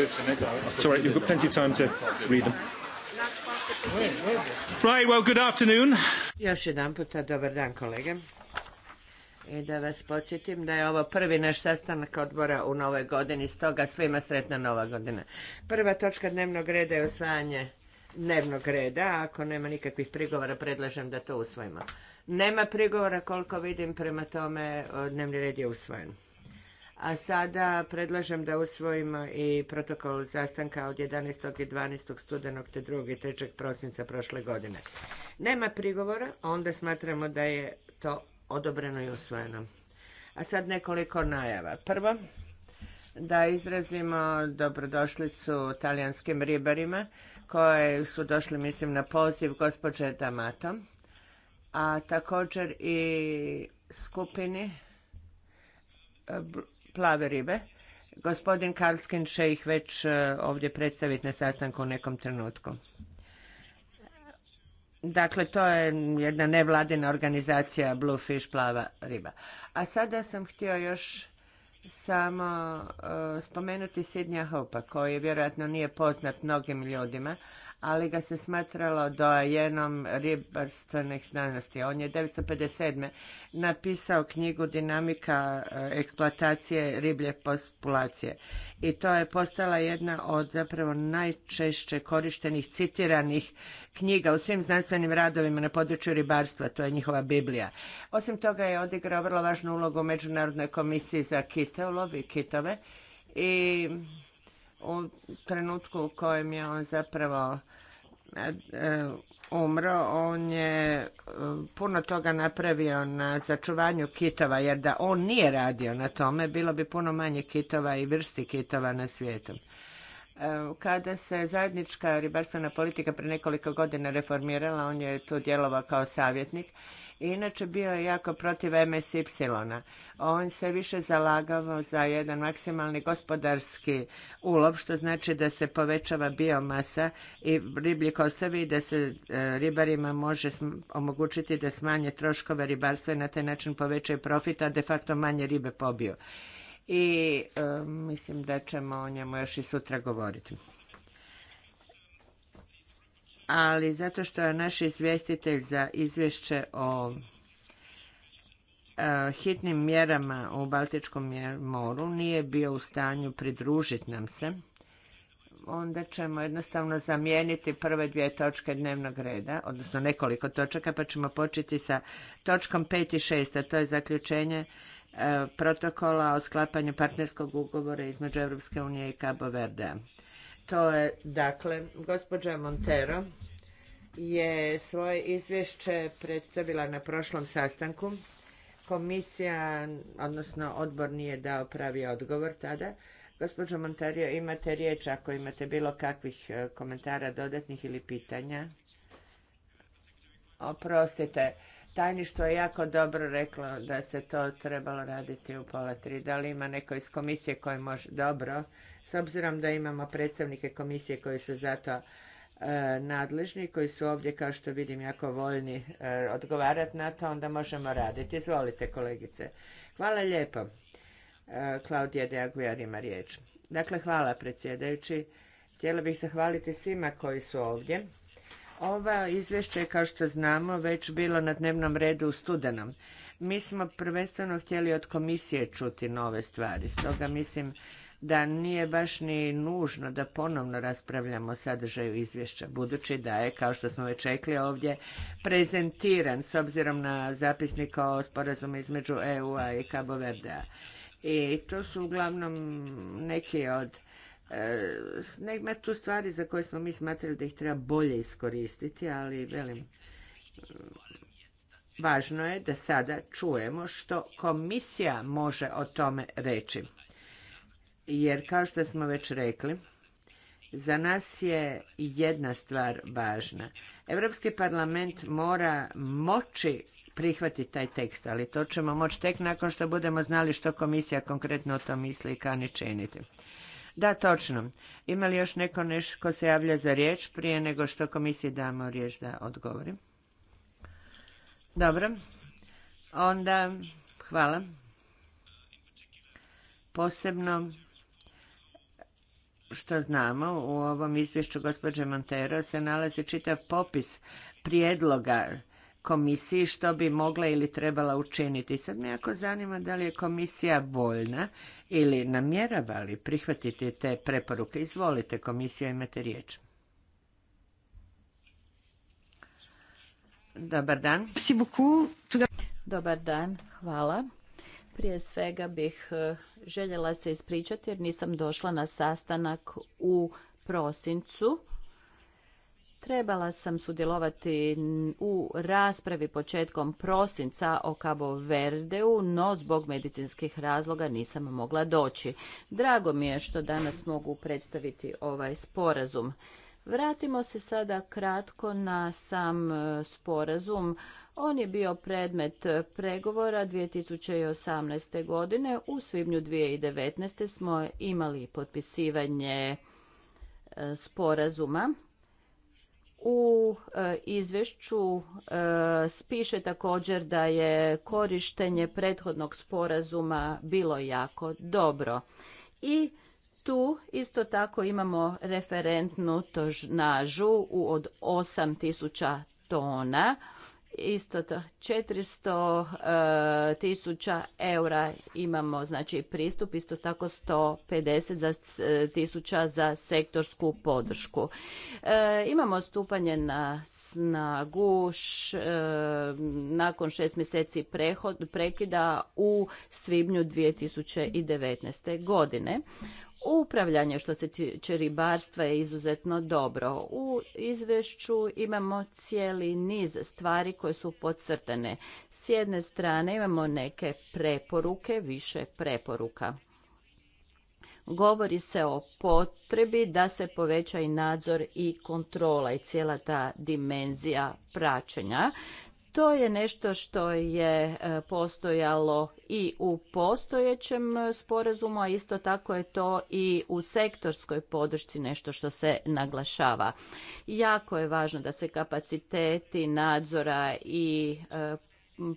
It's you've got plenty of time to read them. Right, well, good afternoon. Još jedan puta, dobar dan kolege. I da vas podsjetim da je ovo prvi naš sastanak odbora u novoj godini, stoga svima sretna nova godina. Prva točka dnevnog reda je usvajanje dnevnog reda, ako nema nikakvih prigovora predlažem da to usvojimo. Nema prigovora koliko vidim, prema tome dnevni red je usvojen. A sada predlažem da usvojimo i protokol sastanka od 11. i 12. studenog te 2. i 3. prosinca prošle godine. Nema prigovora, onda smatramo da je to odobreno i usvojeno. A sad nekoliko najava. Prvo, da izrazimo dobrodošlicu talijanskim ribarima koje su došli, mislim, na poziv gospođe Damato, a također i skupini plave ribe. Gospodin Karlskin će ih već e, ovdje predstaviti na sastanku u nekom trenutku. Dakle, to je jedna nevladina organizacija Blue Fish plava riba. A sada sam htio još samo e, spomenuti Sidnja Hopa, koji vjerojatno nije poznat mnogim ljudima, ali ga se smatralo dojenom ribarstvenih znanosti. On je 1957. napisao knjigu Dinamika e, eksploatacije riblje populacije i to je postala jedna od zapravo najčešće korištenih, citiranih knjiga u svim znanstvenim radovima na području ribarstva. To je njihova Biblija. Osim toga je odigrao vrlo važnu ulogu u Međunarodnoj komisiji za kitelov i kitove i u trenutku u kojem je on zapravo e, e, umro, on je e, puno toga napravio na začuvanju kitova, jer da on nije radio na tome, bilo bi puno manje kitova i vrsti kitova na svijetu. Kada se zajednička ribarstvena politika pre nekoliko godina reformirala, on je tu djelovao kao savjetnik inače bio je jako protiv msy Y. On se više zalagao za jedan maksimalni gospodarski ulov, što znači da se povećava biomasa i riblji kostavi i da se e, ribarima može omogućiti da smanje troškove ribarstva i na taj način povećaju profit, a de facto manje ribe pobiju. I e, mislim da ćemo o njemu još i sutra govoriti ali zato što je naš izvjestitelj za izvješće o e, hitnim mjerama u Baltičkom moru nije bio u stanju pridružiti nam se, onda ćemo jednostavno zamijeniti prve dvije točke dnevnog reda, odnosno nekoliko točaka, pa ćemo početi sa točkom 5 i 6, a to je zaključenje e, protokola o sklapanju partnerskog ugovora između Europske unije i Cabo Verdea. To je, dakle, gospođa Montero je svoje izvješće predstavila na prošlom sastanku. Komisija, odnosno odbor nije dao pravi odgovor tada. Gospođo Montero, imate riječ ako imate bilo kakvih e, komentara dodatnih ili pitanja. Oprostite, tajništvo je jako dobro reklo da se to trebalo raditi u pola tri. Da li ima neko iz komisije koji može... Dobro, s obzirom da imamo predstavnike komisije koji su za to e, nadležni, koji su ovdje, kao što vidim, jako voljni e, odgovarati na to, onda možemo raditi. Izvolite, kolegice. Hvala lijepo. E, claudia Klaudija de Aguiar ima riječ. Dakle, hvala predsjedajući. Htjela bih zahvaliti svima koji su ovdje. Ova izvješće je, kao što znamo, već bilo na dnevnom redu u studenom. Mi smo prvenstveno htjeli od komisije čuti nove stvari, stoga mislim da nije baš ni nužno da ponovno raspravljamo o sadržaju izvješća, budući da je, kao što smo već rekli ovdje, prezentiran s obzirom na zapisnik o sporazumu između EU-a i Cabo a I to su uglavnom neki od e, tu stvari za koje smo mi smatrali da ih treba bolje iskoristiti, ali velim, važno je da sada čujemo što komisija može o tome reći jer kao što smo već rekli, za nas je jedna stvar važna. Europski parlament mora moći prihvati taj tekst, ali to ćemo moći tek nakon što budemo znali što komisija konkretno o tom misli i kani činiti. Da, točno. Ima li još neko nešto ko se javlja za riječ prije nego što komisiji damo riječ da odgovorim? Dobro. Onda, hvala. Posebno što znamo, u ovom izvješću gospođe Montero se nalazi čitav popis prijedloga komisiji što bi mogla ili trebala učiniti. Sad me jako zanima da li je komisija voljna ili namjerava li prihvatiti te preporuke. Izvolite, komisija, imate riječ. Dobar dan. Dobar dan, hvala. Prije svega bih e, željela se ispričati jer nisam došla na sastanak u prosincu. Trebala sam sudjelovati u raspravi početkom prosinca o Cabo Verdeu, no zbog medicinskih razloga nisam mogla doći. Drago mi je što danas mogu predstaviti ovaj sporazum. Vratimo se sada kratko na sam e, sporazum on je bio predmet e, pregovora 2018. godine. U svibnju 2019. smo imali potpisivanje e, sporazuma. U e, izvješću spiše također da je korištenje prethodnog sporazuma bilo jako dobro. I tu isto tako imamo referentnu tožnažu od 8000 tona isto to 400 e, tisuća eura imamo znači pristup isto tako 150 za, e, tisuća za sektorsku podršku e, imamo stupanje na snagu nakon šest mjeseci prekida u svibnju 2019. godine upravljanje što se tiče ribarstva je izuzetno dobro. U izvješću imamo cijeli niz stvari koje su podcrtane. S jedne strane imamo neke preporuke, više preporuka. Govori se o potrebi da se poveća i nadzor i kontrola i cijela ta dimenzija praćenja. To je nešto što je e, postojalo i u postojećem sporazumu, a isto tako je to i u sektorskoj podršci nešto što se naglašava. Jako je važno da se kapaciteti nadzora i e,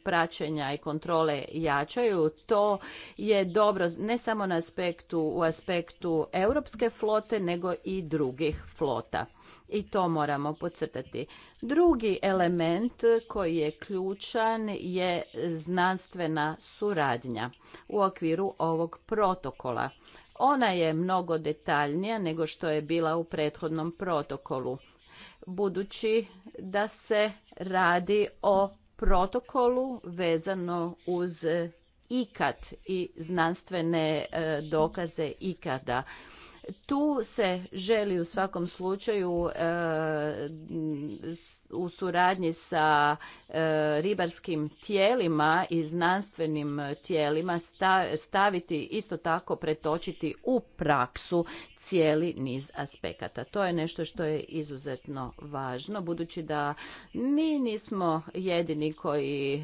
praćenja i kontrole jačaju. To je dobro ne samo na aspektu, u aspektu europske flote, nego i drugih flota i to moramo podcrtati. Drugi element koji je ključan je znanstvena suradnja u okviru ovog protokola. Ona je mnogo detaljnija nego što je bila u prethodnom protokolu, budući da se radi o protokolu vezano uz ikad i znanstvene e, dokaze ikada. Tu se želi u svakom slučaju e, u suradnji sa e, ribarskim tijelima i znanstvenim tijelima staviti isto tako pretočiti u praksu cijeli niz aspekata. To je nešto što je izuzetno važno budući da mi nismo jedini koji e,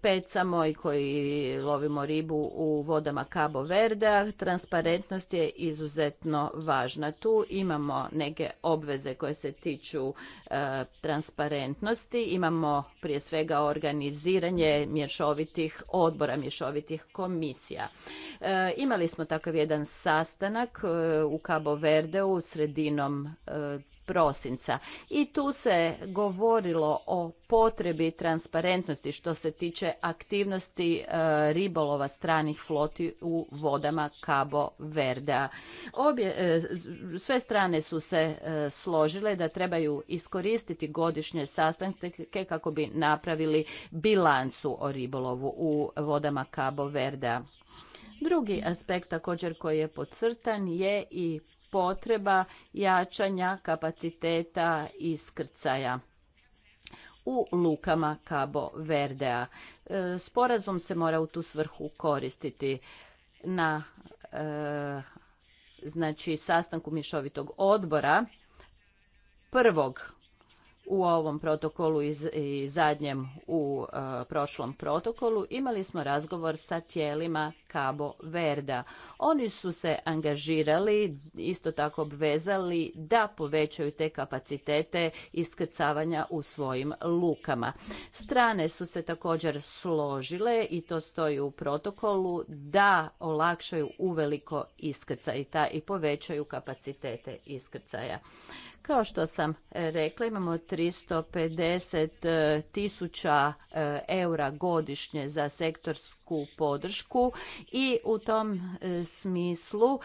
pecamo i koji lovimo ribu u vodama Cabo Verdea, transparentnost je izuzetno važna. Tu imamo neke obveze koje se tiču e, transparentnosti, imamo prije svega organiziranje mješovitih odbora, mješovitih komisija. E, imali smo takav jedan sastanak e, u Cabo u sredinom prosinca i tu se govorilo o potrebi transparentnosti što se tiče aktivnosti e, ribolova stranih floti u vodama Cabo Verdea. Obje, e, sve strane su se e, složile da trebaju iskoristiti godišnje sastanke kako bi napravili bilancu o ribolovu u vodama Cabo Verdea. Drugi aspekt također koji je podcrtan je i potreba jačanja kapaciteta iskrcaja u lukama Cabo Verdea. E, sporazum se mora u tu svrhu koristiti na e, znači sastanku mješovitog odbora prvog u ovom protokolu i zadnjem u e, prošlom protokolu imali smo razgovor sa tijelima Cabo Verda. Oni su se angažirali, isto tako obvezali da povećaju te kapacitete iskrcavanja u svojim lukama. Strane su se također složile i to stoji u protokolu da olakšaju uveliko iskrcaj i povećaju kapacitete iskrcaja. Kao što sam e, rekla, imamo 350 e, tisuća e, eura godišnje za sektorsku podršku i u tom smislu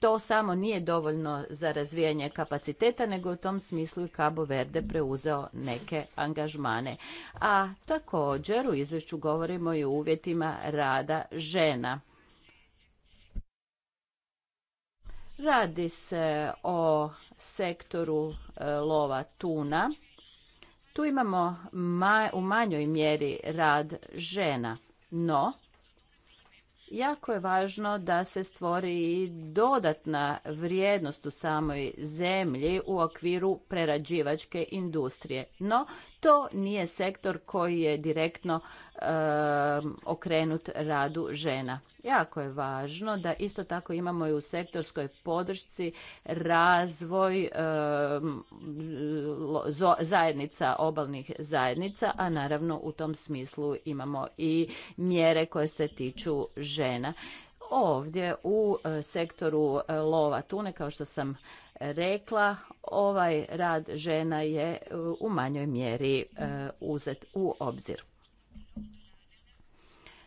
to samo nije dovoljno za razvijanje kapaciteta, nego u tom smislu i Cabo Verde preuzeo neke angažmane. A također u izvješću govorimo i o uvjetima rada žena. Radi se o sektoru e, lova tuna, tu imamo u manjoj mjeri rad žena, no jako je važno da se stvori dodatna vrijednost u samoj zemlji u okviru prerađivačke industrije. No, to nije sektor koji je direktno e, okrenut radu žena. Jako je važno da isto tako imamo i u sektorskoj podršci razvoj zajednica, obalnih zajednica, a naravno u tom smislu imamo i mjere koje se tiču žena. Ovdje u eh, sektoru eh, lova tune, kao što sam rekla, ovaj rad žena je eh, u manjoj mjeri uzet u obzir.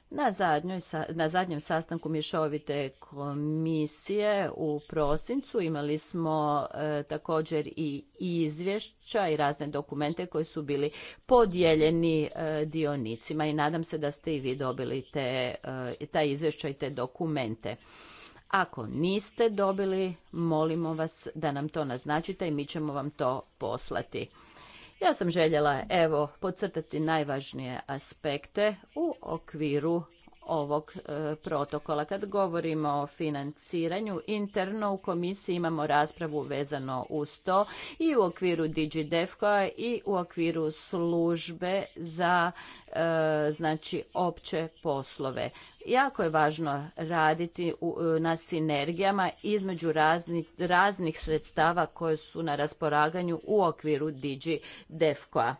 Na, zadnjem sastanku mješovite komisije u prosincu imali smo e, također i izvješća i razne dokumente koji su bili podijeljeni e, dionicima i nadam se da ste i vi dobili te, e, ta izvješća i te dokumente. Ako niste dobili, molimo vas da nam to naznačite i mi ćemo vam to poslati. Ja sam željela evo podcrtati najvažnije aspekte u okviru ovog e, protokola. Kad govorimo o financiranju, interno u komisiji imamo raspravu vezano uz to i u okviru DigiDevCoa i u okviru službe za e, znači opće poslove. Jako je važno raditi e, na sinergijama između raznih sredstava koje su na raspolaganju u okviru DigiDevCoa.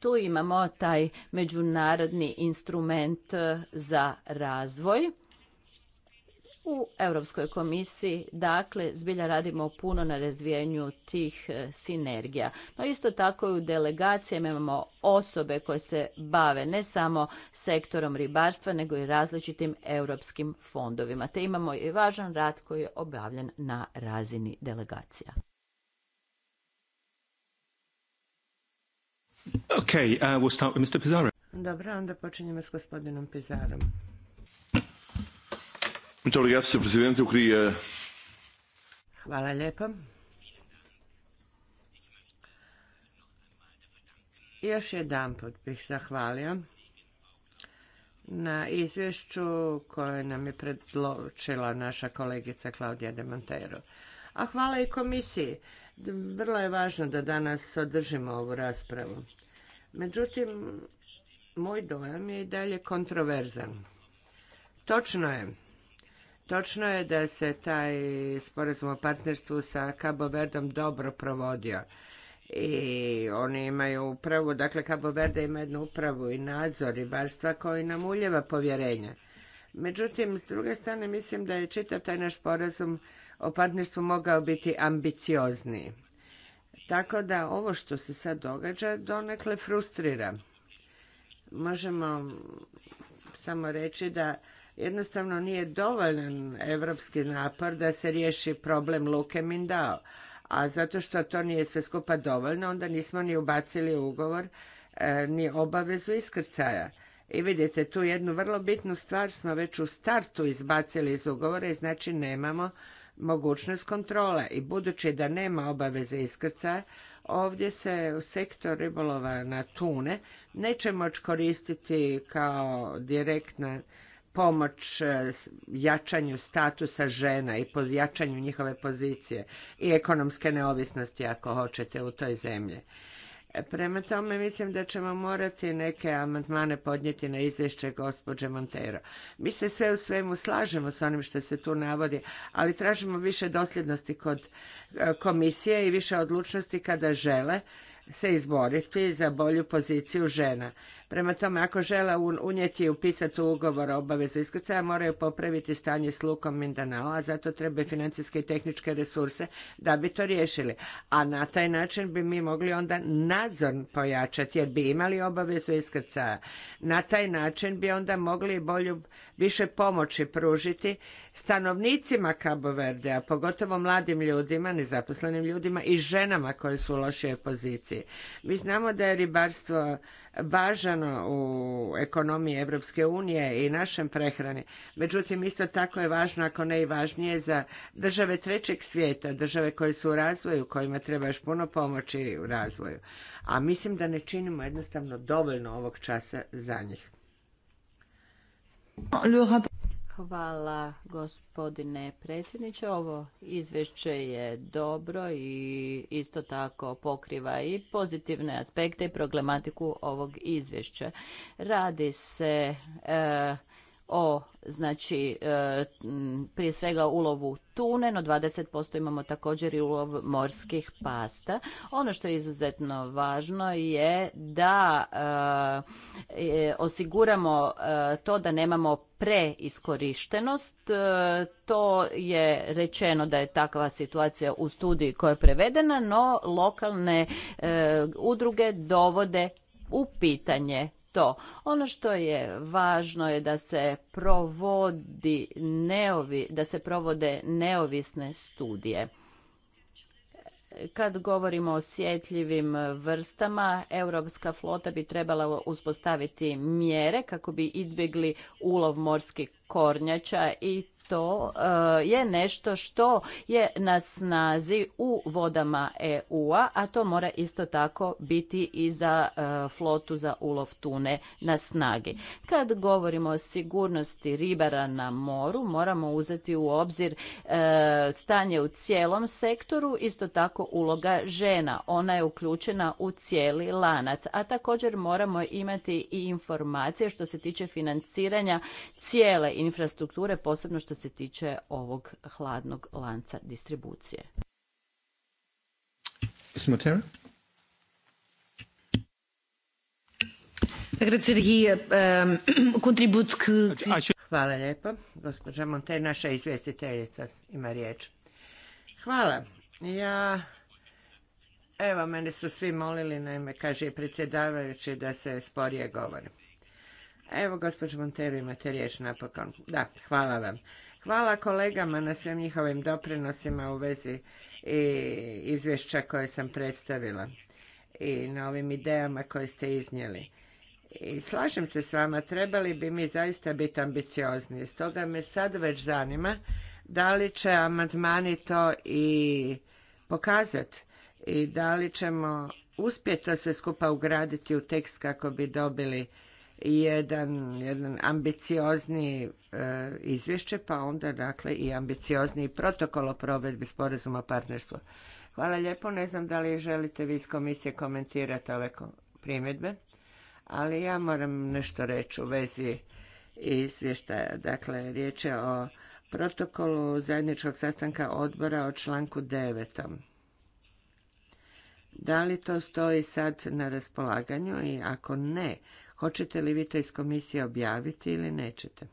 Tu imamo taj međunarodni instrument e, za razvoj. U Europskoj komisiji, dakle, zbilja radimo puno na razvijenju tih e, sinergija. No isto tako i u delegacijama imamo osobe koje se bave ne samo sektorom ribarstva, nego i različitim europskim fondovima. Te imamo i važan rad koji je objavljen na razini delegacija. Okay, uh, we'll start with Mr. Pizarro. Dobro, onda počinjemo s gospodinom Pizarom. Muito obrigado, eh, Hvala lijepo. Još jedan put bih zahvalio na izvješću koje nam je predločila naša kolegica Klaudija de Montero. A hvala i komisiji vrlo je važno da danas održimo ovu raspravu. Međutim, moj dojam je i dalje kontroverzan. Točno je. Točno je da se taj sporazum o partnerstvu sa Cabo Verdom dobro provodio. I oni imaju upravu, dakle Cabo Verde ima jednu upravu i nadzor barstva koji nam uljeva povjerenja. Međutim, s druge strane mislim da je čitav taj naš sporazum o partnerstvu mogao biti ambiciozniji. Tako da ovo što se sad događa donekle frustrira. Možemo samo reći da jednostavno nije dovoljan evropski napor da se riješi problem Luke Mindao. A zato što to nije sve skupa dovoljno, onda nismo ni ubacili ugovor, e, ni obavezu iskrcaja. I vidite, tu jednu vrlo bitnu stvar smo već u startu izbacili iz ugovora i znači nemamo mogućnost kontrole i budući da nema obaveze iskrcaja, ovdje se u sektor ribolova na tune neće moći koristiti kao direktna pomoć e, jačanju statusa žena i jačanju njihove pozicije i ekonomske neovisnosti ako hoćete u toj zemlji. Prema tome mislim da ćemo morati neke amandmane podnijeti na izvješće gospođe Montero. Mi se sve u svemu slažemo s onim što se tu navodi, ali tražimo više dosljednosti kod e, komisije i više odlučnosti kada žele se izboriti za bolju poziciju žena. Prema tome, ako žele unijeti i upisati u ugovor o obavezu iskrcaja, moraju popraviti stanje s lukom Mindanao, a zato treba financijske i tehničke resurse da bi to riješili. A na taj način bi mi mogli onda nadzor pojačati, jer bi imali obavezu iskrcaja. Na taj način bi onda mogli bolju, više pomoći pružiti stanovnicima Cabo Verde, a pogotovo mladim ljudima, nezaposlenim ljudima i ženama koje su u lošoj poziciji. Mi znamo da je ribarstvo važan u ekonomiji Europske unije i našem prehrani. Međutim, isto tako je važno, ako ne i važnije, za države trećeg svijeta, države koje su u razvoju, kojima treba još puno pomoći u razvoju. A mislim da ne činimo jednostavno dovoljno ovog časa za njih. Hvala gospodine predsjedniče. Ovo izvješće je dobro i isto tako pokriva i pozitivne aspekte i problematiku ovog izvješća. Radi se e, o znači e, prije svega ulovu tune, no 20% imamo također i ulov morskih pasta. Ono što je izuzetno važno je da e, e, osiguramo to da nemamo preiskorištenost. To je rečeno da je takva situacija u studiji koja je prevedena, no lokalne udruge dovode u pitanje to. Ono što je važno je da se provodi neovi, da se provode neovisne studije. Kad govorimo o osjetljivim vrstama, europska flota bi trebala uspostaviti mjere kako bi izbjegli ulov morskih kornjača i to eh, je nešto što je na snazi u vodama EU-a, a to mora isto tako biti i za eh, flotu za ulov tune na snagi. Kad govorimo o sigurnosti ribara na moru, moramo uzeti u obzir eh, stanje u cijelom sektoru, isto tako uloga žena. Ona je uključena u cijeli lanac, a također moramo imati i informacije što se tiče financiranja cijele infrastrukture, posebno što što se tiče ovog hladnog lanca distribucije. Dakle, hvala lijepo. Gospođa Monte, naša izvjestiteljica ima riječ. Hvala. Ja... Evo, mene su svi molili, naime, kaže predsjedavajući da se sporije govori. Evo, gospođo Montero, imate riječ napokon. Da, hvala vam. Hvala kolegama na svim njihovim doprinosima u vezi i izvješća koje sam predstavila i na ovim idejama koje ste iznijeli. I slažem se s vama, trebali bi mi zaista biti ambiciozni. Stoga me sad već zanima da li će amandmani to i pokazati i da li ćemo uspjeti to sve skupa ugraditi u tekst kako bi dobili jedan, jedan ambiciozni e, izvješće, pa onda dakle i ambiciozni protokol o provedbi sporazuma o partnerstvu. Hvala lijepo, ne znam da li želite vi iz komisije komentirati ove primjedbe, ali ja moram nešto reći u vezi izvještaja. Dakle, riječ je o protokolu zajedničkog sastanka odbora o članku 9. Da li to stoji sad na raspolaganju i ako ne, Hoćete li vi to iz komisije objaviti ili nećete?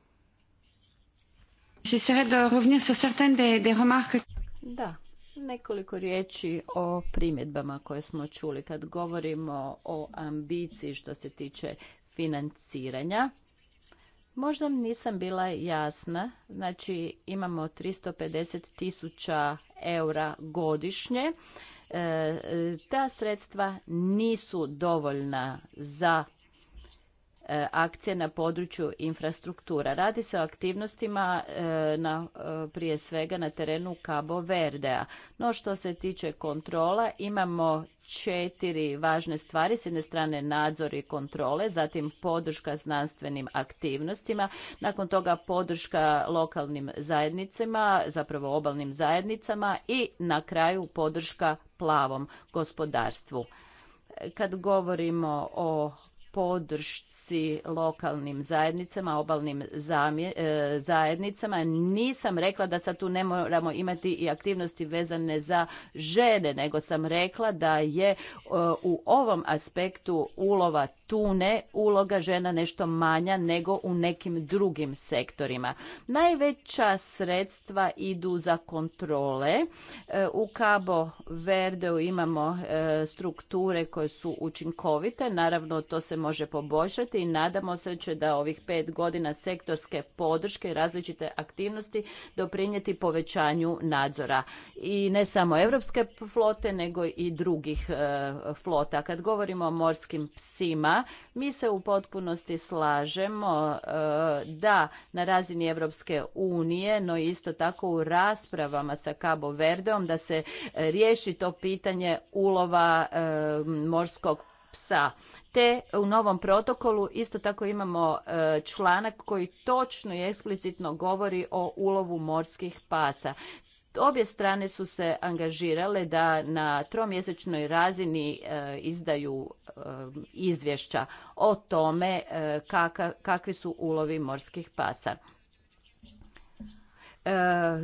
Da, nekoliko riječi o primjedbama koje smo čuli kad govorimo o ambiciji što se tiče financiranja. Možda nisam bila jasna, znači imamo 350 tisuća eura godišnje. E, e, ta sredstva nisu dovoljna za E, akcije na području infrastruktura. Radi se o aktivnostima e, na, e, prije svega na terenu Cabo Verdea. No što se tiče kontrola, imamo četiri važne stvari. S jedne strane nadzor i kontrole, zatim podrška znanstvenim aktivnostima, nakon toga podrška lokalnim zajednicama, zapravo obalnim zajednicama i na kraju podrška plavom gospodarstvu. Kad govorimo o podršci lokalnim zajednicama, obalnim e, zajednicama. Nisam rekla da sad tu ne moramo imati i aktivnosti vezane za žene, nego sam rekla da je e, u ovom aspektu ulova tune uloga žena nešto manja nego u nekim drugim sektorima. Najveća sredstva idu za kontrole. E, u Cabo Verdeu imamo e, strukture koje su učinkovite. Naravno, to se može poboljšati i nadamo se će da ovih pet godina sektorske podrške i različite aktivnosti doprinijeti povećanju nadzora. I ne samo europske flote, nego i drugih e, flota. Kad govorimo o morskim psima, mi se u potpunosti slažemo e, da na razini Europske unije, no isto tako u raspravama sa Cabo Verdeom da se riješi to pitanje ulova e, morskog psa. Te u novom protokolu isto tako imamo e, članak koji točno i eksplicitno govori o ulovu morskih pasa. Obje strane su se angažirale da na tromjesečnoj razini e, izdaju e, izvješća o tome e, kakvi su ulovi morskih pasa. E,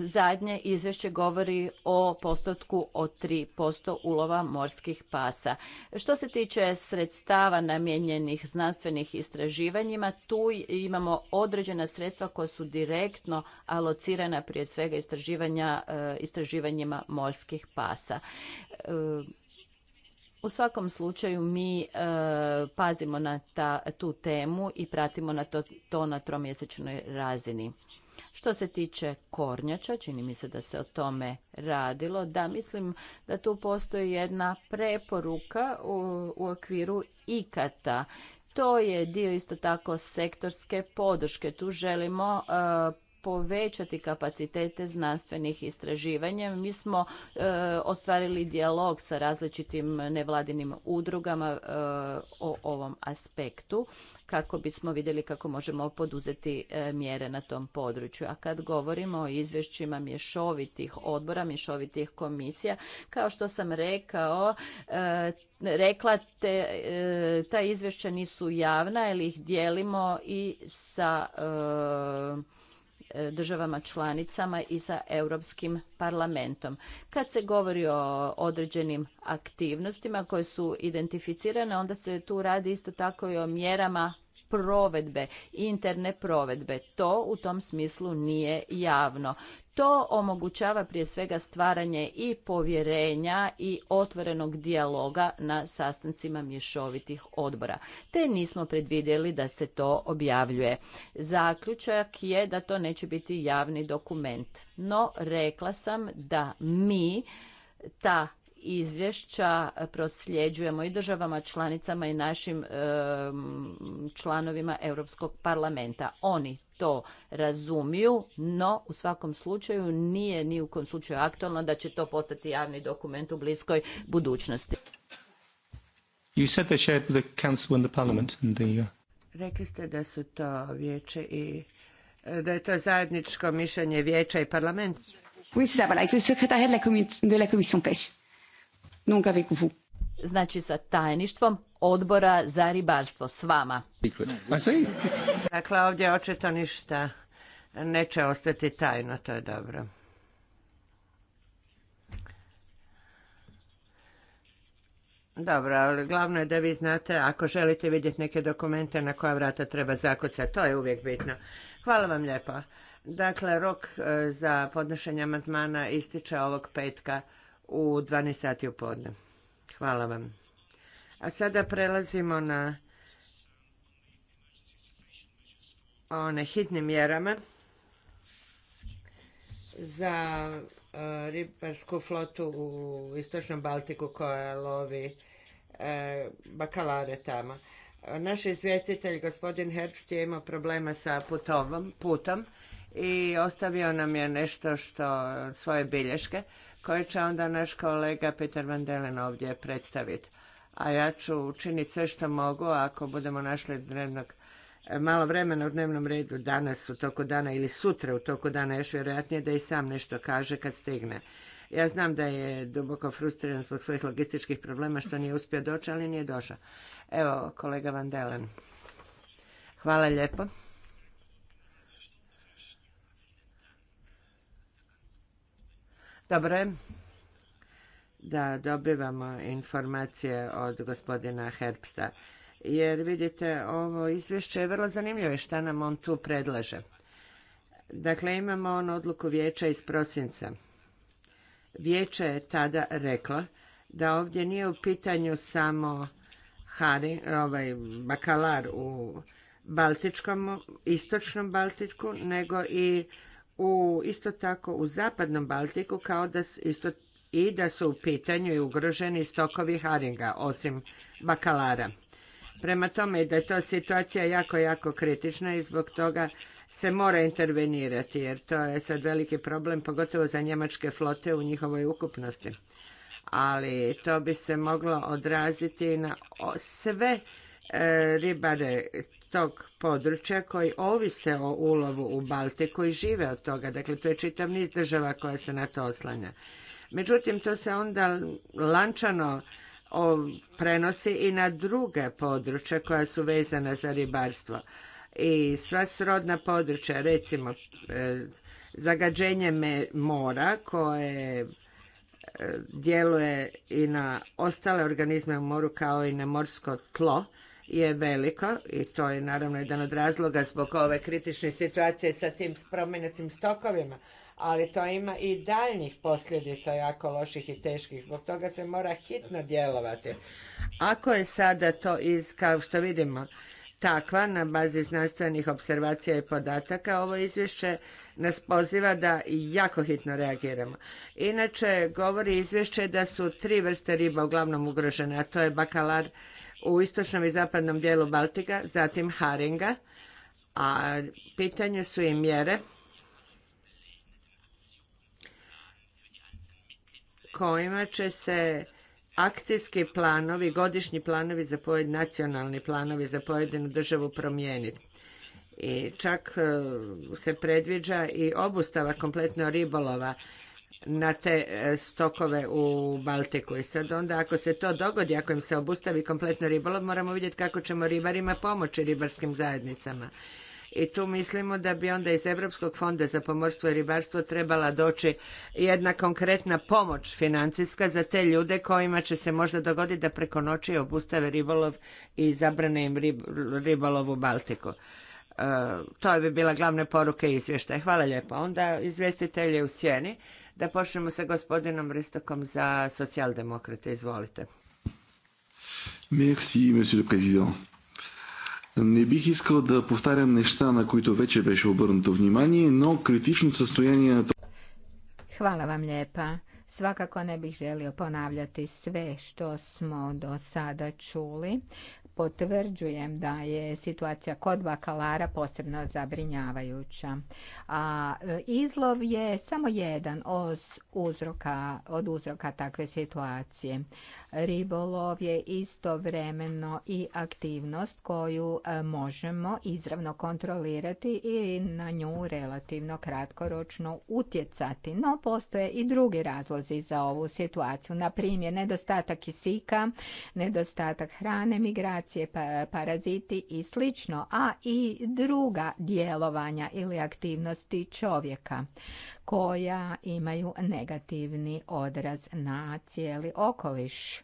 zadnje izvješće govori o postotku od 3% ulova morskih pasa. Što se tiče sredstava namijenjenih znanstvenih istraživanjima, tu imamo određena sredstva koja su direktno alocirana prije svega e, istraživanjima morskih pasa. E, u svakom slučaju mi pazimo na ta, tu temu i pratimo na to, to na tromjesečnoj razini. Što se tiče kornjača, čini mi se da se o tome radilo, da mislim da tu postoji jedna preporuka u, okviru ikata to je dio isto tako sektorske podrške. Tu želimo e, povećati kapacitete znanstvenih istraživanja. Mi smo e, ostvarili dijalog sa različitim nevladinim udrugama e, o ovom aspektu kako bismo vidjeli kako možemo poduzeti e, mjere na tom području. A kad govorimo o izvješćima mješovitih odbora, mješovitih komisija, kao što sam rekao, rekla te, ta izvješća nisu javna, jer ih dijelimo i sa E, državama članicama i sa Europskim parlamentom. Kad se govori o određenim aktivnostima koje su identificirane, onda se tu radi isto tako i o mjerama provedbe, interne provedbe. To u tom smislu nije javno. To omogućava prije svega stvaranje i povjerenja i otvorenog dijaloga na sastancima mješovitih odbora. Te nismo predvidjeli da se to objavljuje. Zaključak je da to neće biti javni dokument. No, rekla sam da mi ta izvješća prosljeđujemo i državama članicama i našim članovima Europskog parlamenta. Oni to razumiju, no u svakom slučaju nije ni u kom slučaju aktualno da će to postati javni dokument u bliskoj budućnosti. Rekli ste da su to vijeće i eh, da je to zajedničko mišljenje vijeća i parlamenta. Oui, c'est ça, voilà, avec le de la commission pêche donc avec vous. Znači sa tajništvom odbora za ribarstvo s vama. Pa dakle, ovdje očito ništa neće ostati tajno, to je dobro. Dobro, ali glavno je da vi znate, ako želite vidjeti neke dokumente na koja vrata treba zakucati, to je uvijek bitno. Hvala vam lijepo. Dakle, rok e, za podnošenje amandmana ističe ovog petka u 12 sati u podne. Hvala vam. A sada prelazimo na one hitne mjerama za e, ribarsku flotu u Istočnom Baltiku koja lovi e, bakalare tamo. Naš izvjestitelj, gospodin Herbst, je imao problema sa putovom, putom i ostavio nam je nešto što, svoje bilješke, koje će onda naš kolega Peter Van Delen ovdje predstaviti. A ja ću učiniti sve što mogu ako budemo našli dnevnog, malo vremena u dnevnom redu danas u toku dana ili sutra u toku dana još vjerojatnije da i sam nešto kaže kad stigne. Ja znam da je duboko frustriran zbog svojih logističkih problema što nije uspio doći, ali nije došao. Evo, kolega Van Delen. Hvala lijepo. Dobro je da dobivamo informacije od gospodina Herbsta, jer vidite, ovo izvješće je vrlo zanimljivo i šta nam on tu predlaže. Dakle, imamo on odluku vijeća iz prosinca. Vijeće je tada rekla da ovdje nije u pitanju samo hari, ovaj, bakalar u Baltičkom, istočnom Baltičku, nego i isto tako u zapadnom Baltiku kao da i da su u pitanju i ugroženi stokovi haringa, osim bakalara. Prema tome da je to situacija jako, jako kritična i zbog toga se mora intervenirati, jer to je sad veliki problem, pogotovo za njemačke flote u njihovoj ukupnosti. Ali to bi se moglo odraziti na sve e, ribare tog područja koji ovise o ulovu u Baltiku i žive od toga. Dakle, to je čitav niz država koja se na to oslanja. Međutim, to se onda lančano prenosi i na druge područja koja su vezana za ribarstvo. I sva srodna područja, recimo e, zagađenje mora koje e, djeluje i na ostale organizme u moru kao i na morsko tlo, je veliko i to je naravno jedan od razloga zbog ove kritične situacije sa tim spomenutim stokovima, ali to ima i daljnjih posljedica jako loših i teških, zbog toga se mora hitno djelovati. Ako je sada to iz, kao što vidimo, takva na bazi znanstvenih observacija i podataka, ovo izvješće nas poziva da jako hitno reagiramo. Inače, govori izvješće da su tri vrste riba uglavnom ugrožene, a to je bakalar, u istočnom i zapadnom dijelu Baltika, zatim Haringa, a pitanje su i mjere kojima će se akcijski planovi, godišnji planovi za pojedin, nacionalni planovi za pojedinu državu promijeniti. I čak e, se predviđa i obustava kompletno ribolova na te e, stokove u Baltiku. I sad onda ako se to dogodi, ako im se obustavi kompletno ribolov, moramo vidjeti kako ćemo ribarima pomoći ribarskim zajednicama. I tu mislimo da bi onda iz Europskog fonda za pomorstvo i ribarstvo trebala doći jedna konkretna pomoć financijska za te ljude kojima će se možda dogoditi da preko noći obustave ribolov i zabrane im ribolov u Baltiku. E, to bi bila glavna poruka izvještaja. Hvala lijepo. Onda izvjestitelje u sjeni. Da počnemo sa gospodinom Ristokom za socijaldemokrate. Izvolite. Merci, le président. Ne Не бих искал да повтарям неща, на които вече беше обърнато внимание, но критично състояние на Hvala vam lijepa. Svakako ne bih želio ponavljati sve što smo do sada čuli potvrđujem da je situacija kod bakalara posebno zabrinjavajuća. A e, izlov je samo jedan od uzroka, od uzroka takve situacije. Ribolov je istovremeno i aktivnost koju e, možemo izravno kontrolirati i na nju relativno kratkoročno utjecati. No, postoje i drugi razlozi za ovu situaciju. Na primjer, nedostatak kisika, nedostatak hrane, migracije, infekcije, pa, paraziti i slično, a i druga djelovanja ili aktivnosti čovjeka koja imaju negativni odraz na cijeli okoliš.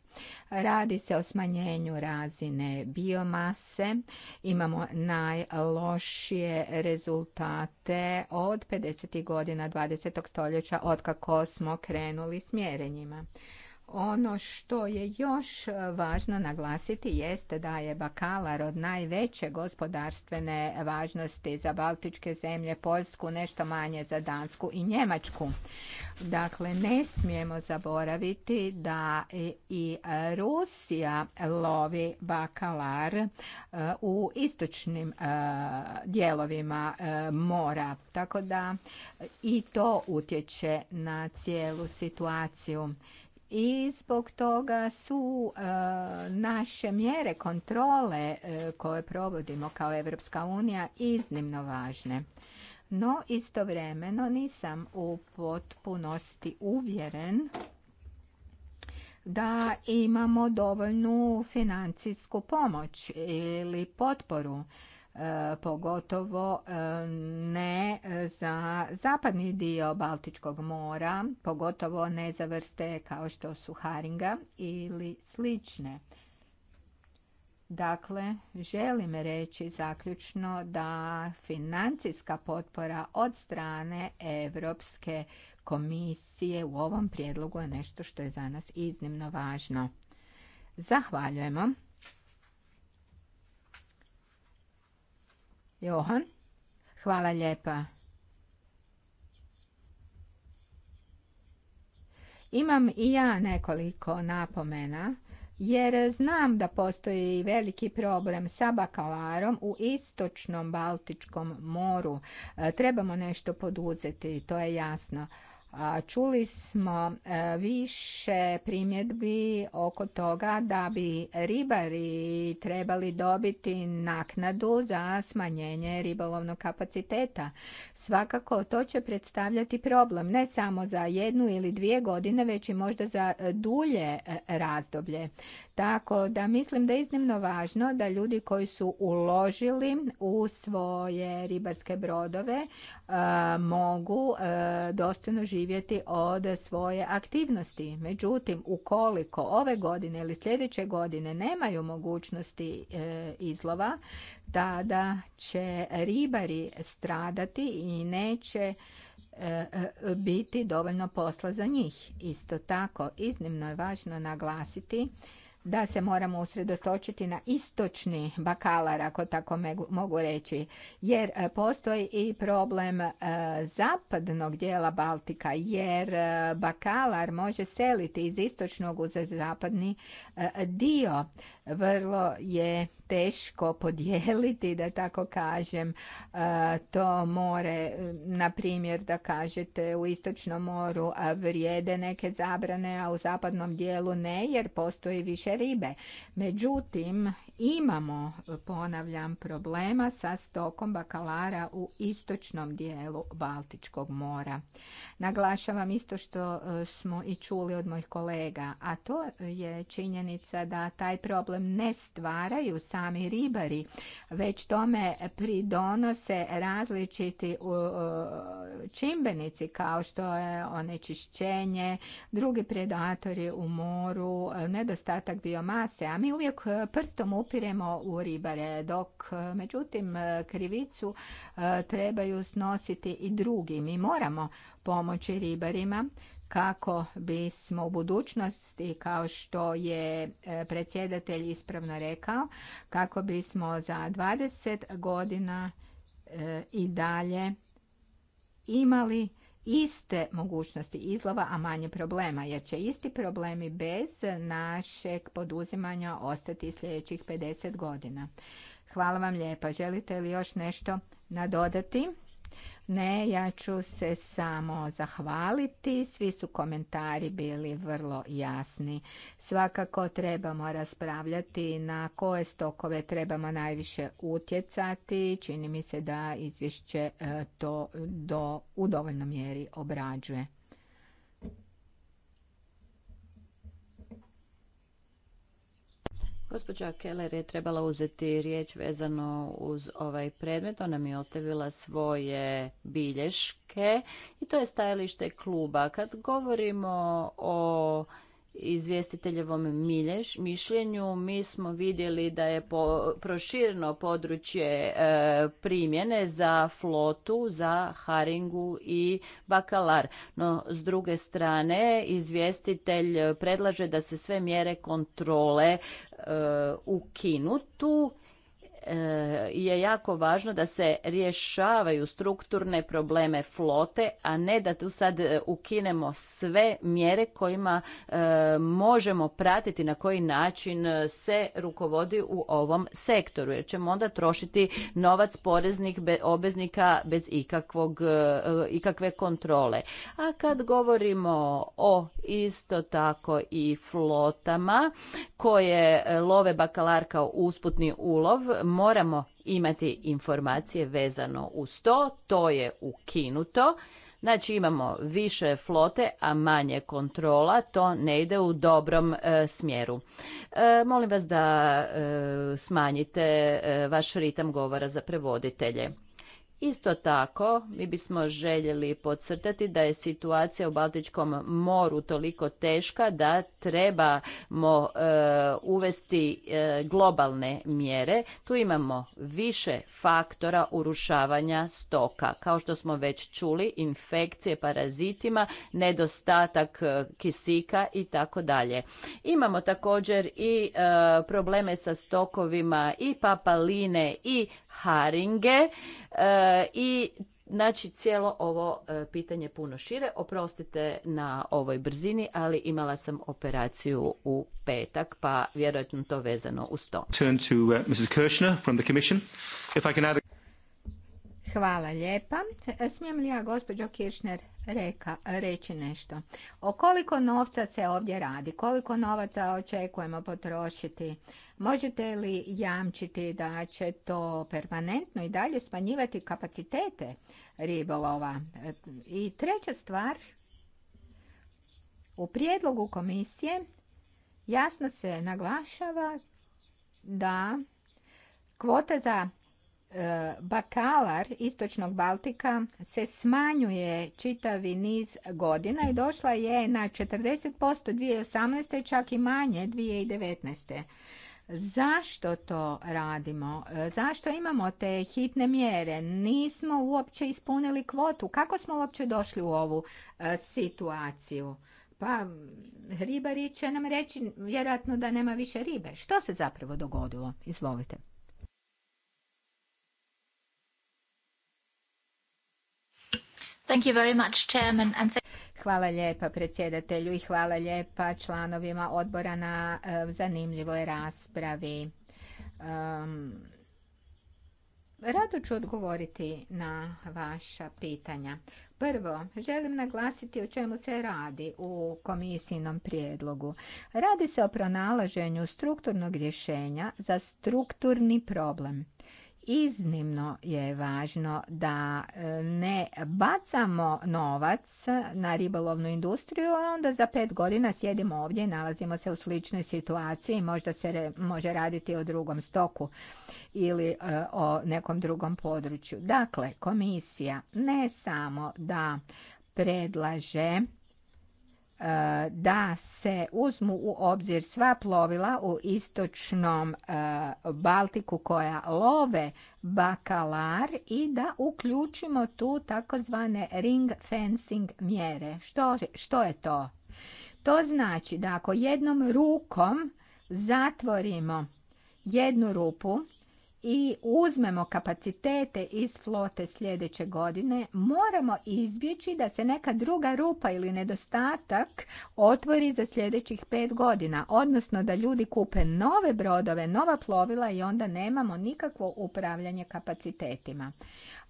Radi se o smanjenju razine biomase. Imamo najlošije rezultate od 50. godina 20. stoljeća otkako smo krenuli s mjerenjima. Ono što je još e, važno naglasiti jeste da je bakalar od najveće gospodarstvene važnosti za baltičke zemlje, Poljsku, nešto manje za Dansku i Njemačku. Dakle, ne smijemo zaboraviti da i Rusija lovi bakalar e, u istočnim e, dijelovima mora. Tako da i to utječe na cijelu situaciju i zbog toga su e, naše mjere kontrole e, koje provodimo kao Evropska unija iznimno važne. No istovremeno nisam u potpunosti uvjeren da imamo dovoljnu financijsku pomoć ili potporu E, pogotovo e, ne za zapadni dio Baltičkog mora, pogotovo ne za vrste kao što su haringa ili slične. Dakle, želim reći zaključno da financijska potpora od strane Europske komisije u ovom prijedlogu je nešto što je za nas iznimno važno. Zahvaljujemo. Johan, hvala lijepa. Imam i ja nekoliko napomena, jer znam da postoji veliki problem sa bakalarom u istočnom Baltičkom moru. E, trebamo nešto poduzeti, to je jasno. Čuli smo e, više primjedbi oko toga da bi ribari trebali dobiti naknadu za smanjenje ribolovnog kapaciteta. Svakako to će predstavljati problem ne samo za jednu ili dvije godine, već i možda za e, dulje e, razdoblje. Tako da mislim da je iznimno važno da ljudi koji su uložili u svoje ribarske brodove e, mogu e, dostojno živjeti od svoje aktivnosti. Međutim, ukoliko ove godine ili sljedeće godine nemaju mogućnosti e, izlova, tada će ribari stradati i neće biti dovoljno posla za njih. Isto tako, iznimno je važno naglasiti da se moramo usredotočiti na istočni bakalar, ako tako mogu reći, jer e, postoji i problem e, zapadnog dijela Baltika, jer e, bakalar može seliti iz istočnog u zapadni dio vrlo je teško podijeliti, da tako kažem, e, to more. Na primjer, da kažete u Istočnom moru vrijede neke zabrane, a u zapadnom dijelu ne, jer postoji više ribe. Međutim, imamo, ponavljam, problema sa stokom bakalara u istočnom dijelu Baltičkog mora. Naglašavam isto što e, smo i čuli od mojih kolega, a to je činjenica da taj problem ne stvaraju sami ribari, već tome pridonose različiti čimbenici kao što je onečišćenje, drugi predatori u moru, nedostatak biomase, a mi uvijek prstom upiremo u ribare, dok međutim krivicu e, trebaju snositi i drugi. Mi moramo pomoći ribarima kako bismo u budućnosti, kao što je e, predsjedatelj ispravno rekao, kako bismo za 20 godina e, i dalje imali iste mogućnosti izlova, a manje problema, jer će isti problemi bez našeg poduzimanja ostati sljedećih 50 godina. Hvala vam lijepa. Želite li još nešto nadodati? Ne, ja ću se samo zahvaliti. Svi su komentari bili vrlo jasni. Svakako trebamo raspravljati na koje stokove trebamo najviše utjecati. Čini mi se da izvješće e, to do, u dovoljnoj mjeri obrađuje. Gospođa Keller je trebala uzeti riječ vezano uz ovaj predmet. Ona mi je ostavila svoje bilješke i to je stajalište kluba. Kad govorimo o izvjestiteljevom mišljenju mi smo vidjeli da je prošireno područje e, primjene za flotu, za haringu i bakalar. No, s druge strane, izvjestitelj predlaže da se sve mjere kontrole E, ukinutu E, je jako važno da se rješavaju strukturne probleme flote, a ne da tu sad e, ukinemo sve mjere kojima e, možemo pratiti na koji način se rukovodi u ovom sektoru, jer ćemo onda trošiti novac poreznih obeznika bez ikakvog, ikakve kontrole. A kad govorimo o isto tako i flotama koje love bakalarka usputni ulov, moramo imati informacije vezano uz to, to je ukinuto. Znači imamo više flote, a manje kontrola, to ne ide u dobrom e, smjeru. E, molim vas da e, smanjite vaš ritam govora za prevoditelje. Isto tako, mi bismo željeli podcrtati da je situacija u Baltičkom moru toliko teška da trebamo e, uvesti e, globalne mjere. Tu imamo više faktora urušavanja stoka. Kao što smo već čuli, infekcije parazitima, nedostatak e, kisika i tako dalje. Imamo također i probleme sa stokovima i papaline i haringe. I Znači, cijelo ovo e, pitanje puno šire. Oprostite na ovoj brzini, ali imala sam operaciju u petak, pa vjerojatno to vezano uz to. Hvala lijepa. Smijem li ja, gospođo reka, reći nešto. O koliko novca se ovdje radi? Koliko novaca očekujemo potrošiti? Možete li jamčiti da će to permanentno i dalje smanjivati kapacitete ribolova? I treća stvar, u prijedlogu komisije jasno se naglašava da kvota za E, bakalar istočnog Baltika se smanjuje čitavi niz godina i došla je na 40% 2018. čak i manje 2019. Zašto to radimo? E, zašto imamo te hitne mjere? Nismo uopće ispunili kvotu. Kako smo uopće došli u ovu e, situaciju? Pa ribari će nam reći vjerojatno da nema više ribe. Što se zapravo dogodilo? Izvolite. Thank you Hvala lijepa predsjedatelju i hvala lijepa članovima odbora na e, zanimljivoj raspravi. Rado ću odgovoriti na vaša pitanja. Prvo, želim naglasiti o čemu se radi u komisijnom prijedlogu. Radi se o pronalaženju strukturnog rješenja za strukturni problem iznimno je važno da e, ne bacamo novac na ribolovnu industriju, a onda za pet godina sjedimo ovdje i nalazimo se u sličnoj situaciji. Možda se može raditi o drugom stoku ili e, o nekom drugom području. Dakle, komisija ne samo da predlaže da se uzmu u obzir sva plovila u istočnom e, Baltiku koja love bakalar i da uključimo tu takozvane ring fencing mjere. Što, što je to? To znači da ako jednom rukom zatvorimo jednu rupu, i uzmemo kapacitete iz flote sljedeće godine, moramo izbjeći da se neka druga rupa ili nedostatak otvori za sljedećih pet godina. Odnosno da ljudi kupe nove brodove, nova plovila i onda nemamo nikakvo upravljanje kapacitetima.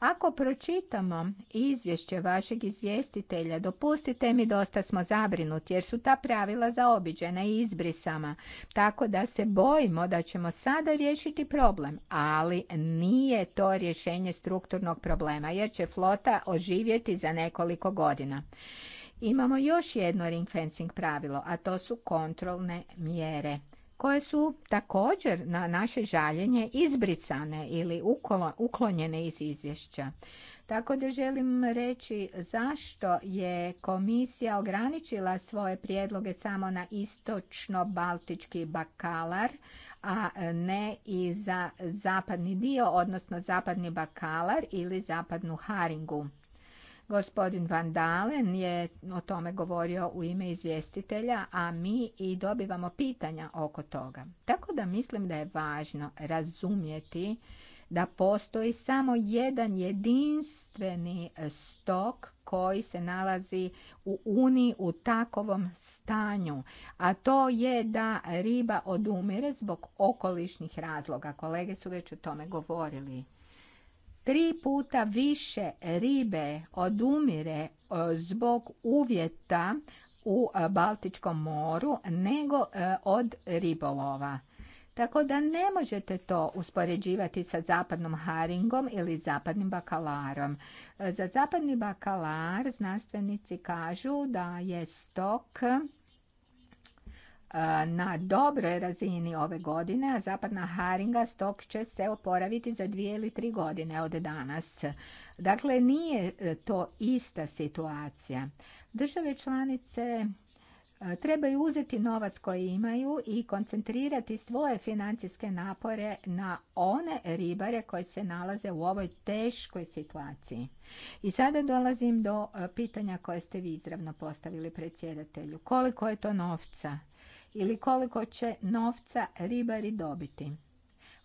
Ako pročitamo izvješće vašeg izvjestitelja, dopustite mi dosta smo zabrinuti jer su ta pravila zaobiđena i izbrisama. Tako da se bojimo da ćemo sada riješiti problem, ali nije to rješenje strukturnog problema jer će flota oživjeti za nekoliko godina. Imamo još jedno ring fencing pravilo, a to su kontrolne mjere koje su također na naše žaljenje izbrisane ili uklonjene iz izvješća. Tako da želim reći zašto je komisija ograničila svoje prijedloge samo na istočno-baltički bakalar, a ne i za zapadni dio, odnosno zapadni bakalar ili zapadnu haringu. Gospodin Van Dalen je o tome govorio u ime izvjestitelja, a mi i dobivamo pitanja oko toga. Tako da mislim da je važno razumjeti da postoji samo jedan jedinstveni stok koji se nalazi u Uniji u takovom stanju. A to je da riba odumire zbog okolišnih razloga. Kolege su već o tome govorili. Tri puta više ribe odumire e, zbog uvjeta u e, Baltičkom moru nego e, od ribolova. Tako da ne možete to uspoređivati sa zapadnom haringom ili zapadnim bakalarom. Za zapadni bakalar znanstvenici kažu da je stok na dobroj razini ove godine, a zapadna haringa stok će se oporaviti za dvije ili tri godine od danas. Dakle, nije e, to ista situacija. Države članice e, trebaju uzeti novac koji imaju i koncentrirati svoje financijske napore na one ribare koji se nalaze u ovoj teškoj situaciji. I sada dolazim do e, pitanja koje ste vi izravno postavili predsjedatelju. Koliko je to novca? ili koliko će novca ribari dobiti.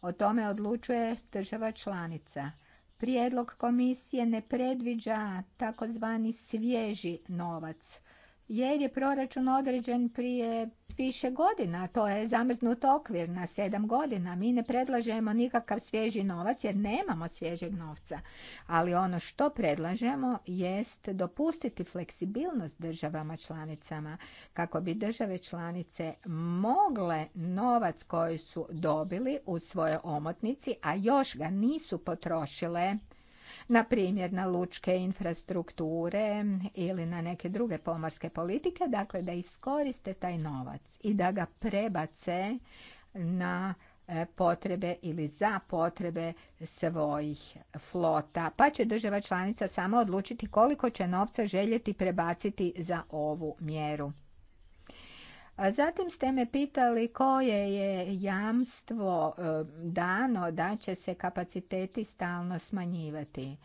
O tome odlučuje država članica. Prijedlog komisije ne predviđa takozvani svježi novac jer je proračun određen prije više godina. To je zamrznut okvir na sedam godina. Mi ne predlažemo nikakav svježi novac jer nemamo svježeg novca. Ali ono što predlažemo jest dopustiti fleksibilnost državama članicama kako bi države članice mogle novac koji su dobili u svojoj omotnici, a još ga nisu potrošile, na primjer na lučke infrastrukture ili na neke druge pomorske politike, dakle da iskoriste taj novac i da ga prebace na e, potrebe ili za potrebe svojih flota. Pa će država članica sama odlučiti koliko će novca željeti prebaciti za ovu mjeru. Zatim ste me pitali koje je jamstvo e, dano da će se kapaciteti stalno smanjivati.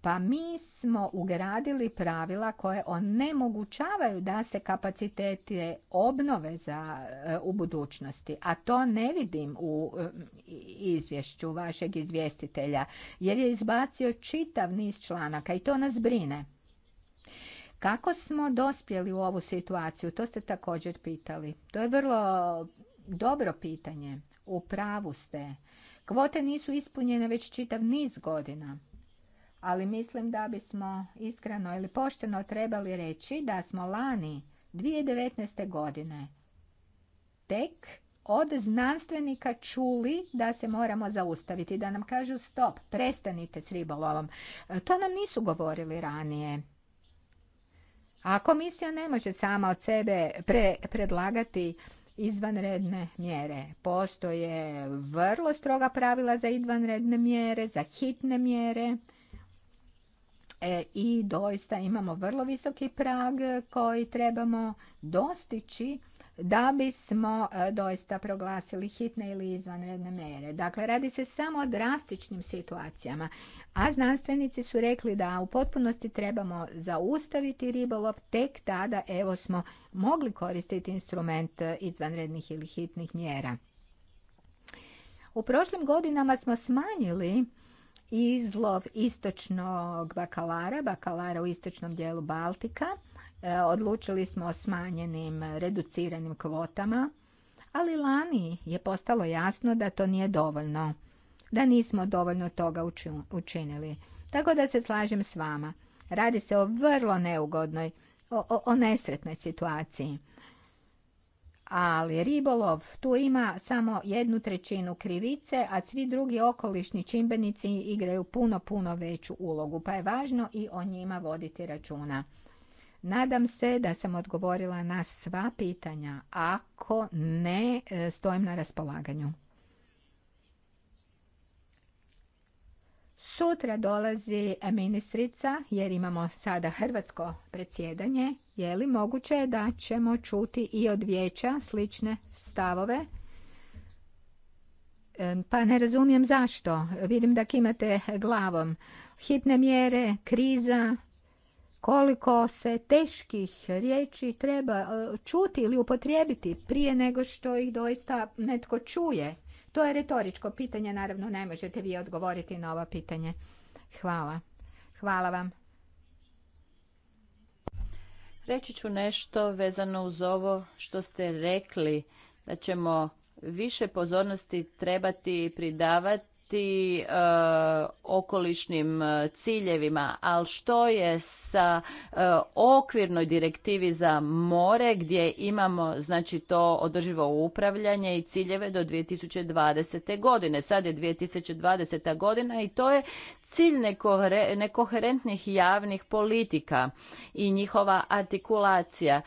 Pa mi smo ugradili pravila koje onemogućavaju da se kapacitete obnove za, e, u budućnosti, a to ne vidim u e, izvješću vašeg izvjestitelja, jer je izbacio čitav niz članaka i to nas brine. Kako smo dospjeli u ovu situaciju? To ste također pitali. To je vrlo dobro pitanje. U pravu ste. Kvote nisu ispunjene već čitav niz godina. Ali mislim da bismo iskreno ili pošteno trebali reći da smo lani 2019. godine tek od znanstvenika čuli da se moramo zaustaviti, da nam kažu stop, prestanite s ribolovom. E, to nam nisu govorili ranije. A komisija ne može sama od sebe predlagati izvanredne mjere. Postoje vrlo stroga pravila za izvanredne mjere, za hitne mjere. E, I doista imamo vrlo visoki prag koji trebamo dostići da bismo e, doista proglasili hitne ili izvanredne mjere. Dakle, radi se samo o drastičnim situacijama, a znanstvenici su rekli da u potpunosti trebamo zaustaviti ribolov, tek tada evo smo mogli koristiti instrument e, izvanrednih ili hitnih mjera. U prošlim godinama smo smanjili izlov istočnog bakalara, bakalara u istočnom dijelu Baltika, E, odlučili smo o smanjenim, reduciranim kvotama, ali lani je postalo jasno da to nije dovoljno, da nismo dovoljno toga učinili. Tako da se slažem s vama. Radi se o vrlo neugodnoj, o, nesretnoj situaciji. Ali ribolov tu ima samo jednu trećinu krivice, a svi drugi okolišni čimbenici igraju puno, puno veću ulogu, pa je važno i o njima voditi računa. Nadam se da sam odgovorila na sva pitanja. Ako ne, e, stojim na raspolaganju. Sutra dolazi ministrica jer imamo sada hrvatsko predsjedanje. Je li moguće da ćemo čuti i od vijeća slične stavove? E, pa ne razumijem zašto. Vidim da kimate glavom. Hitne mjere, kriza, koliko se teških riječi treba e, čuti ili upotrijebiti prije nego što ih doista netko čuje. To je retoričko pitanje, naravno ne možete vi odgovoriti na ovo pitanje. Hvala. Hvala vam. Reći ću nešto vezano uz ovo što ste rekli, da ćemo više pozornosti trebati pridavati i e, okolišnim e, ciljevima, ali što je sa e, okvirnoj direktivi za more gdje imamo znači to održivo upravljanje i ciljeve do 2020. godine. Sad je 2020. godina i to je cilj nekoherentnih javnih politika i njihova artikulacija.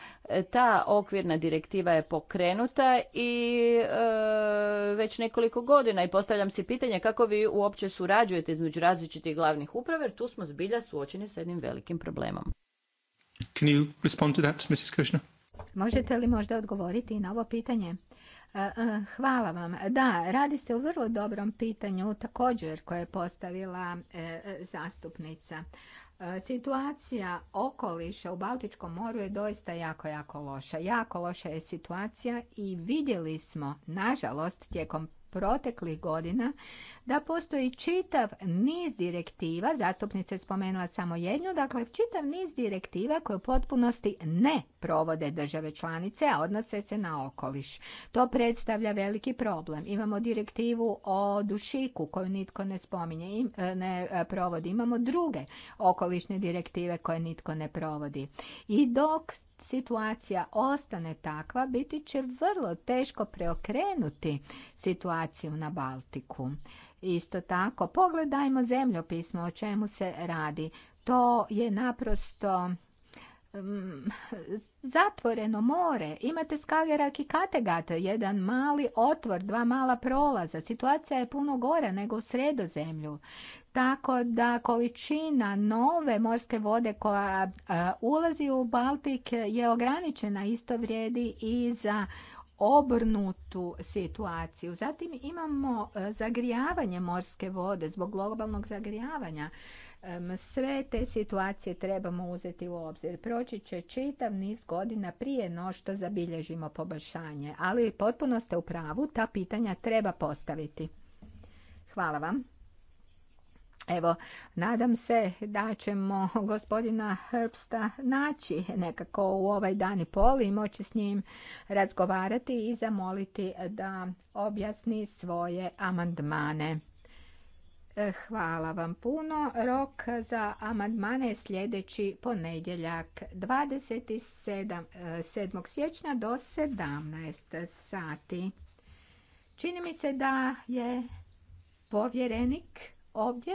Ta okvirna direktiva je pokrenuta i e, već nekoliko godina i postavljam si pitanje kako vi uopće surađujete između različitih glavnih uprava jer tu smo zbilja suočeni s jednim velikim problemom. Možete li možda odgovoriti na ovo pitanje? E, e, hvala vam. Da, radi se o vrlo dobrom pitanju također koje je postavila zastupnica. E, situacija okoliša u Baltičkom moru je doista jako, jako loša. Jako loša je situacija i vidjeli smo, nažalost, tijekom proteklih godina da postoji čitav niz direktiva, zastupnica je spomenula samo jednu, dakle čitav niz direktiva koje u potpunosti ne provode države članice, a odnose se na okoliš. To predstavlja veliki problem. Imamo direktivu o dušiku koju nitko ne spominje, e, ne e, provodi. Imamo druge okolišne direktive koje nitko ne provodi. I dok situacija ostane takva, biti će vrlo teško preokrenuti situaciju na Baltiku. Isto tako, pogledajmo zemljopismo o čemu se radi. To je naprosto mm, zatvoreno more, imate Skagerak i Kategat, jedan mali otvor, dva mala prolaza. Situacija je puno gora nego u sredozemlju. Tako da količina nove morske vode koja e, ulazi u Baltik je ograničena, isto vrijedi i za obrnutu situaciju. Zatim imamo e, zagrijavanje morske vode zbog globalnog zagrijavanja. Sve te situacije trebamo uzeti u obzir. Proći će čitav niz godina prije no što zabilježimo poboljšanje, ali potpuno ste u pravu, ta pitanja treba postaviti. Hvala vam. Evo, nadam se da ćemo gospodina Herbsta naći nekako u ovaj dan i pol i moći s njim razgovarati i zamoliti da objasni svoje amandmane. E, hvala vam puno. Rok za amandmane je sljedeći ponedjeljak 27. sječnja e, siječnja do 17 sati. Čini mi se da je povjerenik ovdje.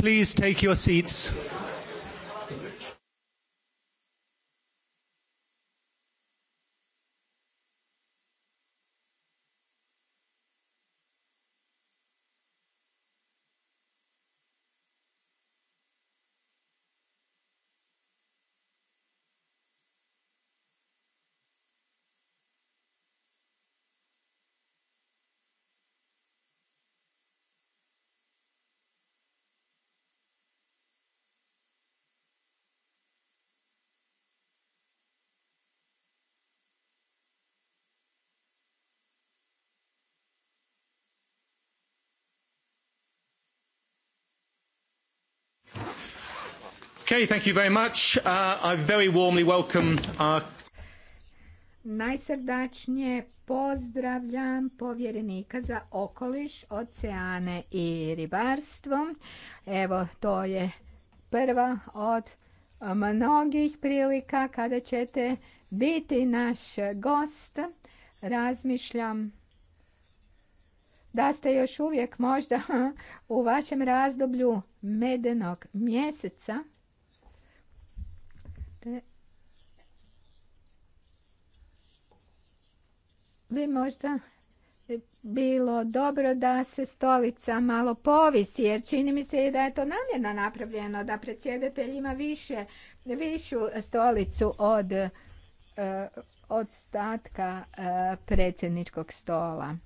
Please take your seats. thank you very uh, Najsrdačnije pozdravljam povjerenika za okoliš, oceane i ribarstvo. Evo, to je prva od mnogih prilika kada ćete biti naš gost. Razmišljam da ste još uvijek možda u vašem razdoblju medenog mjeseca možda bi možda bilo dobro da se stolica malo povisi, jer čini mi se i da je to namjerno napravljeno, da predsjedatelj ima više, višu stolicu od od e, ostatka e, predsjedničkog stola.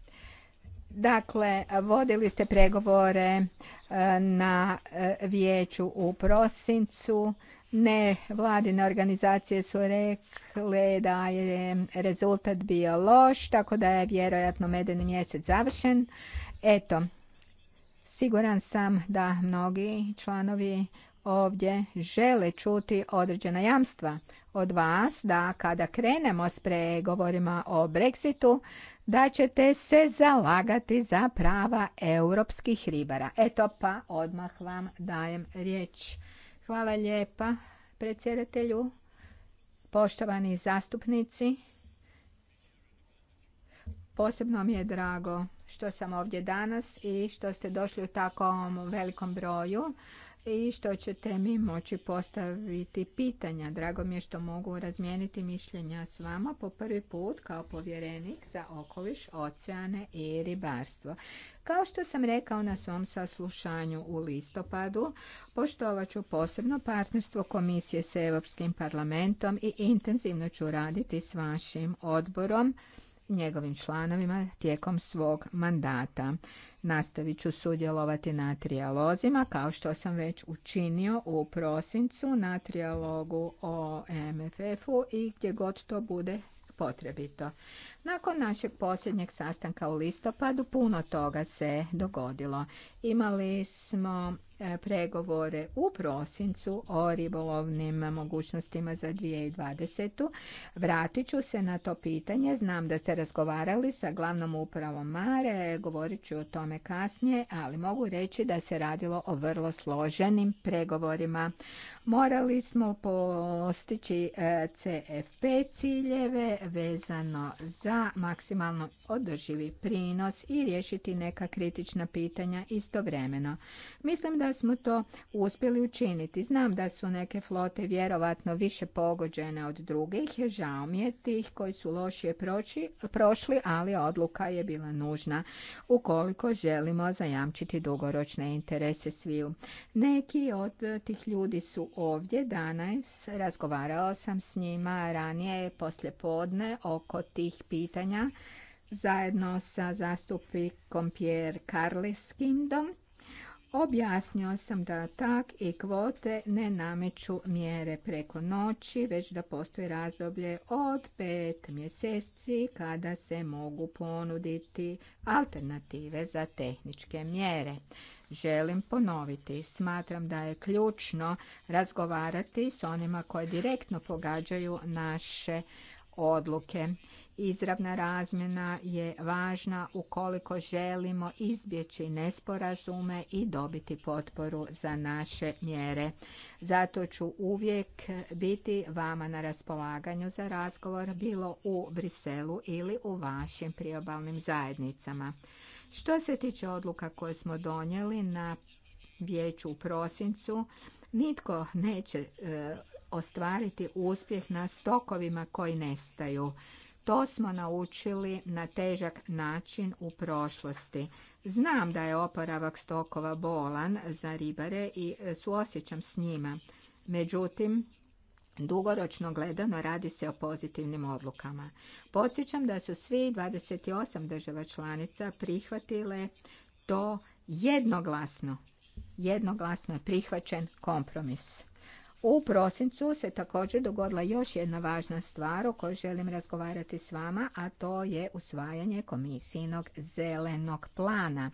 Dakle, vodili ste pregovore e, na vijeću u prosincu ne vladine organizacije su rekle da je rezultat bio loš, tako da je vjerojatno medeni mjesec završen. Eto, siguran sam da mnogi članovi ovdje žele čuti određena jamstva od vas da kada krenemo s pregovorima o Brexitu, da ćete se zalagati za prava europskih ribara. Eto pa odmah vam dajem riječ. Hvala lijepa predsjedatelju, poštovani zastupnici. Posebno mi je drago što sam ovdje danas i što ste došli u takvom velikom broju i što ćete mi moći postaviti pitanja. Drago mi je što mogu razmijeniti mišljenja s vama po prvi put kao povjerenik za okoliš, oceane i ribarstvo. Kao što sam rekao na svom saslušanju u listopadu, poštovat ću posebno partnerstvo komisije s Europskim parlamentom i intenzivno ću raditi s vašim odborom njegovim članovima tijekom svog mandata. Nastavit ću sudjelovati na trijalozima kao što sam već učinio u prosincu na trijalogu o MFF-u i gdje god to bude potrebito. Nakon našeg posljednjeg sastanka u listopadu puno toga se dogodilo. Imali smo e, pregovore u prosincu o ribolovnim mogućnostima za 2020. Vratit ću se na to pitanje. Znam da ste razgovarali sa glavnom upravom Mare, govorit ću o tome kasnije, ali mogu reći da se radilo o vrlo složenim pregovorima. Morali smo postići e, CFP ciljeve vezano za maksimalno održivi prinos i riješiti neka kritična pitanja istovremeno. Mislim da smo to uspjeli učiniti. Znam da su neke flote vjerovatno više pogođene od drugih. Žao mi je tih koji su lošije prošli, ali odluka je bila nužna ukoliko želimo zajamčiti dugoročne interese sviju. Neki od tih ljudi su ovdje danas. Razgovarao sam s njima ranije poslje podne oko tih pitanja pitanja zajedno sa zastupnikom Pierre Carleskindom. Objasnio sam da tak i kvote ne nameću mjere preko noći, već da postoji razdoblje od pet mjeseci kada se mogu ponuditi alternative za tehničke mjere. Želim ponoviti, smatram da je ključno razgovarati s onima koje direktno pogađaju naše odluke. Izravna razmjena je važna ukoliko želimo izbjeći nesporazume i dobiti potporu za naše mjere. Zato ću uvijek biti vama na raspolaganju za razgovor bilo u Briselu ili u vašim priobalnim zajednicama. Što se tiče odluka koje smo donijeli na vijeću u prosincu, nitko neće e, ostvariti uspjeh na stokovima koji nestaju. To smo naučili na težak način u prošlosti. Znam da je oporavak stokova bolan za ribare i suosjećam s njima. Međutim, Dugoročno gledano radi se o pozitivnim odlukama. Podsjećam da su svi 28 država članica prihvatile to jednoglasno. Jednoglasno je prihvaćen kompromis. U prosincu se također dogodila još jedna važna stvar o kojoj želim razgovarati s vama, a to je usvajanje komisijinog zelenog plana.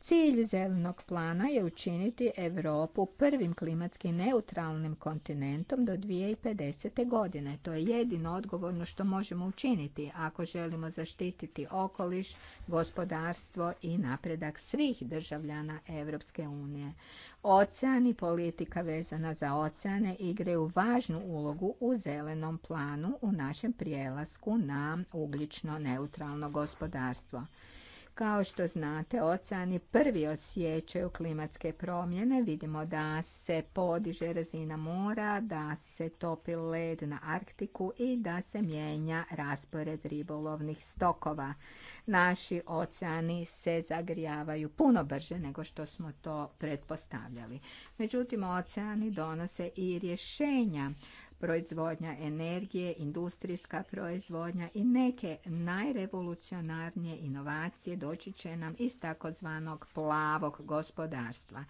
Cilj zelenog plana je učiniti Europu prvim klimatski neutralnim kontinentom do 2050. godine. To je jedino odgovorno što možemo učiniti ako želimo zaštititi okoliš, gospodarstvo i napredak svih državljana Europske unije. Ocean i politika vezana za oceane igraju važnu ulogu u zelenom planu u našem prijelasku na ugljično neutralno gospodarstvo. Kao što znate, oceani prvi osjećaju klimatske promjene. Vidimo da se podiže razina mora, da se topi led na Arktiku i da se mijenja raspored ribolovnih stokova. Naši oceani se zagrijavaju puno brže nego što smo to pretpostavljali. Međutim, oceani donose i rješenja proizvodnja energije, industrijska proizvodnja i neke najrevolucionarnije inovacije doći će nam iz takozvanog plavog gospodarstva.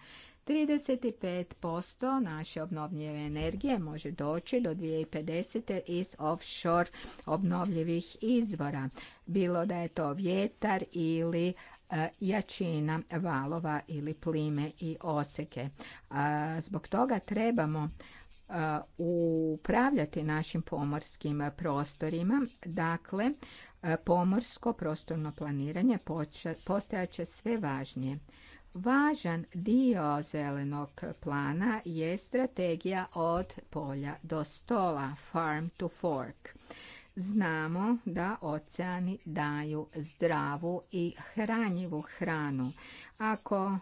35% naše obnovljive energije može doći do 2050. iz offshore obnovljivih izvora, bilo da je to vjetar ili e, jačina valova ili plime i oseke. Zbog toga trebamo E, upravljati našim pomorskim prostorima. Dakle, e, pomorsko prostorno planiranje će sve važnije. Važan dio zelenog plana je strategija od polja do stola, farm to fork. Znamo da oceani daju zdravu i hranjivu hranu. Ako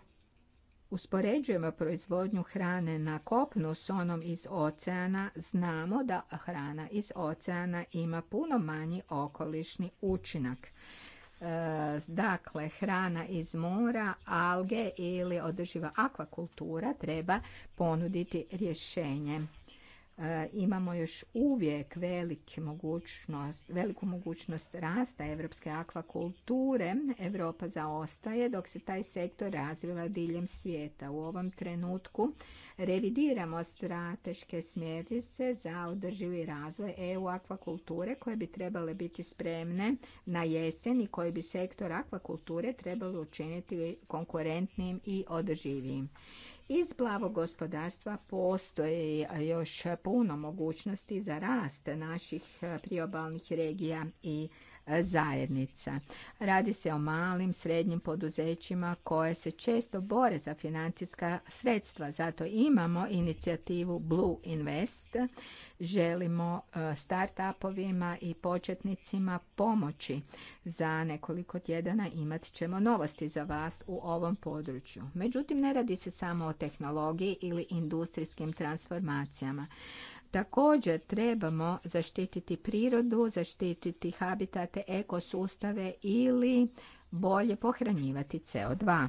uspoređujemo proizvodnju hrane na kopnu s onom iz oceana, znamo da hrana iz oceana ima puno manji okolišni učinak. E, dakle, hrana iz mora, alge ili održiva akvakultura treba ponuditi rješenje. E, imamo još uvijek velik mogućnost, veliku mogućnost rasta evropske akvakulture. Europa zaostaje dok se taj sektor razvila diljem svijeta. U ovom trenutku revidiramo strateške smjernice za održivi razvoj EU akvakulture koje bi trebale biti spremne na jesen i koji bi sektor akvakulture trebalo učiniti konkurentnim i održivijim. Iz plavog gospodarstva postoji još puno mogućnosti za rast naših priobalnih regija i zajednica. Radi se o malim, srednjim poduzećima koje se često bore za financijska sredstva. Zato imamo inicijativu Blue Invest. Želimo e, start i početnicima pomoći. Za nekoliko tjedana imat ćemo novosti za vas u ovom području. Međutim, ne radi se samo o tehnologiji ili industrijskim transformacijama. Također trebamo zaštititi prirodu, zaštititi habitate, ekosustave ili bolje pohranjivati CO2.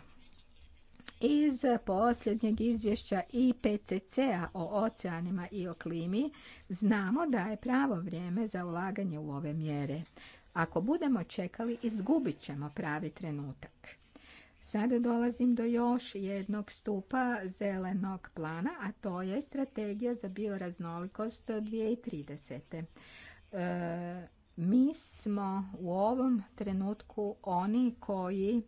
Iz posljednjeg izvješća IPCC-a o oceanima i o klimi znamo da je pravo vrijeme za ulaganje u ove mjere. Ako budemo čekali, izgubit ćemo pravi trenutak. Sada dolazim do još jednog stupa zelenog plana, a to je strategija za bioraznolikost 2030. E, mi smo u ovom trenutku oni koji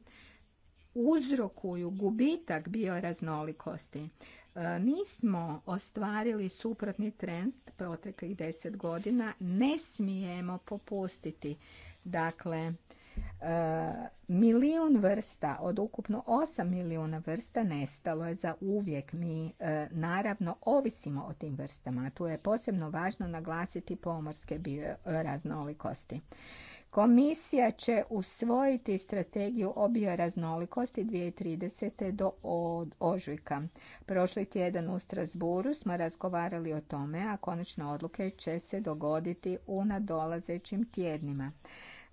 uzrokuju gubitak bioraznolikosti. E, nismo ostvarili suprotni trend proteklih deset godina, ne smijemo popustiti. Dakle, E, Milijun vrsta od ukupno 8 milijuna vrsta nestalo je za uvijek. Mi e, naravno ovisimo o tim vrstama, a tu je posebno važno naglasiti pomorske raznolikosti Komisija će usvojiti strategiju o bioraznolikosti 2030. do ožujka. Prošli tjedan u Strasburu smo razgovarali o tome, a konačne odluke će se dogoditi u nadolazećim tjednima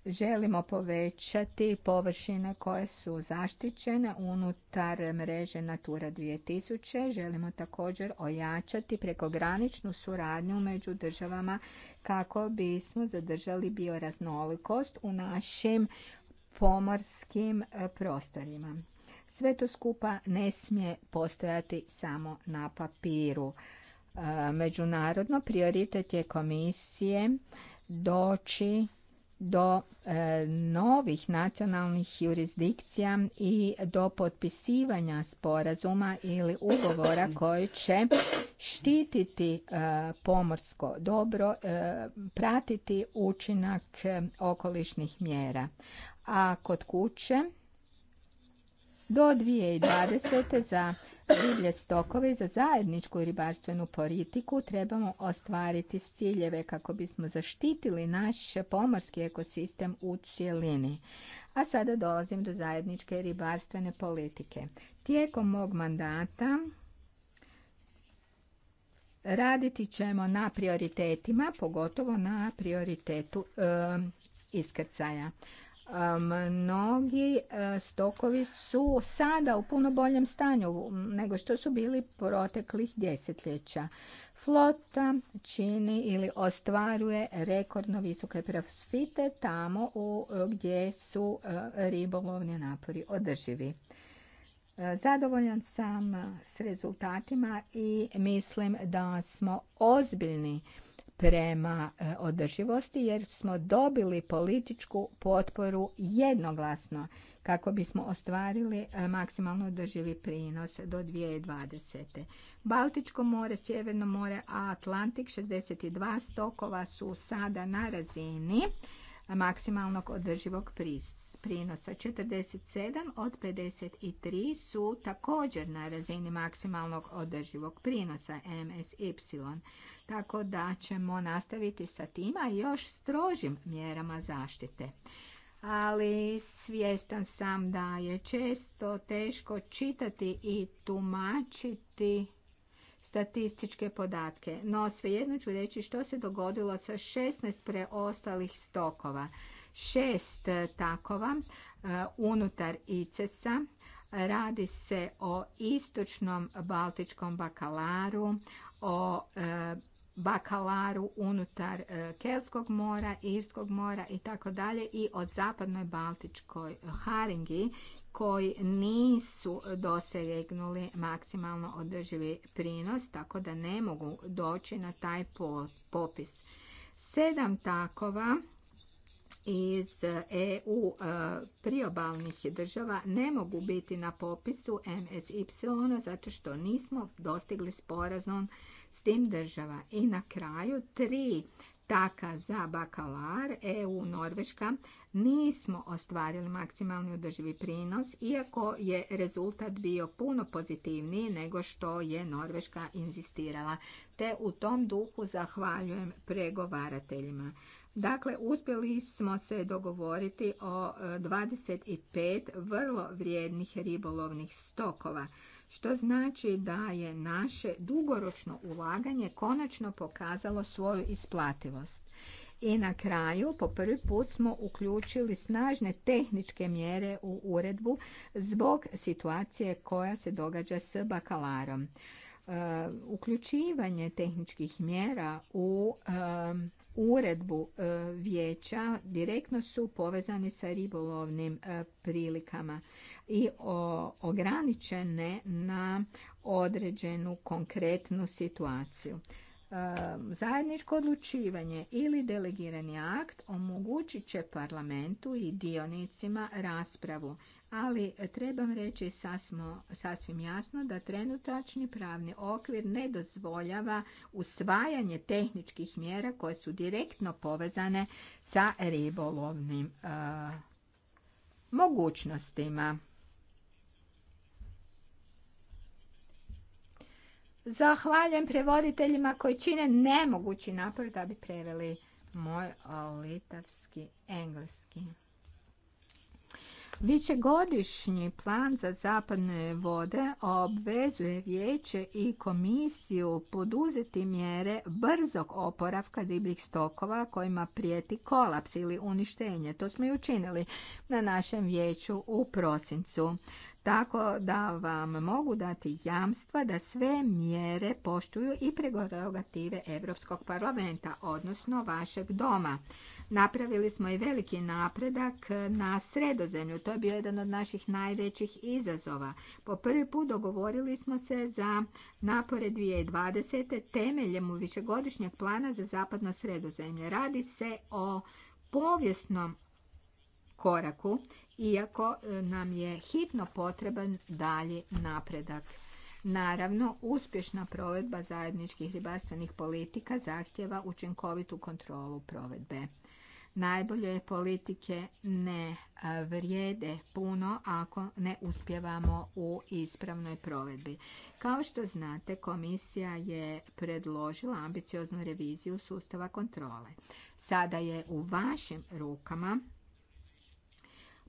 želimo povećati površine koje su zaštićene unutar mreže Natura 2000. Želimo također ojačati prekograničnu suradnju među državama kako bismo zadržali bioraznolikost u našim pomorskim e, prostorima. Sve to skupa ne smije postojati samo na papiru. E, međunarodno prioritet je komisije doći do e, novih nacionalnih jurisdikcija i do potpisivanja sporazuma ili ugovora koji će štititi e, pomorsko dobro, e, pratiti učinak okolišnih mjera. A kod kuće do 2020. za riblje stokove za zajedničku ribarstvenu politiku trebamo ostvariti ciljeve kako bismo zaštitili naš pomorski ekosistem u cjelini. A sada dolazim do zajedničke ribarstvene politike. Tijekom mog mandata raditi ćemo na prioritetima, pogotovo na prioritetu e, iskrcaja mnogi e, stokovi su sada u puno boljem stanju nego što su bili proteklih desetljeća. Flota čini ili ostvaruje rekordno visoke profite tamo u, e, gdje su e, ribolovni napori održivi. Zadovoljan sam s rezultatima i mislim da smo ozbiljni prema e, održivosti jer smo dobili političku potporu jednoglasno kako bismo ostvarili e, maksimalno održivi prinos do 2020. Baltičko more, Sjeverno more, a Atlantik 62 stokova su sada na razini maksimalnog održivog prisa prinosa. 47 od 53 su također na razini maksimalnog održivog prinosa MSY. Tako da ćemo nastaviti sa tima još strožim mjerama zaštite ali svjestan sam da je često teško čitati i tumačiti statističke podatke. No svejedno ću reći što se dogodilo sa 16 preostalih stokova šest e, takova e, unutar ICES-a. Radi se o istočnom baltičkom bakalaru, o e, bakalaru unutar Kelskog mora, Irskog mora i tako dalje i o zapadnoj baltičkoj haringi koji nisu dosegnuli maksimalno održivi prinos, tako da ne mogu doći na taj popis. Sedam takova iz EU e, priobalnih država ne mogu biti na popisu NSY zato što nismo dostigli sporazum s tim država. I na kraju tri taka za bakalar EU Norveška nismo ostvarili maksimalni održivi prinos iako je rezultat bio puno pozitivniji nego što je Norveška inzistirala. Te u tom duhu zahvaljujem pregovarateljima. Dakle, uspjeli smo se dogovoriti o 25 e, vrlo vrijednih ribolovnih stokova, što znači da je naše dugoročno ulaganje konačno pokazalo svoju isplativost. I na kraju, po prvi put smo uključili snažne tehničke mjere u uredbu zbog situacije koja se događa s bakalarom. E, uključivanje tehničkih mjera u e, uredbu e, vijeća direktno su povezani sa ribolovnim e, prilikama i ograničene na određenu konkretnu situaciju. E, zajedničko odlučivanje ili delegirani akt omogućit će parlamentu i dionicima raspravu ali e, trebam reći sasmo, sasvim jasno da trenutačni pravni okvir ne dozvoljava usvajanje tehničkih mjera koje su direktno povezane sa ribolovnim e, mogućnostima. Zahvaljujem prevoditeljima koji čine nemogući napor da bi preveli moj litavski engleski. Višegodišnji plan za zapadne vode obvezuje vijeće i komisiju poduzeti mjere brzog oporavka divljih stokova kojima prijeti kolaps ili uništenje. To smo i učinili na našem vijeću u prosincu tako da vam mogu dati jamstva da sve mjere poštuju i prerogative Europskog parlamenta, odnosno vašeg doma. Napravili smo i veliki napredak na sredozemlju. To je bio jedan od naših najvećih izazova. Po prvi put dogovorili smo se za napore 2020. temeljem u višegodišnjeg plana za zapadno sredozemlje. Radi se o povijesnom koraku iako e, nam je hitno potreban dalji napredak. Naravno, uspješna provedba zajedničkih ribarstvenih politika zahtjeva učinkovitu kontrolu provedbe. Najbolje politike ne e, vrijede puno ako ne uspjevamo u ispravnoj provedbi. Kao što znate, komisija je predložila ambicioznu reviziju sustava kontrole. Sada je u vašim rukama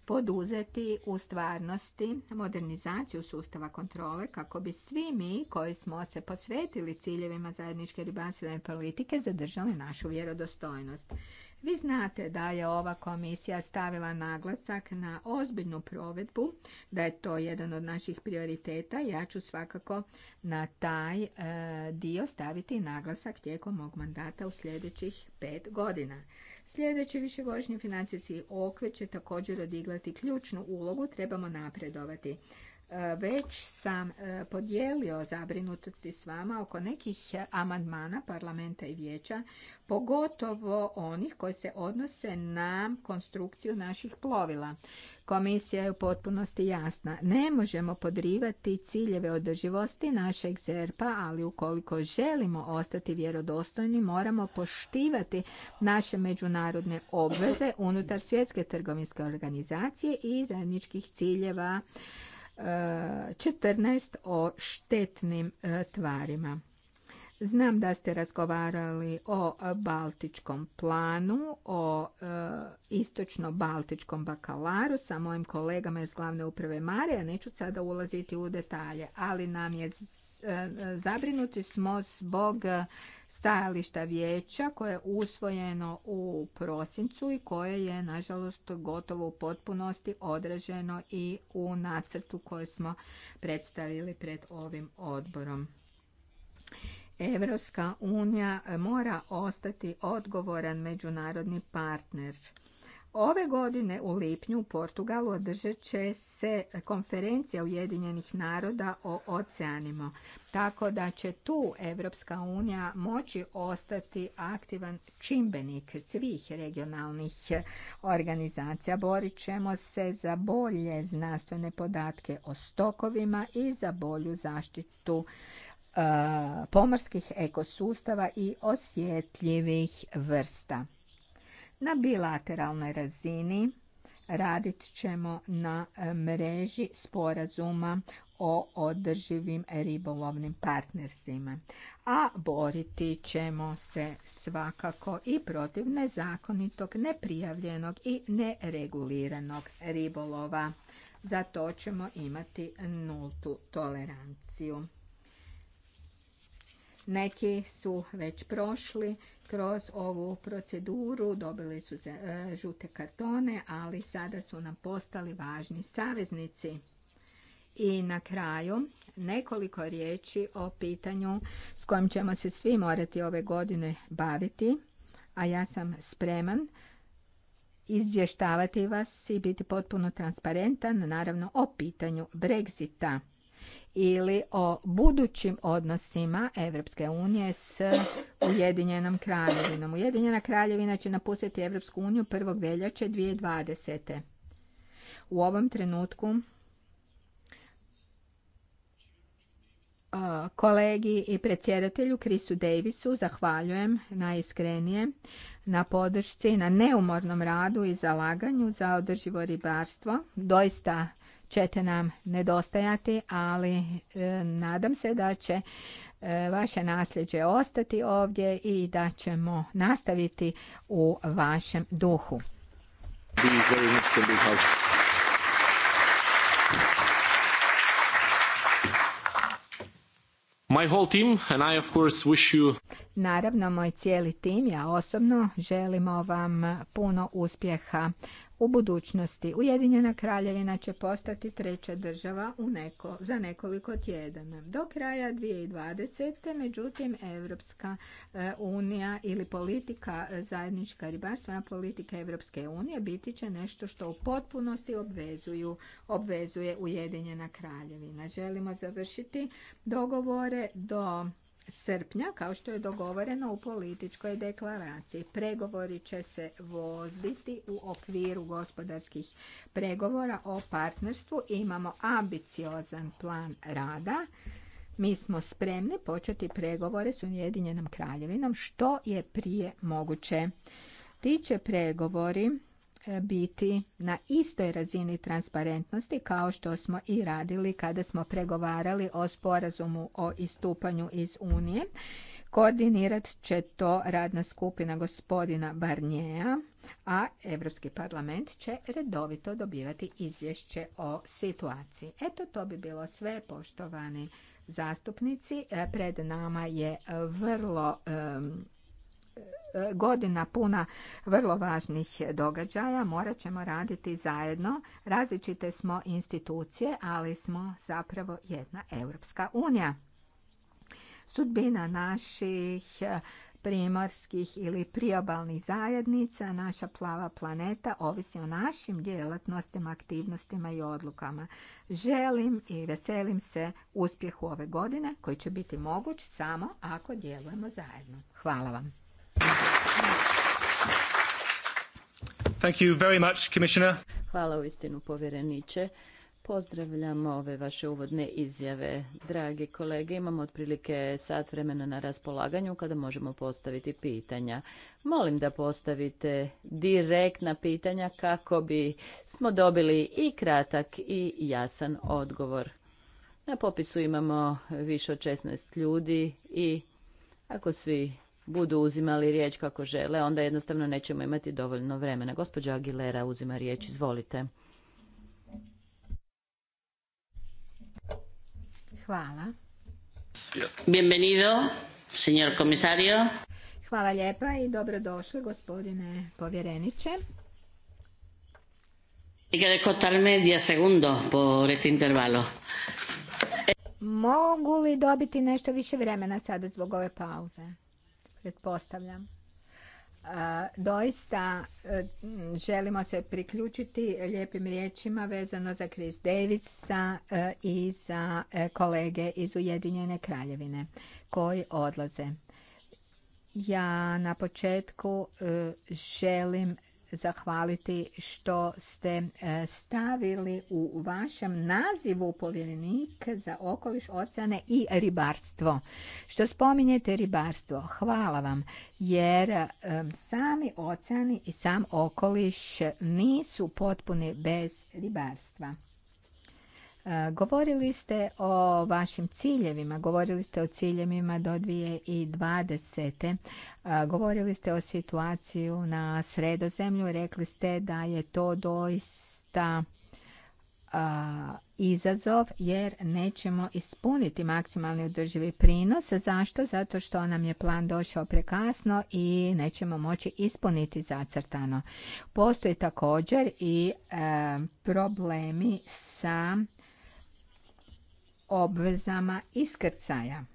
poduzeti u stvarnosti modernizaciju sustava kontrole kako bi svi mi koji smo se posvetili ciljevima zajedničke ribarstvene politike zadržali našu vjerodostojnost. Vi znate da je ova komisija stavila naglasak na ozbiljnu provedbu, da je to jedan od naših prioriteta. Ja ću svakako na taj e, dio staviti naglasak tijekom mog mandata u sljedećih pet godina. Sljedeći višegodišnji financijski okvir će također odigrati ključnu ulogu, trebamo napredovati. E, već sam e, podijelio zabrinutosti s vama oko nekih amandmana parlamenta i vijeća, pogotovo onih koji se odnose na konstrukciju naših plovila. Komisija je u potpunosti jasna. Ne možemo podrivati ciljeve održivosti našeg ZERPA, ali ukoliko želimo ostati vjerodostojni, moramo poštivati naše međunarodne obveze unutar svjetske trgovinske organizacije i zajedničkih ciljeva 14 o štetnim e, tvarima. Znam da ste razgovarali o baltičkom planu, o e, istočno-baltičkom bakalaru sa mojim kolegama iz glavne uprave Marija. Neću sada ulaziti u detalje, ali nam je E, zabrinuti smo zbog stajališta vijeća koje je usvojeno u prosincu i koje je nažalost gotovo u potpunosti odraženo i u nacrtu koje smo predstavili pred ovim odborom. Evropska unija mora ostati odgovoran međunarodni partner Ove godine u lipnju u Portugalu održat će se konferencija Ujedinjenih naroda o oceanima, tako da će tu Evropska unija moći ostati aktivan čimbenik svih regionalnih organizacija. Borit ćemo se za bolje znanstvene podatke o stokovima i za bolju zaštitu e, pomorskih ekosustava i osjetljivih vrsta. Na bilateralnoj razini radit ćemo na e, mreži sporazuma o održivim ribolovnim partnerstvima. A boriti ćemo se svakako i protiv nezakonitog, neprijavljenog i nereguliranog ribolova. Za to ćemo imati nultu toleranciju. Neki su već prošli kroz ovu proceduru, dobili su e, žute kartone, ali sada su nam postali važni saveznici. I na kraju nekoliko riječi o pitanju s kojim ćemo se svi morati ove godine baviti, a ja sam spreman izvještavati vas i biti potpuno transparentan, naravno o pitanju Brexita ili o budućim odnosima Evropske unije s Ujedinjenom kraljevinom. Ujedinjena kraljevina će napustiti Evropsku uniju 1. veljače 2020. U ovom trenutku kolegi i predsjedatelju Krisu Davisu zahvaljujem najiskrenije na podršci, na neumornom radu i zalaganju za održivo ribarstvo. Doista ćete nam nedostajati, ali e, nadam se da će e, vaše nasljeđe ostati ovdje i da ćemo nastaviti u vašem duhu. My whole team and I of course wish you... Naravno, moj cijeli tim, ja osobno, želimo vam puno uspjeha u budućnosti. Ujedinjena kraljevina će postati treća država u neko, za nekoliko tjedana. Do kraja 2020. međutim Europska e, unija ili politika e, zajednička ribarstvena politika Europske unije biti će nešto što u potpunosti obvezuju, obvezuje Ujedinjena kraljevina. Želimo završiti dogovore do srpnja, kao što je dogovoreno u političkoj deklaraciji. Pregovori će se voditi u okviru gospodarskih pregovora o partnerstvu. Imamo ambiciozan plan rada. Mi smo spremni početi pregovore s Ujedinjenom kraljevinom što je prije moguće. Ti će pregovori biti na istoj razini transparentnosti kao što smo i radili kada smo pregovarali o sporazumu o istupanju iz Unije. Koordinirat će to radna skupina gospodina Barnjeja, a Europski parlament će redovito dobivati izvješće o situaciji. Eto, to bi bilo sve, poštovani zastupnici. E, pred nama je vrlo godina puna vrlo važnih događaja, morat ćemo raditi zajedno. Različite smo institucije, ali smo zapravo jedna Europska unija. Sudbina naših primorskih ili priobalnih zajednica, naša plava planeta ovisi o našim djelatnostima, aktivnostima i odlukama. Želim i veselim se uspjehu ove godine koji će biti moguć samo ako djelujemo zajedno. Hvala vam. Thank you very Hvala istinu, povjereniče. Pozdravljamo ove vaše uvodne izjave. Dragi kolege, imamo otprilike sat vremena na raspolaganju kada možemo postaviti pitanja. Molim da postavite direktna pitanja kako bi smo dobili i kratak i jasan odgovor. Na popisu imamo više od 16 ljudi i ako svi budu uzimali riječ kako žele, onda jednostavno nećemo imati dovoljno vremena. Gospođa Aguilera uzima riječ, izvolite. Hvala. Bienvenido, señor komisario. Hvala lijepa i dobrodošli, gospodine povjereniče. I kada kotarme 10 segundo por intervalo. Mogu li dobiti nešto više vremena sada zbog ove pauze? pretpostavljam. Doista e, želimo se priključiti lijepim riječima vezano za Chris Davisa e, i za e, kolege iz Ujedinjene kraljevine koji odlaze. Ja na početku želim zahvaliti što ste e, stavili u vašem nazivu povjerenik za okoliš, oceane i ribarstvo. Što spominjete ribarstvo, hvala vam, jer e, sami oceani i sam okoliš nisu potpuni bez ribarstva. E, govorili ste o vašim ciljevima, govorili ste o ciljevima do 2020. E, govorili ste o situaciju na sredozemlju, rekli ste da je to doista e, izazov jer nećemo ispuniti maksimalni održivi prinos. Zašto? Zato što nam je plan došao prekasno i nećemo moći ispuniti zacrtano. Postoje također i problemi sa obvezama iskrcaja.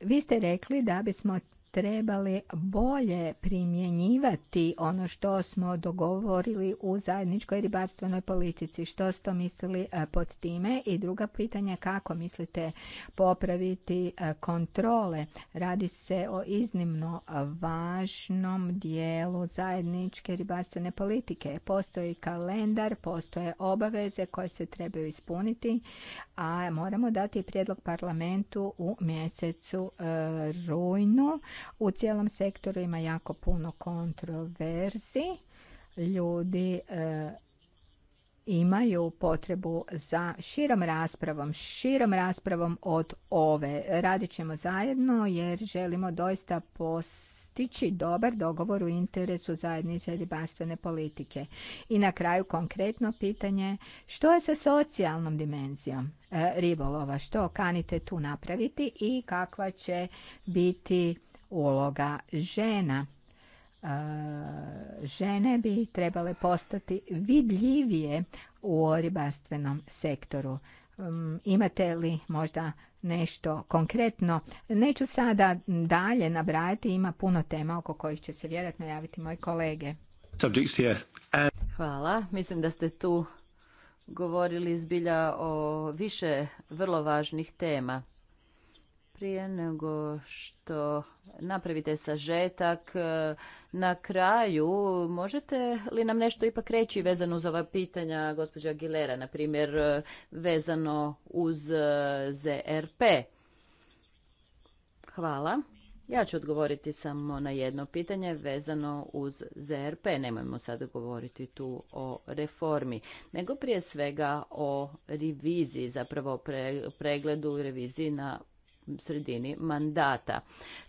Vi ste rekli da bismo trebali bolje primjenjivati ono što smo dogovorili u zajedničkoj ribarstvenoj politici. Što ste mislili e, pod time? I druga pitanja, kako mislite popraviti e, kontrole? Radi se o iznimno važnom dijelu zajedničke ribarstvene politike. Postoji kalendar, postoje obaveze koje se trebaju ispuniti, a moramo dati prijedlog parlamentu u mjesecu e, rujnu u cijelom sektoru ima jako puno kontroverzi. Ljudi e, imaju potrebu za širom raspravom, širom raspravom od ove. Radit ćemo zajedno jer želimo doista postići dobar dogovor u interesu zajednice ribarstvene politike. I na kraju konkretno pitanje što je sa socijalnom dimenzijom e, ribolova? Što kanite tu napraviti i kakva će biti uloga žena. E, žene bi trebale postati vidljivije u ribarstvenom sektoru. Mm, imate li možda nešto konkretno? Neću sada dalje nabrajati, ima puno tema oko kojih će se vjerojatno javiti moji kolege. Hvala, mislim da ste tu govorili zbilja o više vrlo važnih tema prije nego što napravite sažetak e, na kraju, možete li nam nešto ipak reći vezano uz ova pitanja gospođa Gilera? na primjer e, vezano uz e, ZRP? Hvala. Ja ću odgovoriti samo na jedno pitanje vezano uz ZRP. Nemojmo sad govoriti tu o reformi, nego prije svega o reviziji, zapravo pregledu reviziji na sredini mandata.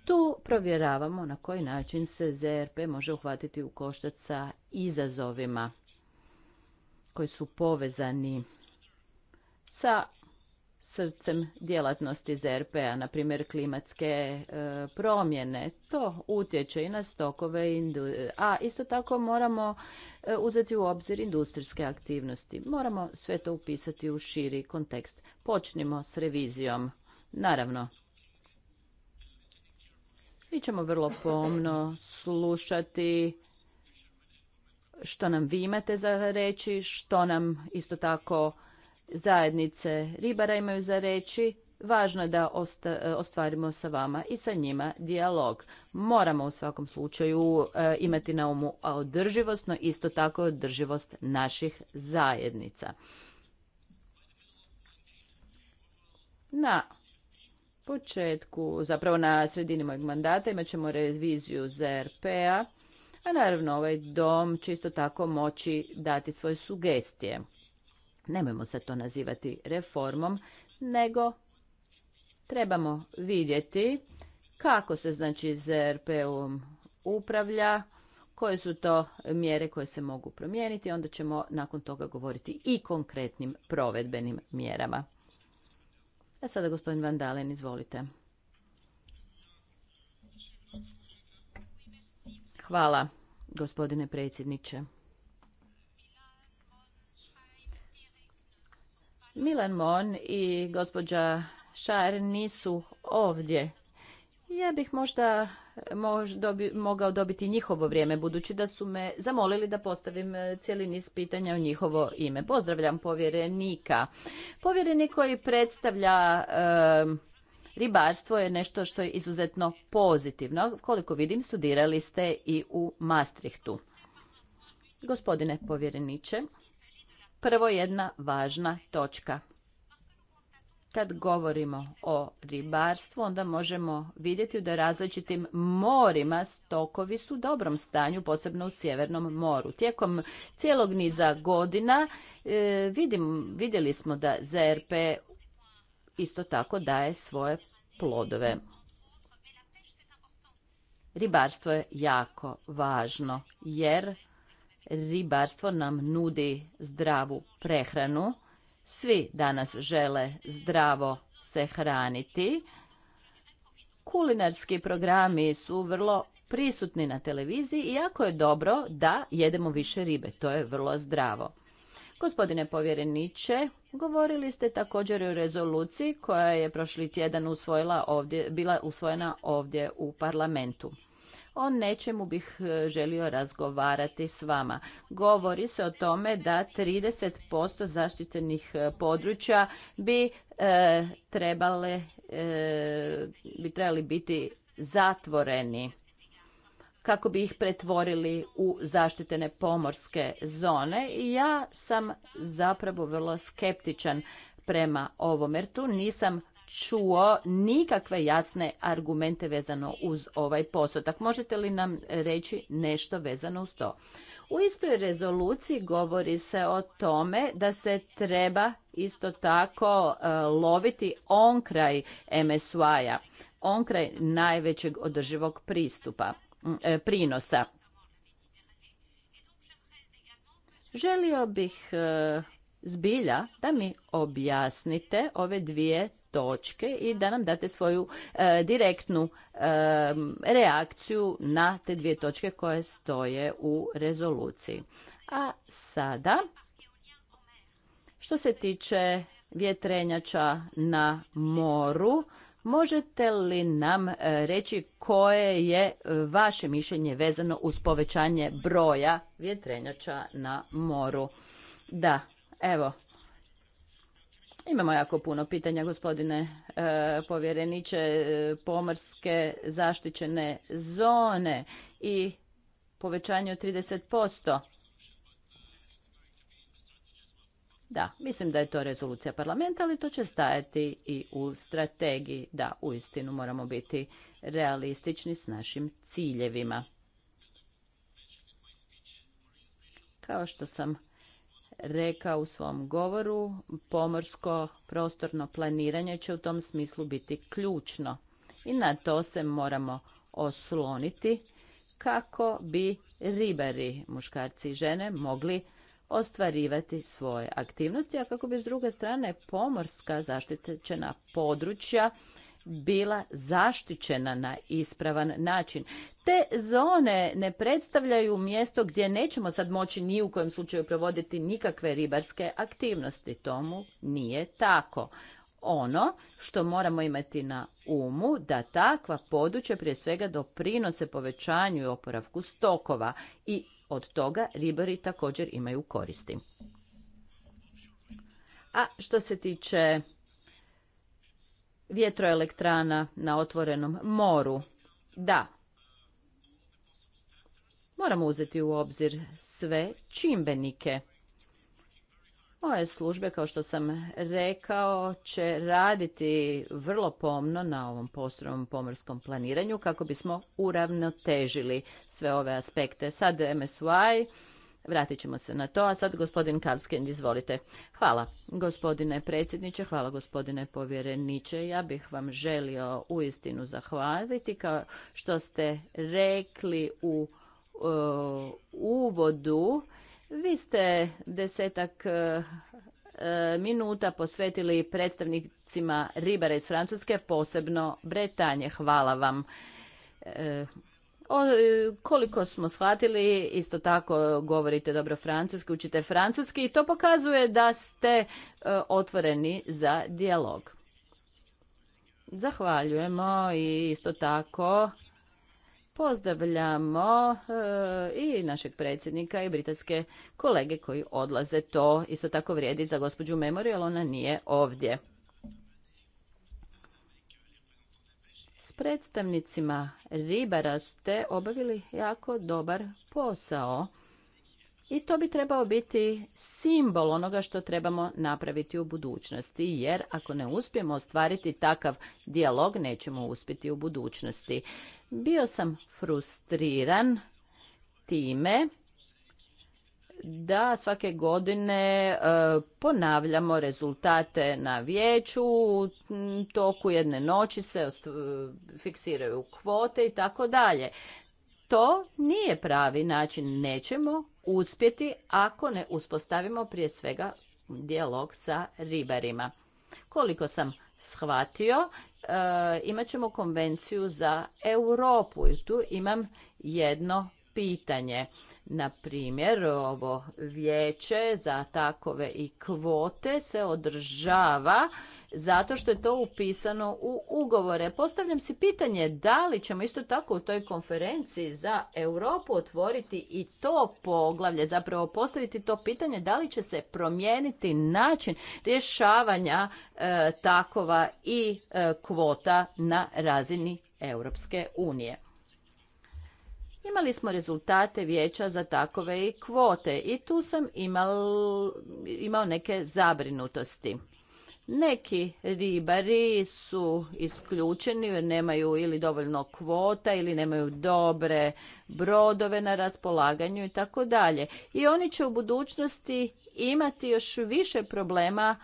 Tu provjeravamo na koji način se ZRP može uhvatiti u koštac sa izazovima koji su povezani sa srcem djelatnosti ZRP-a, na primjer klimatske e, promjene. To utječe i na stokove, a isto tako moramo e, uzeti u obzir industrijske aktivnosti. Moramo sve to upisati u širi kontekst. Počnimo s revizijom. Naravno, mi ćemo vrlo pomno slušati što nam vi imate za reći, što nam isto tako zajednice ribara imaju za reći. Važno je da ostvarimo sa vama i sa njima dijalog. Moramo u svakom slučaju e, imati na umu održivost, no isto tako održivost naših zajednica. Na početku, zapravo na sredini mojeg mandata imat ćemo reviziju ZRP-a, a naravno ovaj dom će isto tako moći dati svoje sugestije. Nemojmo se to nazivati reformom, nego trebamo vidjeti kako se znači ZRP-om upravlja, koje su to mjere koje se mogu promijeniti, onda ćemo nakon toga govoriti i konkretnim provedbenim mjerama. A sada gospodin Van Dalen, izvolite. Hvala, gospodine predsjedniče. Milan Mon i gospođa Šar nisu ovdje. Ja bih možda mogao dobiti njihovo vrijeme, budući da su me zamolili da postavim e, cijeli niz pitanja u njihovo ime. Pozdravljam povjerenika. Povjerenik koji predstavlja e, ribarstvo je nešto što je izuzetno pozitivno. Koliko vidim, studirali ste i u Maastrichtu. Gospodine povjereniče, prvo jedna važna točka kad govorimo o ribarstvu, onda možemo vidjeti da različitim morima stokovi su u dobrom stanju, posebno u Sjevernom moru. Tijekom cijelog niza godina e, vidjeli smo da ZRP isto tako daje svoje plodove. Ribarstvo je jako važno jer ribarstvo nam nudi zdravu prehranu svi danas žele zdravo se hraniti. Kulinarski programi su vrlo prisutni na televiziji i jako je dobro da jedemo više ribe. To je vrlo zdravo. Gospodine povjereniče, govorili ste također o rezoluciji koja je prošli tjedan usvojila bila usvojena ovdje u parlamentu o nečemu bih e, želio razgovarati s vama. Govori se o tome da 30% zaštitenih e, područja bi e, trebale bi trebali biti zatvoreni kako bi ih pretvorili u zaštitene pomorske zone i ja sam zapravo vrlo skeptičan prema ovom jer tu nisam čuo nikakve jasne argumente vezano uz ovaj postotak. Možete li nam reći nešto vezano uz to? U istoj rezoluciji govori se o tome da se treba isto tako e, loviti onkraj MSY-a, onkraj najvećeg održivog pristupa, e, prinosa. Želio bih e, zbilja da mi objasnite ove dvije točke i da nam date svoju e, direktnu e, reakciju na te dvije točke koje stoje u rezoluciji. A sada, što se tiče vjetrenjača na moru, Možete li nam e, reći koje je vaše mišljenje vezano uz povećanje broja vjetrenjača na moru? Da, evo, Imamo jako puno pitanja, gospodine e, povjereniče, e, pomorske zaštićene zone i povećanje od 30%. Da, mislim da je to rezolucija parlamenta, ali to će stajati i u strategiji. Da, u istinu moramo biti realistični s našim ciljevima. Kao što sam rekao u svom govoru, pomorsko prostorno planiranje će u tom smislu biti ključno i na to se moramo osloniti kako bi ribari, muškarci i žene, mogli ostvarivati svoje aktivnosti, a kako bi s druge strane pomorska zaštićena područja bila zaštićena na ispravan način. Te zone ne predstavljaju mjesto gdje nećemo sad moći ni u kojem slučaju provoditi nikakve ribarske aktivnosti. Tomu nije tako. Ono što moramo imati na umu da takva područja prije svega doprinose povećanju i oporavku stokova i od toga ribari također imaju koristi. A što se tiče vjetroelektrana na otvorenom moru. Da, moramo uzeti u obzir sve čimbenike. Moje službe, kao što sam rekao, će raditi vrlo pomno na ovom postrojnom pomorskom planiranju kako bismo uravnotežili sve ove aspekte. Sad MSY Vratit ćemo se na to, a sad gospodin Karskend, izvolite. Hvala gospodine predsjedniče, hvala gospodine povjereniče. Ja bih vam želio uistinu zahvaliti kao što ste rekli u e, uvodu. Vi ste desetak e, minuta posvetili predstavnicima ribara iz Francuske, posebno Bretanje. Hvala vam. E, o, e, koliko smo shvatili, isto tako govorite dobro francuski, učite francuski i to pokazuje da ste e, otvoreni za dijalog. Zahvaljujemo i isto tako pozdravljamo e, i našeg predsjednika i britanske kolege koji odlaze. To isto tako vrijedi za gospođu Memorial, ona nije ovdje. S predstavnicima ribara ste obavili jako dobar posao i to bi trebao biti simbol onoga što trebamo napraviti u budućnosti, jer ako ne uspijemo ostvariti takav dijalog, nećemo uspjeti u budućnosti. Bio sam frustriran time da svake godine e, ponavljamo rezultate na vijeću, u toku jedne noći se e, fiksiraju kvote i tako dalje. To nije pravi način, nećemo uspjeti ako ne uspostavimo prije svega dijalog sa ribarima. Koliko sam shvatio, e, imat ćemo konvenciju za Europu i tu imam jedno pitanje. Na primjer, ovo vijeće za takove i kvote se održava zato što je to upisano u ugovore. Postavljam si pitanje da li ćemo isto tako u toj konferenciji za Europu otvoriti i to poglavlje, zapravo postaviti to pitanje da li će se promijeniti način rješavanja e, takova i e, kvota na razini Europske unije. Imali smo rezultate vijeća za takove i kvote i tu sam imal, imao neke zabrinutosti. Neki ribari su isključeni jer nemaju ili dovoljno kvota ili nemaju dobre brodove na raspolaganju i tako dalje. I oni će u budućnosti imati još više problema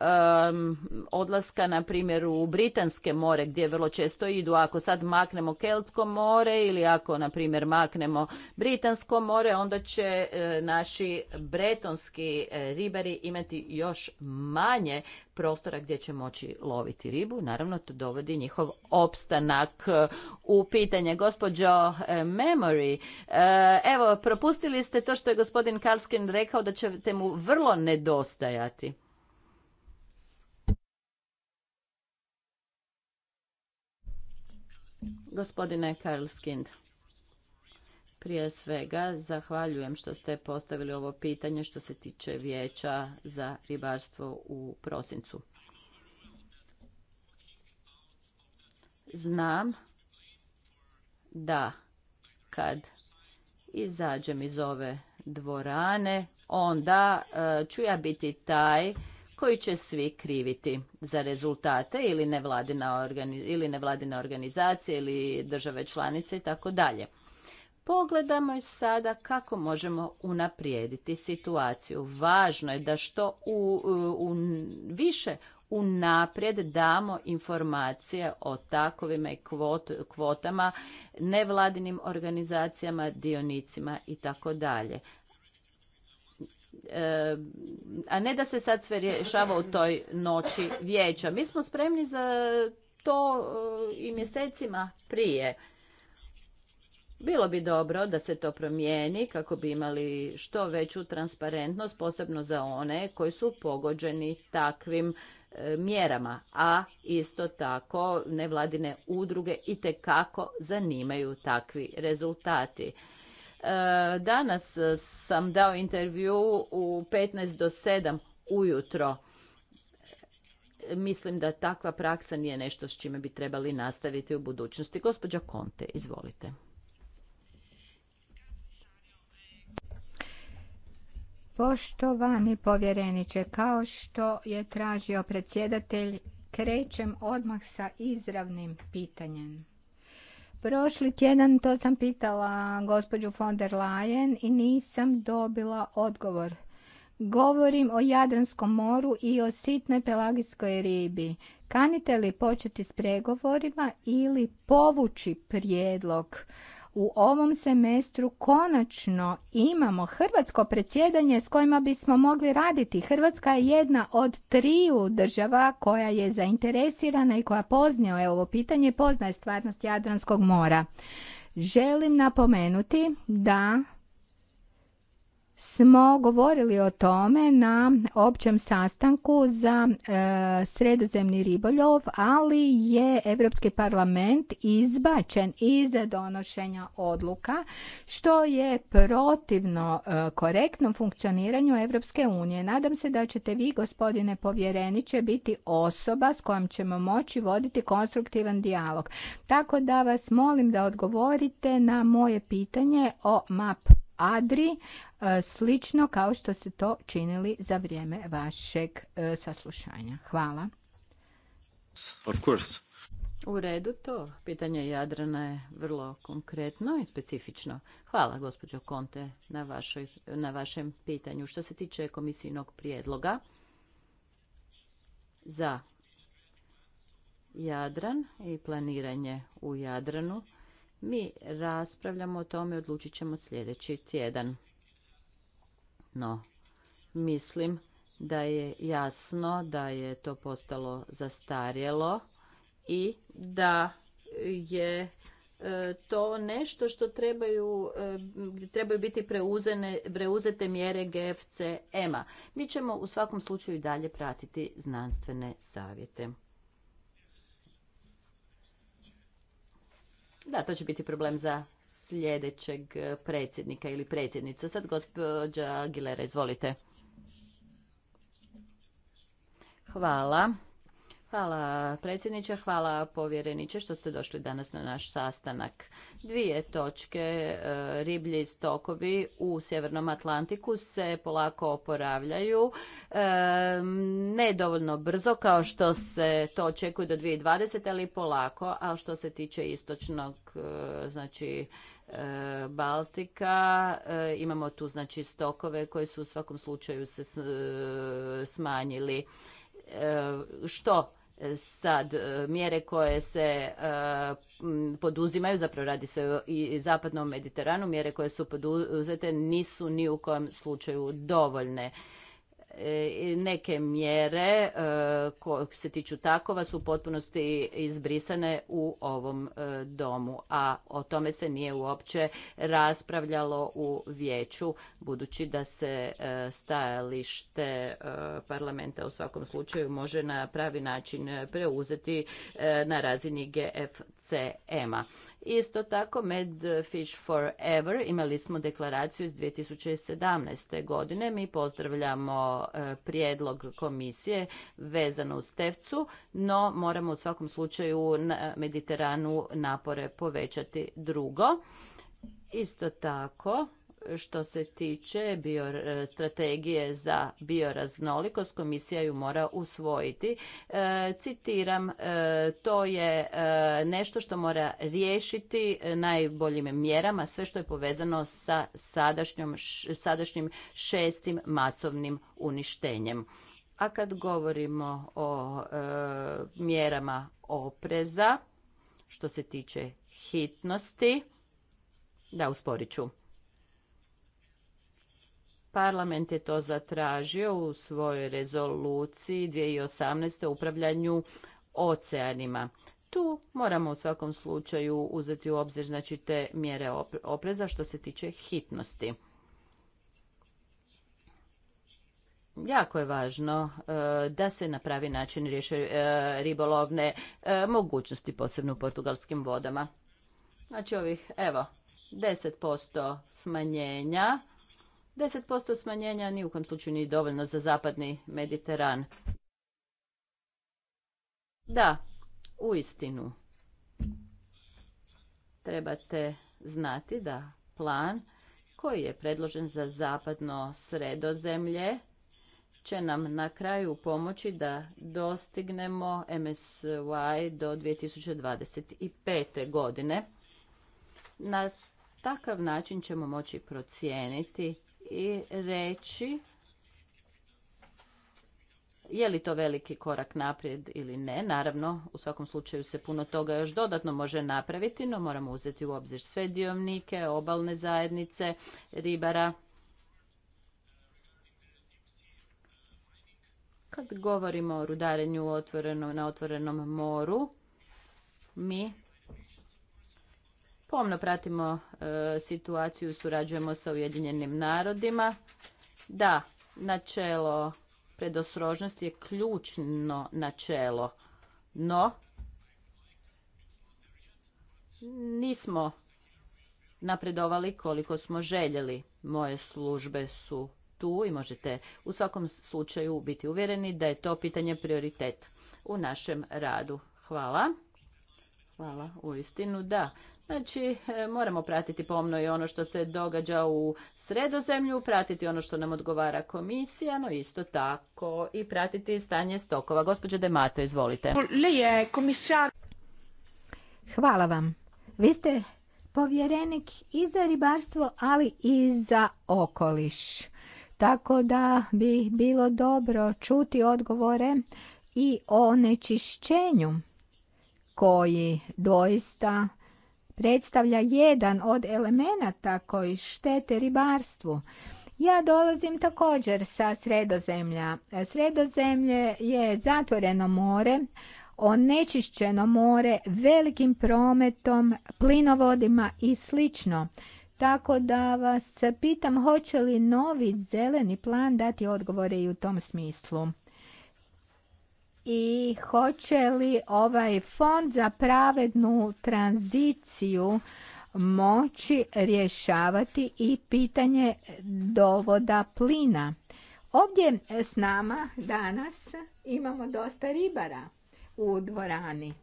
um, odlaska na primjer u Britanske more gdje vrlo često idu. Ako sad maknemo Keltsko more ili ako na primjer maknemo Britansko more onda će e, naši bretonski e, ribari imati još manje prostora gdje će moći loviti ribu. Naravno to dovodi njihov opstanak e, u pitanje. Gospođo Memory, evo propustili ste to što je gospodin Kalskin rekao da ćete mu vrlo nedostajati. Gospodine Karlskind, prije svega zahvaljujem što ste postavili ovo pitanje što se tiče vijeća za ribarstvo u prosincu. Znam da kad izađem iz ove dvorane, onda eh, ću ja biti taj koji će svi kriviti za rezultate ili nevladina, organi ili nevladina organizacija ili države članice i tako dalje. Pogledamo sada kako možemo unaprijediti situaciju. Važno je da što u, više unaprijed damo informacije o takovima kvotama, nevladinim organizacijama, dionicima i tako dalje a ne da se sad sve rješava u toj noći vijeća. Mi smo spremni za to eh, i mjesecima prije. Bilo bi dobro da se to promijeni kako bi imali što veću transparentnost, posebno za one koji su pogođeni takvim eh, mjerama, a isto tako nevladine udruge i kako zanimaju takvi rezultati. Danas eh, sam dao intervju u 15 do 7 ujutro. Mislim da takva praksa nije nešto s čime bi trebali nastaviti u budućnosti. Gospođa Konte, izvolite. Poštovani povjereniče, kao što je tražio predsjedatelj, krećem odmah sa izravnim pitanjem. Prošli tjedan to sam pitala gospođu von der Leyen i nisam dobila odgovor. Govorim o Jadranskom moru i o sitnoj pelagijskoj ribi. Kanite li početi s pregovorima ili povući prijedlog u ovom semestru konačno imamo hrvatsko predsjedanje s kojima bismo mogli raditi. Hrvatska je jedna od triju država koja je zainteresirana i koja poznaje ovo pitanje, poznaje stvarnost Jadranskog mora. Želim napomenuti da smo govorili o tome na općem sastanku za e, sredozemni ribolov, ali je Europski parlament izbačen iz donošenja odluka, što je protivno e, korektnom funkcioniranju Europske unije. Nadam se da ćete vi, gospodine povjereniče, biti osoba s kojom ćemo moći voditi konstruktivan dijalog. Tako da vas molim da odgovorite na moje pitanje o MAP Adri, e, slično kao što ste to činili za vrijeme vašeg e, saslušanja. Hvala. Of course. U redu to. Pitanje Jadrana je vrlo konkretno i specifično. Hvala, gospođo Konte, na, vašoj, na vašem pitanju. Što se tiče komisijnog prijedloga za Jadran i planiranje u Jadranu, mi raspravljamo o tome i odlučit ćemo sljedeći tjedan. No, mislim da je jasno da je to postalo zastarjelo i da je e, to nešto što trebaju, e, trebaju biti preuzete mjere gfc ema Mi ćemo u svakom slučaju dalje pratiti znanstvene savjete. Da, to će biti problem za sljedećeg predsjednika ili predsjednicu. Sad gospođa Aguilera, izvolite. Hvala. Hvala predsjedniče, hvala povjereniče što ste došli danas na naš sastanak. Dvije točke, e, riblji stokovi u Sjevernom Atlantiku se polako oporavljaju, e, ne dovoljno brzo kao što se to očekuje do 2020, ali polako, ali što se tiče istočnog, e, znači, Baltika. Imamo tu znači stokove koji su u svakom slučaju se smanjili. Što sad e, mjere koje se e, poduzimaju, zapravo radi se i zapadnom Mediteranu, mjere koje su poduzete nisu ni u kojem slučaju dovoljne. E, neke mjere e, koje se tiču takova su u potpunosti izbrisane u ovom e, domu, a o tome se nije uopće raspravljalo u vijeću, budući da se stajalište parlamenta u svakom slučaju može na pravi način preuzeti na razini GFCM-a. Isto tako med Fish Forever imali smo deklaraciju iz 2017. godine. Mi pozdravljamo e, prijedlog komisije vezano uz stevcu, no moramo u svakom slučaju na Mediteranu napore povećati drugo. Isto tako što se tiče bio, e, strategije za bioraznolikost, komisija ju mora usvojiti. E, citiram, e, to je nešto što mora riješiti najboljim mjerama sve što je povezano sa sadašnjim šestim masovnim uništenjem. A kad govorimo o mjerama opreza, što se tiče hitnosti, da usporit ću. Parlament je to zatražio u svojoj rezoluciji 2018. upravljanju oceanima. Tu moramo u svakom slučaju uzeti u obzir znači, te mjere opreza što se tiče hitnosti. Jako je važno e, da se na pravi način riješe e, ribolovne e, mogućnosti, posebno u portugalskim vodama. Znači ovih, evo, 10% smanjenja 10% smanjenja ni u kom slučaju nije dovoljno za zapadni Mediteran. Da, u istinu. Trebate znati da plan koji je predložen za zapadno sredozemlje će nam na kraju pomoći da dostignemo MSY do 2025. godine. Na takav način ćemo moći procijeniti i reći je li to veliki korak naprijed ili ne? Naravno, u svakom slučaju se puno toga još dodatno može napraviti, no moramo uzeti u obzir sve dionike, obalne zajednice, ribara. Kad govorimo o rudarenju na otvorenom moru, mi Pomno pratimo e, situaciju i surađujemo sa Ujedinjenim narodima. Da, načelo predosrožnosti je ključno načelo, no nismo napredovali koliko smo željeli. Moje službe su tu i možete u svakom slučaju biti uvjereni da je to pitanje prioritet u našem radu. Hvala. Hvala, u istinu da. Znači, e, moramo pratiti pomno i ono što se događa u sredozemlju, pratiti ono što nam odgovara komisija, no isto tako i pratiti stanje stokova. Gospođe Demato, izvolite. Hvala vam. Vi ste povjerenik i za ribarstvo, ali i za okoliš. Tako da bi bilo dobro čuti odgovore i o nečišćenju koji doista predstavlja jedan od elemenata koji štete ribarstvu. Ja dolazim također sa Sredozemlja. Sredozemlje je zatvoreno more, onečišćeno more velikim prometom, plinovodima i slično. Tako da vas pitam hoće li novi zeleni plan dati odgovore i u tom smislu i hoće li ovaj fond za pravednu tranziciju moći rješavati i pitanje dovoda plina. Ovdje s nama danas imamo dosta ribara u dvorani.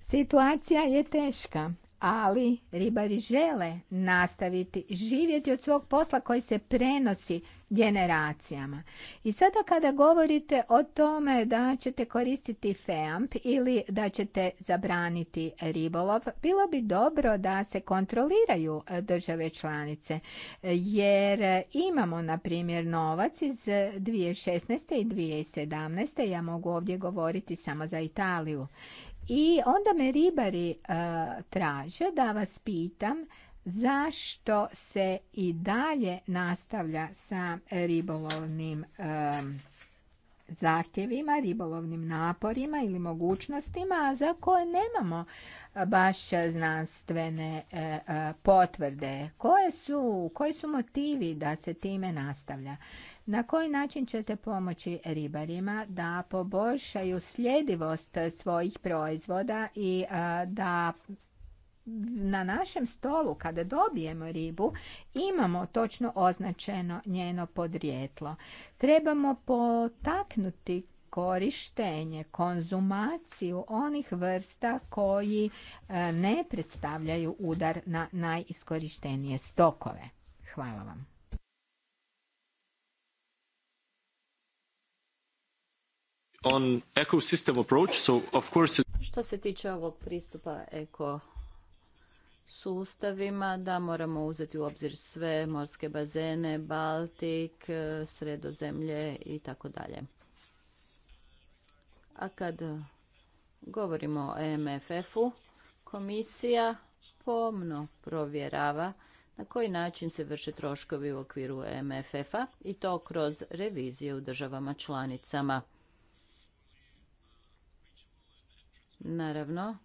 Situacija je teška ali ribari žele nastaviti živjeti od svog posla koji se prenosi generacijama. I sada kada govorite o tome da ćete koristiti FEAMP ili da ćete zabraniti ribolov, bilo bi dobro da se kontroliraju države članice, jer imamo, na primjer, novac iz 2016. i 2017. Ja mogu ovdje govoriti samo za Italiju. I onda me ribari e, traže da vas pitam zašto se i dalje nastavlja sa ribolovnim e, zahtjevima, ribolovnim naporima ili mogućnostima za koje nemamo baš znanstvene e, e, potvrde. Koje su, koji su motivi da se time nastavlja? Na koji način ćete pomoći ribarima da poboljšaju sljedivost svojih proizvoda i da na našem stolu kada dobijemo ribu imamo točno označeno njeno podrijetlo. Trebamo potaknuti korištenje, konzumaciju onih vrsta koji e, ne predstavljaju udar na najiskorištenije stokove. Hvala vam. On Što se tiče ovog pristupa eko sustavima, da moramo uzeti u obzir sve morske bazene, Baltik, e, Sredozemlje i tako dalje. A kad govorimo o EMFF-u, komisija pomno provjerava na koji način se vrše troškovi u okviru e MFF-a i to kroz revizije u državama članicama. Naravno,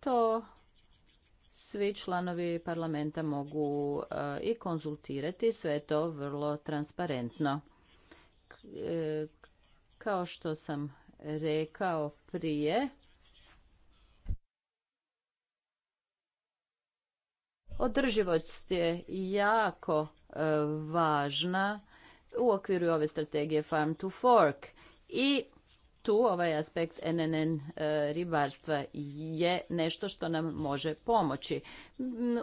to svi članovi parlamenta mogu e, i konzultirati, sve je to vrlo transparentno. E, kao što sam rekao prije, Održivost je jako e, važna u okviru ove strategije Farm to Fork i tu ovaj aspekt NNN e, ribarstva je nešto što nam može pomoći.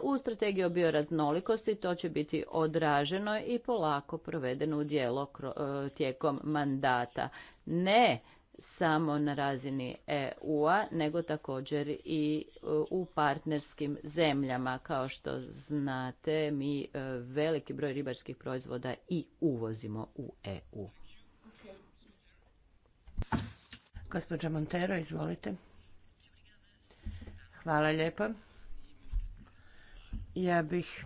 U strategiji o bioraznolikosti to će biti odraženo i polako provedeno u dijelo e, tijekom mandata. Ne samo na razini EU-a, nego također i e, u partnerskim zemljama. Kao što znate, mi veliki broj ribarskih proizvoda i uvozimo u EU. Gospođa Montero, izvolite. Hvala lijepa. Ja bih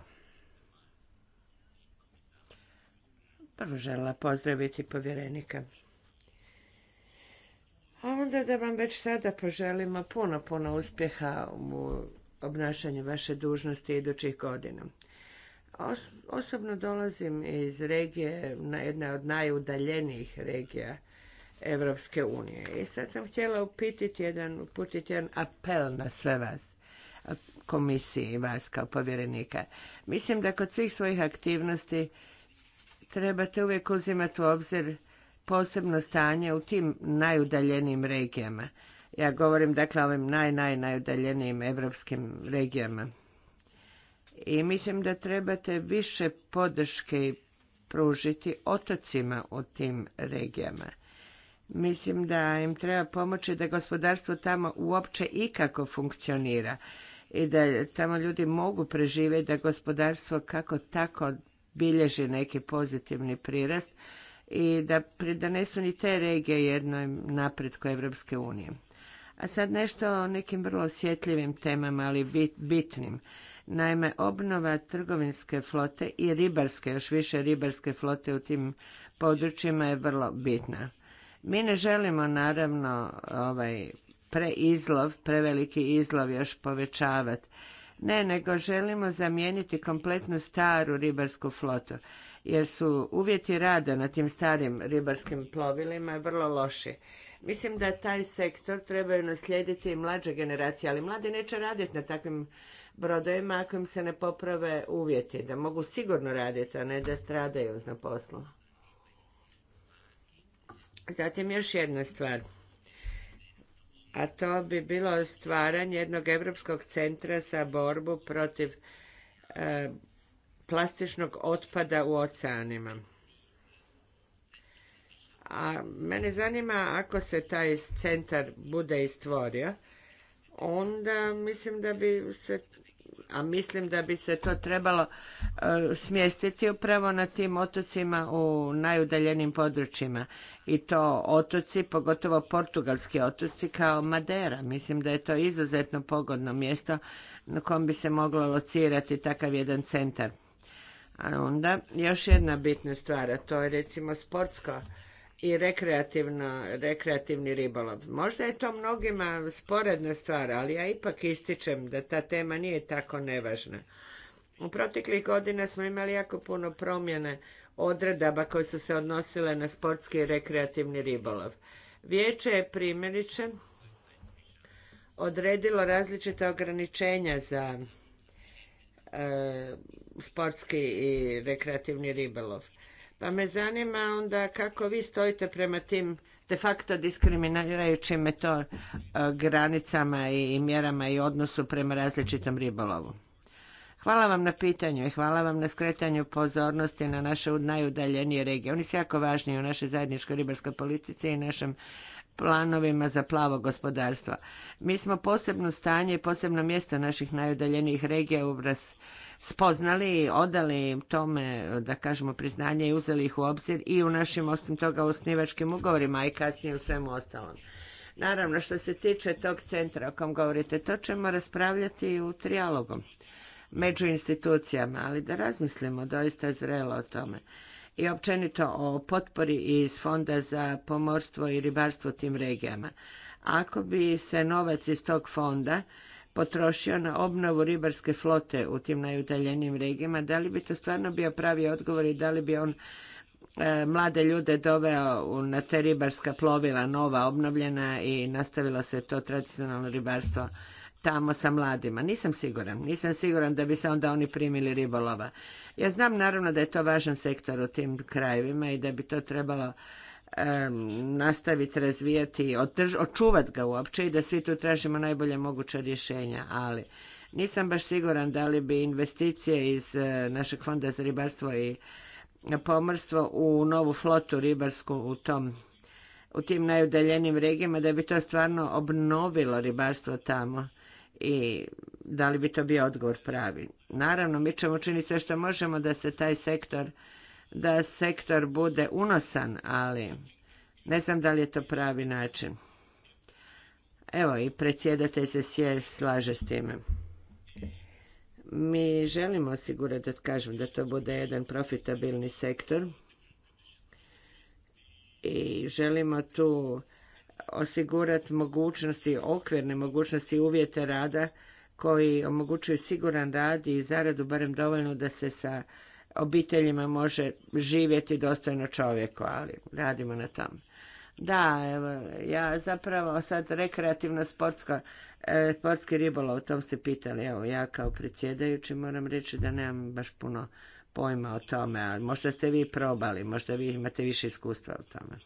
prvo željela pozdraviti povjerenika. A onda da vam već sada poželimo puno, puno uspjeha u obnašanju vaše dužnosti idućih godina. Osobno dolazim iz regije, jedna od najudaljenijih regija Evropske unije. I sad sam htjela upititi jedan, uputiti jedan apel na sve vas, komisiji i vas kao povjerenika. Mislim da kod svih svojih aktivnosti trebate uvijek uzimati u obzir posebno stanje u tim najudaljenijim regijama. Ja govorim dakle o ovim naj, naj, najudaljenijim evropskim regijama. I mislim da trebate više podrške pružiti otocima u tim regijama Mislim da im treba pomoći da gospodarstvo tamo uopće ikako funkcionira i da tamo ljudi mogu preživjeti da gospodarstvo kako tako bilježi neki pozitivni prirast i da pridonesu ni te regije jednoj napretku Evropske unije. A sad nešto o nekim vrlo osjetljivim temama, ali bitnim. Naime, obnova trgovinske flote i ribarske, još više ribarske flote u tim područjima je vrlo bitna. Mi ne želimo naravno ovaj preizlov, preveliki izlov još povećavati. Ne, nego želimo zamijeniti kompletnu staru ribarsku flotu, jer su uvjeti rada na tim starim ribarskim plovilima vrlo loši. Mislim da taj sektor trebaju naslijediti i mlađe generacije, ali mladi neće raditi na takvim brodovima ako im se ne poprave uvjeti, da mogu sigurno raditi, a ne da stradaju na poslu. Zatim još jedna stvar, a to bi bilo stvaranje jednog Europskog centra za borbu protiv e, plastičnog otpada u oceanima. A mene zanima ako se taj centar bude istvorio, onda mislim da bi se a mislim da bi se to trebalo e, smjestiti upravo na tim otocima u najudaljenim područjima i to otoci, pogotovo portugalski otoci kao Madera. Mislim da je to izuzetno pogodno mjesto na kom bi se moglo locirati takav jedan centar. A onda još jedna bitna stvar, a to je recimo sportsko i rekreativni ribolov. Možda je to mnogima sporedna stvar, ali ja ipak ističem da ta tema nije tako nevažna. U proteklih godina smo imali jako puno promjene odredaba koje su se odnosile na sportski i rekreativni ribolov. Vijeće je primjerice odredilo različita ograničenja za e, sportski i rekreativni ribolov. Pa me zanima onda kako vi stojite prema tim de facto diskriminirajućim e, to e, granicama i mjerama i odnosu prema različitom ribolovu. Hvala vam na pitanju i hvala vam na skretanju pozornosti na naše najudaljenije regije. Oni su jako važni u našoj zajedničkoj ribarskoj politici i našim planovima za plavo gospodarstvo. Mi smo posebno stanje i posebno mjesto naših najudaljenijih regija u spoznali i odali tome, da kažemo, priznanje i uzeli ih u obzir i u našim, osim toga, osnivačkim ugovorima, i kasnije u svemu ostalom. Naravno, što se tiče tog centra o kom govorite, to ćemo raspravljati u trialogu među institucijama, ali da razmislimo doista zrelo o tome i općenito o potpori iz Fonda za pomorstvo i ribarstvo tim regijama. Ako bi se novac iz tog fonda potrošio na obnovu ribarske flote u tim najudaljenijim regijama, da li bi to stvarno bio pravi odgovor i da li bi on e, mlade ljude doveo na te ribarska plovila nova, obnovljena i nastavilo se to tradicionalno ribarstvo tamo sa mladima. Nisam siguran. Nisam siguran da bi se onda oni primili ribolova. Ja znam naravno da je to važan sektor u tim krajevima i da bi to trebalo nastaviti razvijati i očuvati ga uopće i da svi tu tražimo najbolje moguće rješenja, ali nisam baš siguran da li bi investicije iz e, našeg fonda za ribarstvo i pomorstvo u novu flotu ribarsku u tom u tim najudaljenim regijama da bi to stvarno obnovilo ribarstvo tamo i da li bi to bio odgovor pravi. Naravno, mi ćemo učiniti sve što možemo da se taj sektor da sektor bude unosan, ali ne znam da li je to pravi način. Evo i predsjedatelj se sje slaže s time. Mi želimo osigurati, da kažem, da to bude jedan profitabilni sektor i želimo tu osigurati mogućnosti, okvirne mogućnosti uvjete rada koji omogućuju siguran rad i zaradu barem dovoljno da se sa obiteljima može živjeti dostojno čovjeku, ali radimo na tom. Da, evo, ja zapravo sad rekreativno sportska, e, sportski ribolov, tom ste pitali, evo, ja kao predsjedajući moram reći da nemam baš puno pojma o tome, ali možda ste vi probali, možda vi imate više iskustva o tome.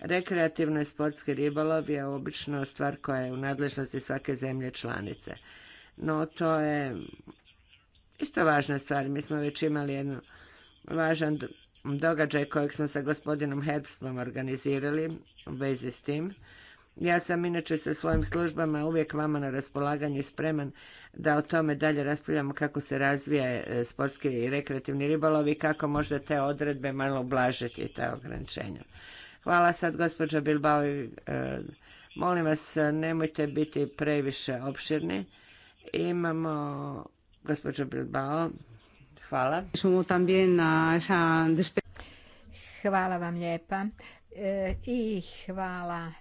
Rekreativno i sportski ribolov je obično stvar koja je u nadležnosti svake zemlje članice. No, to je isto važna stvar. Mi smo već imali jednu važan događaj kojeg smo sa gospodinom Herbstvom organizirali u vezi s tim. Ja sam inače sa svojim službama uvijek vama na i spreman da o tome dalje raspravljamo kako se razvija e, sportski i rekreativni ribolov i kako možda te odredbe malo ublažiti i ta ograničenja. Hvala sad gospođa Bilbao. E, molim vas nemojte biti previše opširni. Imamo Gospođo Bilbao, hvala. Hvala vam lijepa e, i hvala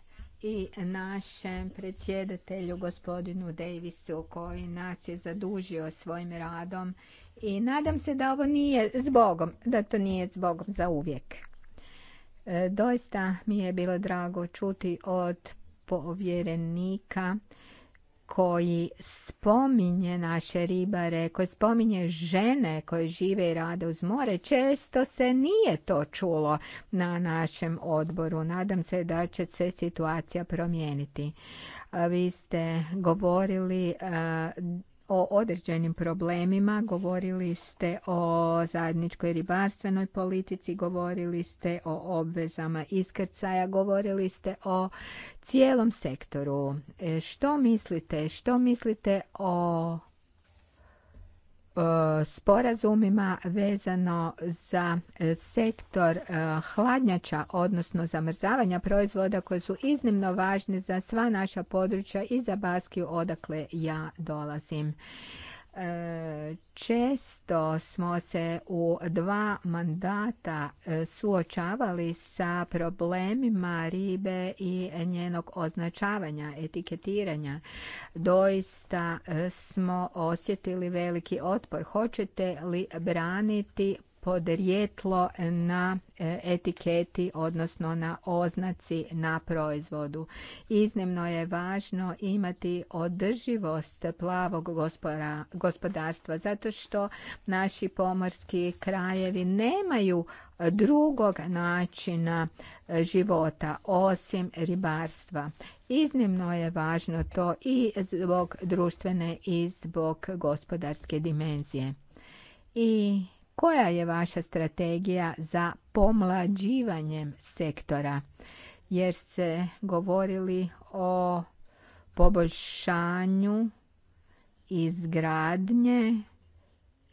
i našem predsjedatelju gospodinu Davisu koji nas je zadužio svojim radom i nadam se da ovo nije zbogom, da to nije zbogom za uvijek. E, doista mi je bilo drago čuti od povjerenika koji spominje naše ribare, koji spominje žene koje žive i rade uz more, često se nije to čulo na našem odboru. Nadam se da će se situacija promijeniti. Vi ste govorili o određenim problemima, govorili ste o zajedničkoj ribarstvenoj politici, govorili ste o obvezama iskrcaja, govorili ste o cijelom sektoru. E, što mislite? Što mislite o sporazumima vezano za e, sektor e, hladnjača, odnosno zamrzavanja proizvoda koje su iznimno važne za sva naša područja i za Baskiju odakle ja dolazim. Često smo se u dva mandata e, suočavali sa problemima ribe i njenog označavanja, etiketiranja. Doista e, smo osjetili veliki otpor. Hoćete li braniti podrijetlo na e, etiketi, odnosno na oznaci na proizvodu. Iznimno je važno imati održivost plavog gospodarstva, zato što naši pomorski krajevi nemaju drugog načina e, života osim ribarstva. Iznimno je važno to i zbog društvene i zbog gospodarske dimenzije. I koja je vaša strategija za pomlađivanjem sektora? Jer ste govorili o poboljšanju izgradnje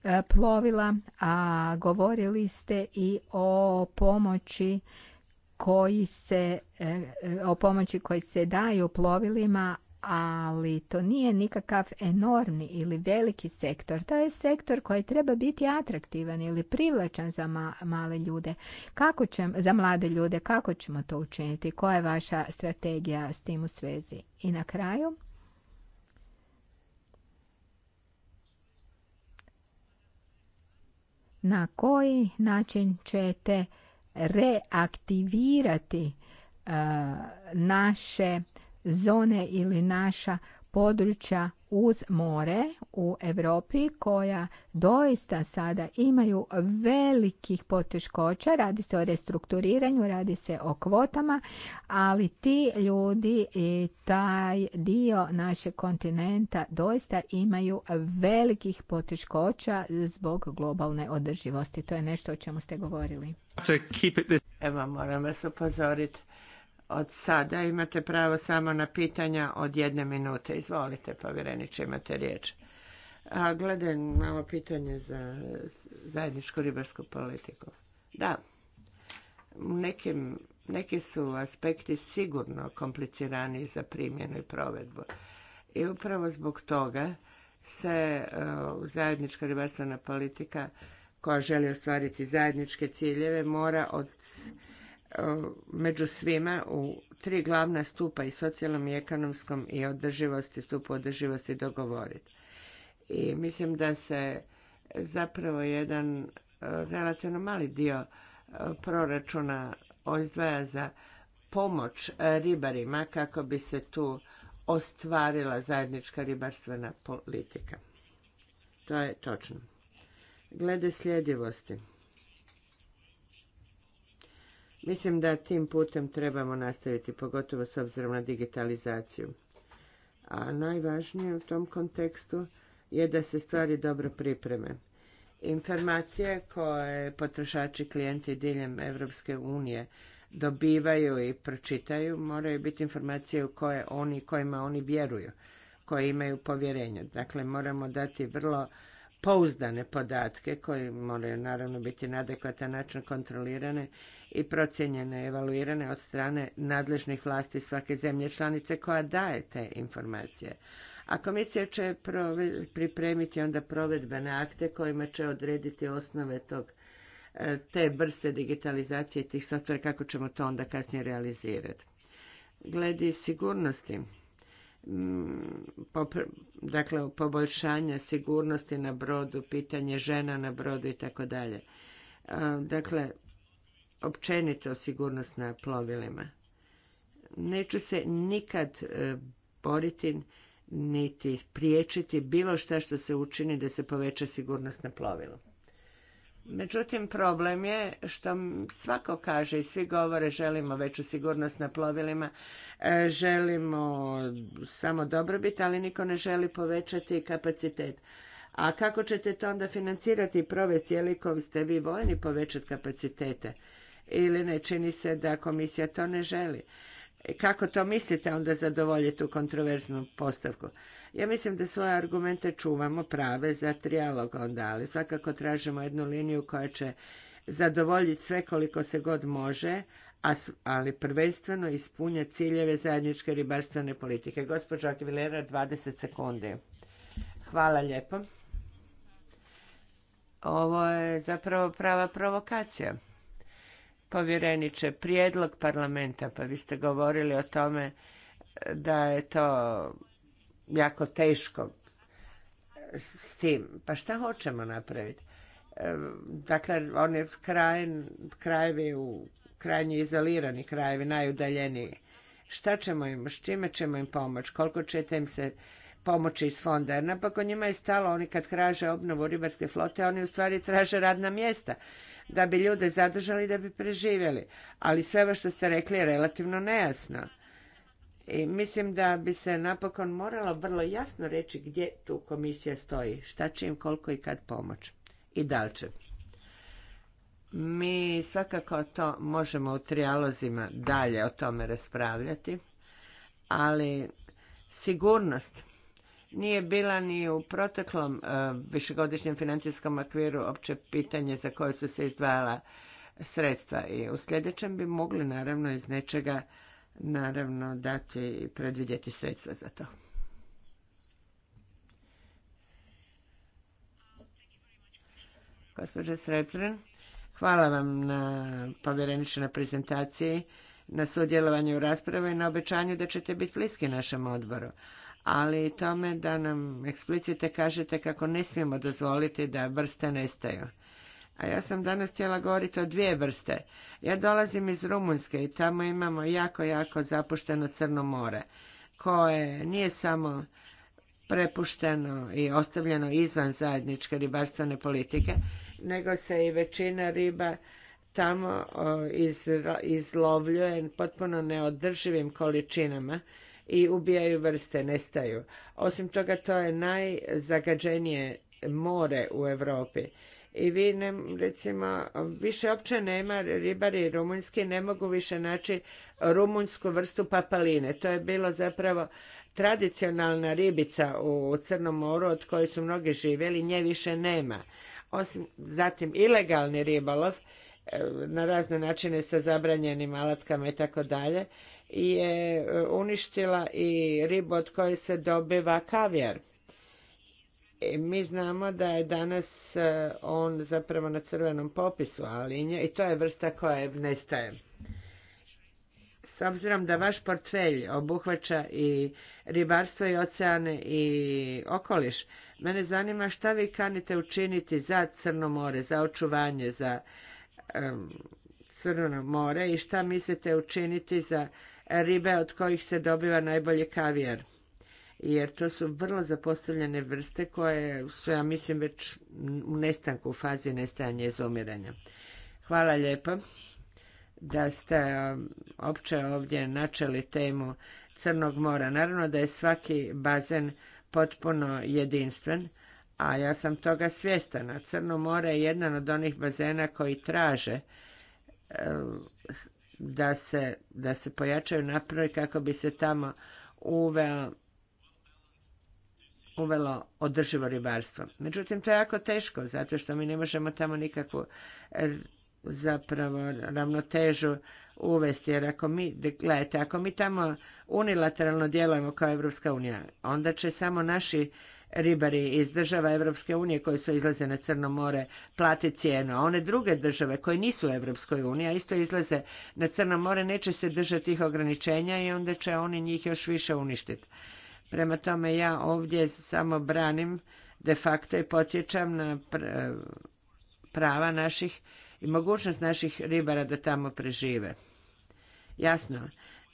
e, plovila, a govorili ste i o pomoći koji se e, e, o pomoći koji se daju plovilima ali to nije nikakav enormni ili veliki sektor. To je sektor koji treba biti atraktivan ili privlačan za male ljude. Kako će, za mlade ljude, kako ćemo to učiniti? Koja je vaša strategija s tim u svezi? I na kraju, na koji način ćete reaktivirati uh, naše zone ili naša područja uz more u Europi koja doista sada imaju velikih poteškoća, radi se o restrukturiranju, radi se o kvotama, ali ti ljudi i taj dio našeg kontinenta doista imaju velikih poteškoća zbog globalne održivosti. To je nešto o čemu ste govorili. Evo moram vas upozoriti od sada imate pravo samo na pitanja od jedne minute. Izvolite, povjereniče, imate riječ. A gledaj, ovo pitanje za zajedničku ribarsku politiku. Da, neki su aspekti sigurno kompliciraniji za primjenu i provedbu. I upravo zbog toga se e, zajednička ribarstvena politika koja želi ostvariti zajedničke ciljeve mora od E, među svima u tri glavna stupa i socijalnom i ekonomskom i održivosti, stupu održivosti dogovoriti. I mislim da se zapravo jedan e, relativno mali dio e, proračuna izdvaja za pomoć ribarima kako bi se tu ostvarila zajednička ribarstvena politika. To je točno. Glede sljedivosti. Mislim da tim putem trebamo nastaviti, pogotovo s obzirom na digitalizaciju. A najvažnije u tom kontekstu je da se stvari dobro pripreme. Informacije koje potrošači klijenti diljem Europske unije dobivaju i pročitaju moraju biti informacije u koje oni, kojima oni vjeruju, koje imaju povjerenje. Dakle, moramo dati vrlo pouzdane podatke koji moraju naravno biti na adekvatan način kontrolirane i procijenjene, i od strane nadležnih vlasti svake zemlje članice koja daje te informacije. A komisija će pripremiti onda provedbene akte kojima će odrediti osnove tog e, te brste digitalizacije tih softvera, kako ćemo to onda kasnije realizirati. Gledi sigurnosti, mm, dakle poboljšanja sigurnosti na brodu, pitanje žena na brodu i tako dalje. E, dakle, općenito sigurnost na plovilima. Neću se nikad e, boriti niti priječiti bilo što što se učini da se poveća sigurnost na plovilu. Međutim, problem je što svako kaže i svi govore želimo veću sigurnost na plovilima, e, želimo samo dobrobit, ali niko ne želi povećati kapacitet. A kako ćete to onda financirati i provesti? Jeliko ste vi voljni povećati kapacitete? ili ne čini se da komisija to ne želi. E, kako to mislite onda zadovoljiti tu kontroverznu postavku? Ja mislim da svoje argumente čuvamo prave za trijalog onda, ali svakako tražimo jednu liniju koja će zadovoljiti sve koliko se god može, ali prvenstveno ispunja ciljeve zajedničke ribarstvene politike. Gospođo Akvilera, 20 sekundi. Hvala lijepo. Ovo je zapravo prava provokacija povjereniče, prijedlog parlamenta, pa vi ste govorili o tome da je to jako teško s tim. Pa šta hoćemo napraviti? E, dakle, oni kraj, krajevi u krajnje izolirani krajevi, najudaljeniji. Šta ćemo im, s čime ćemo im pomoći, koliko ćete im se pomoći iz fonda. Jer napokon njima je stalo, oni kad traže obnovu ribarske flote, oni u stvari traže radna mjesta da bi ljude zadržali da bi preživjeli. Ali sve ovo što ste rekli je relativno nejasno. I mislim da bi se napokon moralo vrlo jasno reći gdje tu komisija stoji, šta će im koliko i kad pomoć i da li će. Mi svakako to možemo u trijalozima dalje o tome raspravljati, ali sigurnost nije bila ni u proteklom e, višegodišnjem financijskom okviru opće pitanje za koje su se izdvajala sredstva i u sljedećem bi mogli naravno iz nečega naravno dati i predvidjeti sredstva za to. Gospodin Sretren, hvala vam na povjereničnoj prezentaciji, na sudjelovanju u raspravi i na obećanju da ćete biti bliski našem odboru ali i tome da nam eksplicite kažete kako ne smijemo dozvoliti da vrste nestaju. A ja sam danas htjela govoriti o dvije vrste. Ja dolazim iz Rumunjske i tamo imamo jako, jako zapušteno Crno more, koje nije samo prepušteno i ostavljeno izvan zajedničke ribarstvene politike, nego se i većina riba tamo izlovljuje potpuno neodrživim količinama i ubijaju vrste, nestaju. Osim toga, to je najzagađenije more u Europi. I vi, recimo, više uopće nema, ribari rumunjski ne mogu više naći rumunjsku vrstu papaline. To je bilo zapravo tradicionalna ribica u Crnom moru od koje su mnogi živjeli, nje više nema. Osim, zatim, ilegalni ribolov e, na razne načine sa zabranjenim alatkama i tako dalje je e, uništila i ribu od koje se dobiva kavijar. E, mi znamo da je danas e, on zapravo na crvenom popisu, ali nje, i to je vrsta koja nestaje. S obzirom da vaš portfelj obuhvaća i ribarstvo i oceane i okoliš, mene zanima šta vi kanite učiniti za Crno more, za očuvanje, za Crno more i šta mislite učiniti za ribe od kojih se dobiva najbolje kavijar. Jer to su vrlo zapostavljene vrste koje su, ja mislim, već u nestanku, u fazi nestajanja i izumiranja. Hvala lijepo da ste um, opće ovdje načeli temu Crnog mora. Naravno da je svaki bazen potpuno jedinstven, a ja sam toga svjestana. Crno more je jedan od onih bazena koji traže um, da se, da se pojačaju napravi kako bi se tamo uvelo održivo ribarstvo. Međutim, to je jako teško, zato što mi ne možemo tamo nikakvu e, zapravo ravnotežu uvesti, jer ako mi, gledajte, ako mi tamo unilateralno djelujemo kao Evropska unija, onda će samo naši ribari iz država Europske unije koji su izlaze na Crno more plate cijenu, a one druge države koje nisu u Europskoj uniji, a isto izlaze na Crno more, neće se držati tih ograničenja i onda će oni njih još više uništiti. Prema tome ja ovdje samo branim de facto i podsjećam na prava naših i mogućnost naših ribara da tamo prežive. Jasno,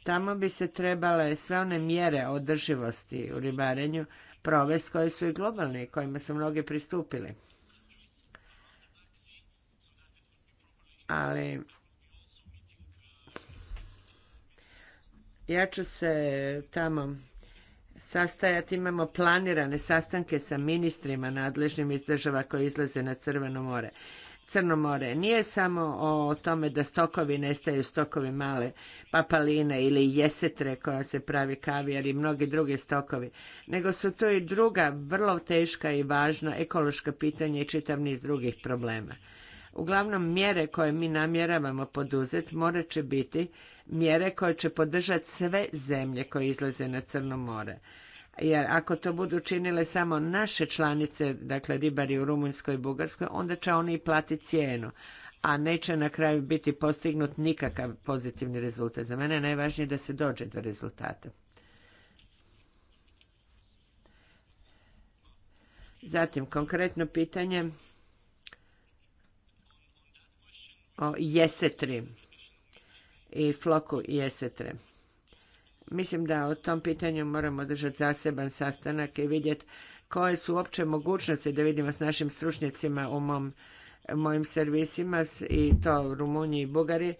tamo bi se trebale sve one mjere održivosti u ribarenju provesti, koje su i globalne i kojima su mnogi pristupili. Ali ja ću se tamo sastajati, imamo planirane sastanke sa ministrima nadležnim iz država koje izlaze na Crveno more. Crno more nije samo o tome da stokovi nestaju, stokovi male papaline ili jesetre koja se pravi kavijar i mnogi drugi stokovi, nego su to i druga vrlo teška i važna ekološka pitanja i čitav niz drugih problema. Uglavnom, mjere koje mi namjeravamo poduzeti morat će biti mjere koje će podržati sve zemlje koje izlaze na Crno more jer ako to budu činile samo naše članice, dakle ribari u Rumunjskoj i Bugarskoj, onda će oni i platiti cijenu, a neće na kraju biti postignut nikakav pozitivni rezultat. Za mene je najvažnije da se dođe do rezultata. Zatim, konkretno pitanje o jesetri i floku jesetre. Mislim da o tom pitanju moramo držati zaseban sastanak i vidjeti koje su uopće mogućnosti da vidimo s našim stručnjacima u mom, mojim servisima i to u Rumuniji i Bugari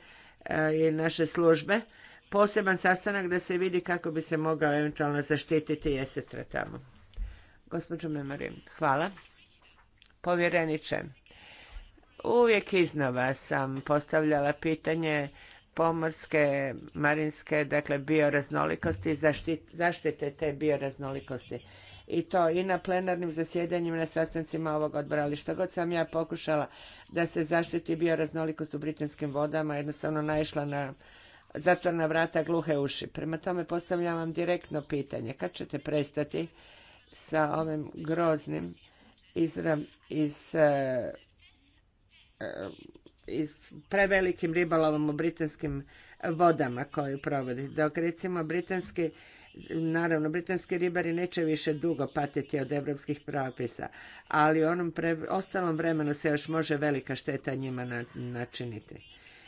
eh, i naše službe. Poseban sastanak da se vidi kako bi se mogao eventualno zaštititi jesetra tamo. Gospođo Memorin, hvala. Povjereniče, uvijek iznova sam postavljala pitanje pomorske, marinske, dakle bioraznolikosti, zaštite te bioraznolikosti. I to i na plenarnim zasjedanjima, na sastancima ovog odbora, ali što god sam ja pokušala da se zaštiti bioraznolikost u britanskim vodama, jednostavno naišla na zatvorna vrata gluhe uši. Prema tome postavljam vam direktno pitanje, kad ćete prestati sa ovim groznim izra iz e, e, iz prevelikim ribolovom u britanskim vodama koju provodi. Dok recimo britanski naravno britanski ribari neće više dugo patiti od europskih propisa, ali u onom pre, ostalom vremenu se još može velika šteta njima na, načiniti.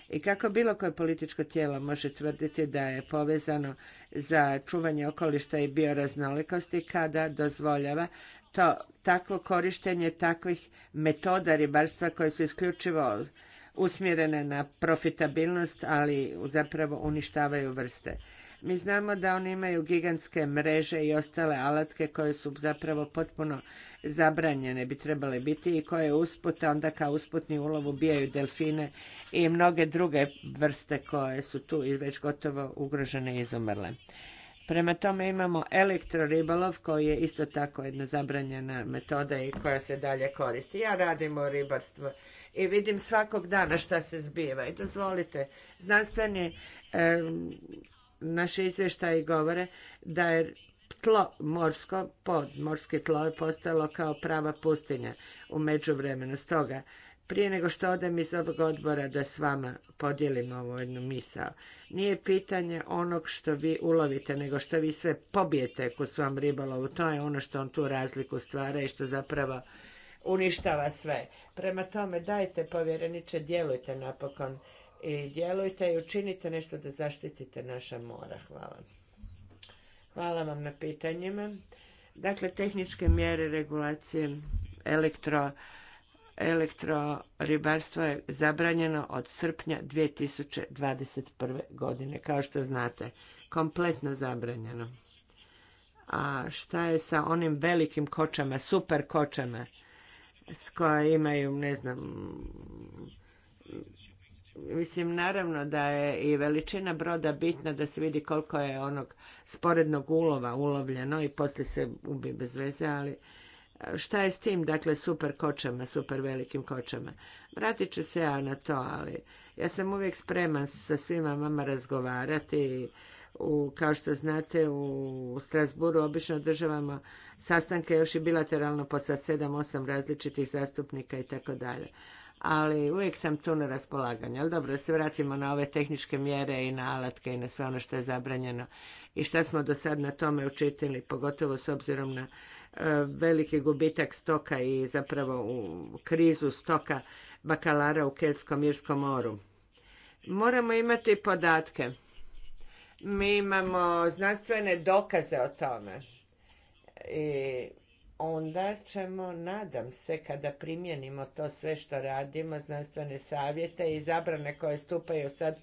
I kako bilo koje političko tijelo može tvrditi da je povezano za čuvanje okolišta i bioraznolikosti kada dozvoljava to takvo korištenje takvih metoda ribarstva koje su isključivo usmjerene na profitabilnost, ali zapravo uništavaju vrste. Mi znamo da oni imaju gigantske mreže i ostale alatke koje su zapravo potpuno zabranjene bi trebale biti i koje usput onda kao usputni ulov ubijaju delfine i mnoge druge vrste koje su tu i već gotovo ugrožene i izumrle. Prema tome imamo elektroribolov koji je isto tako jedna zabranjena metoda i koja se dalje koristi. Ja radim o ribarstvu i vidim svakog dana šta se zbiva. I dozvolite, znanstveni naši izvještaji govore da je tlo morsko, podmorski tlo je postalo kao prava pustinja u međuvremenu. Stoga, prije nego što odem iz ovog odbora da s vama podijelim ovu jednu misao. Nije pitanje onog što vi ulovite, nego što vi sve pobijete ku svom ribolovu. To je ono što on tu razliku stvara i što zapravo uništava sve. Prema tome, dajte povjereniče, djelujte napokon i djelujte i učinite nešto da zaštitite naša mora. Hvala. Hvala vam na pitanjima. Dakle, tehničke mjere regulacije elektro elektroribarstvo je zabranjeno od srpnja 2021. godine, kao što znate. Kompletno zabranjeno. A šta je sa onim velikim kočama, super kočama? s imaju, ne znam, mislim naravno da je i veličina broda bitna da se vidi koliko je onog sporednog ulova ulovljeno i poslije se ubi bez veze, ali e, šta je s tim, dakle, super kočama, super velikim kočama? Vratit ću se ja na to, ali ja sam uvijek spreman sa svima vama razgovarati i u, kao što znate, u Strasburu obično održavamo sastanke još i bilateralno po sa 7-8 različitih zastupnika i tako dalje. Ali uvijek sam tu na raspolaganju. Ali dobro, da se vratimo na ove tehničke mjere i na alatke i na sve ono što je zabranjeno. I šta smo do sad na tome učitili, pogotovo s obzirom na e, veliki gubitak stoka i zapravo u krizu stoka bakalara u Keltskom Irskom moru. Moramo imati podatke mi imamo znanstvene dokaze o tome. I onda ćemo, nadam se, kada primjenimo to sve što radimo, znanstvene savjete i zabrane koje stupaju sad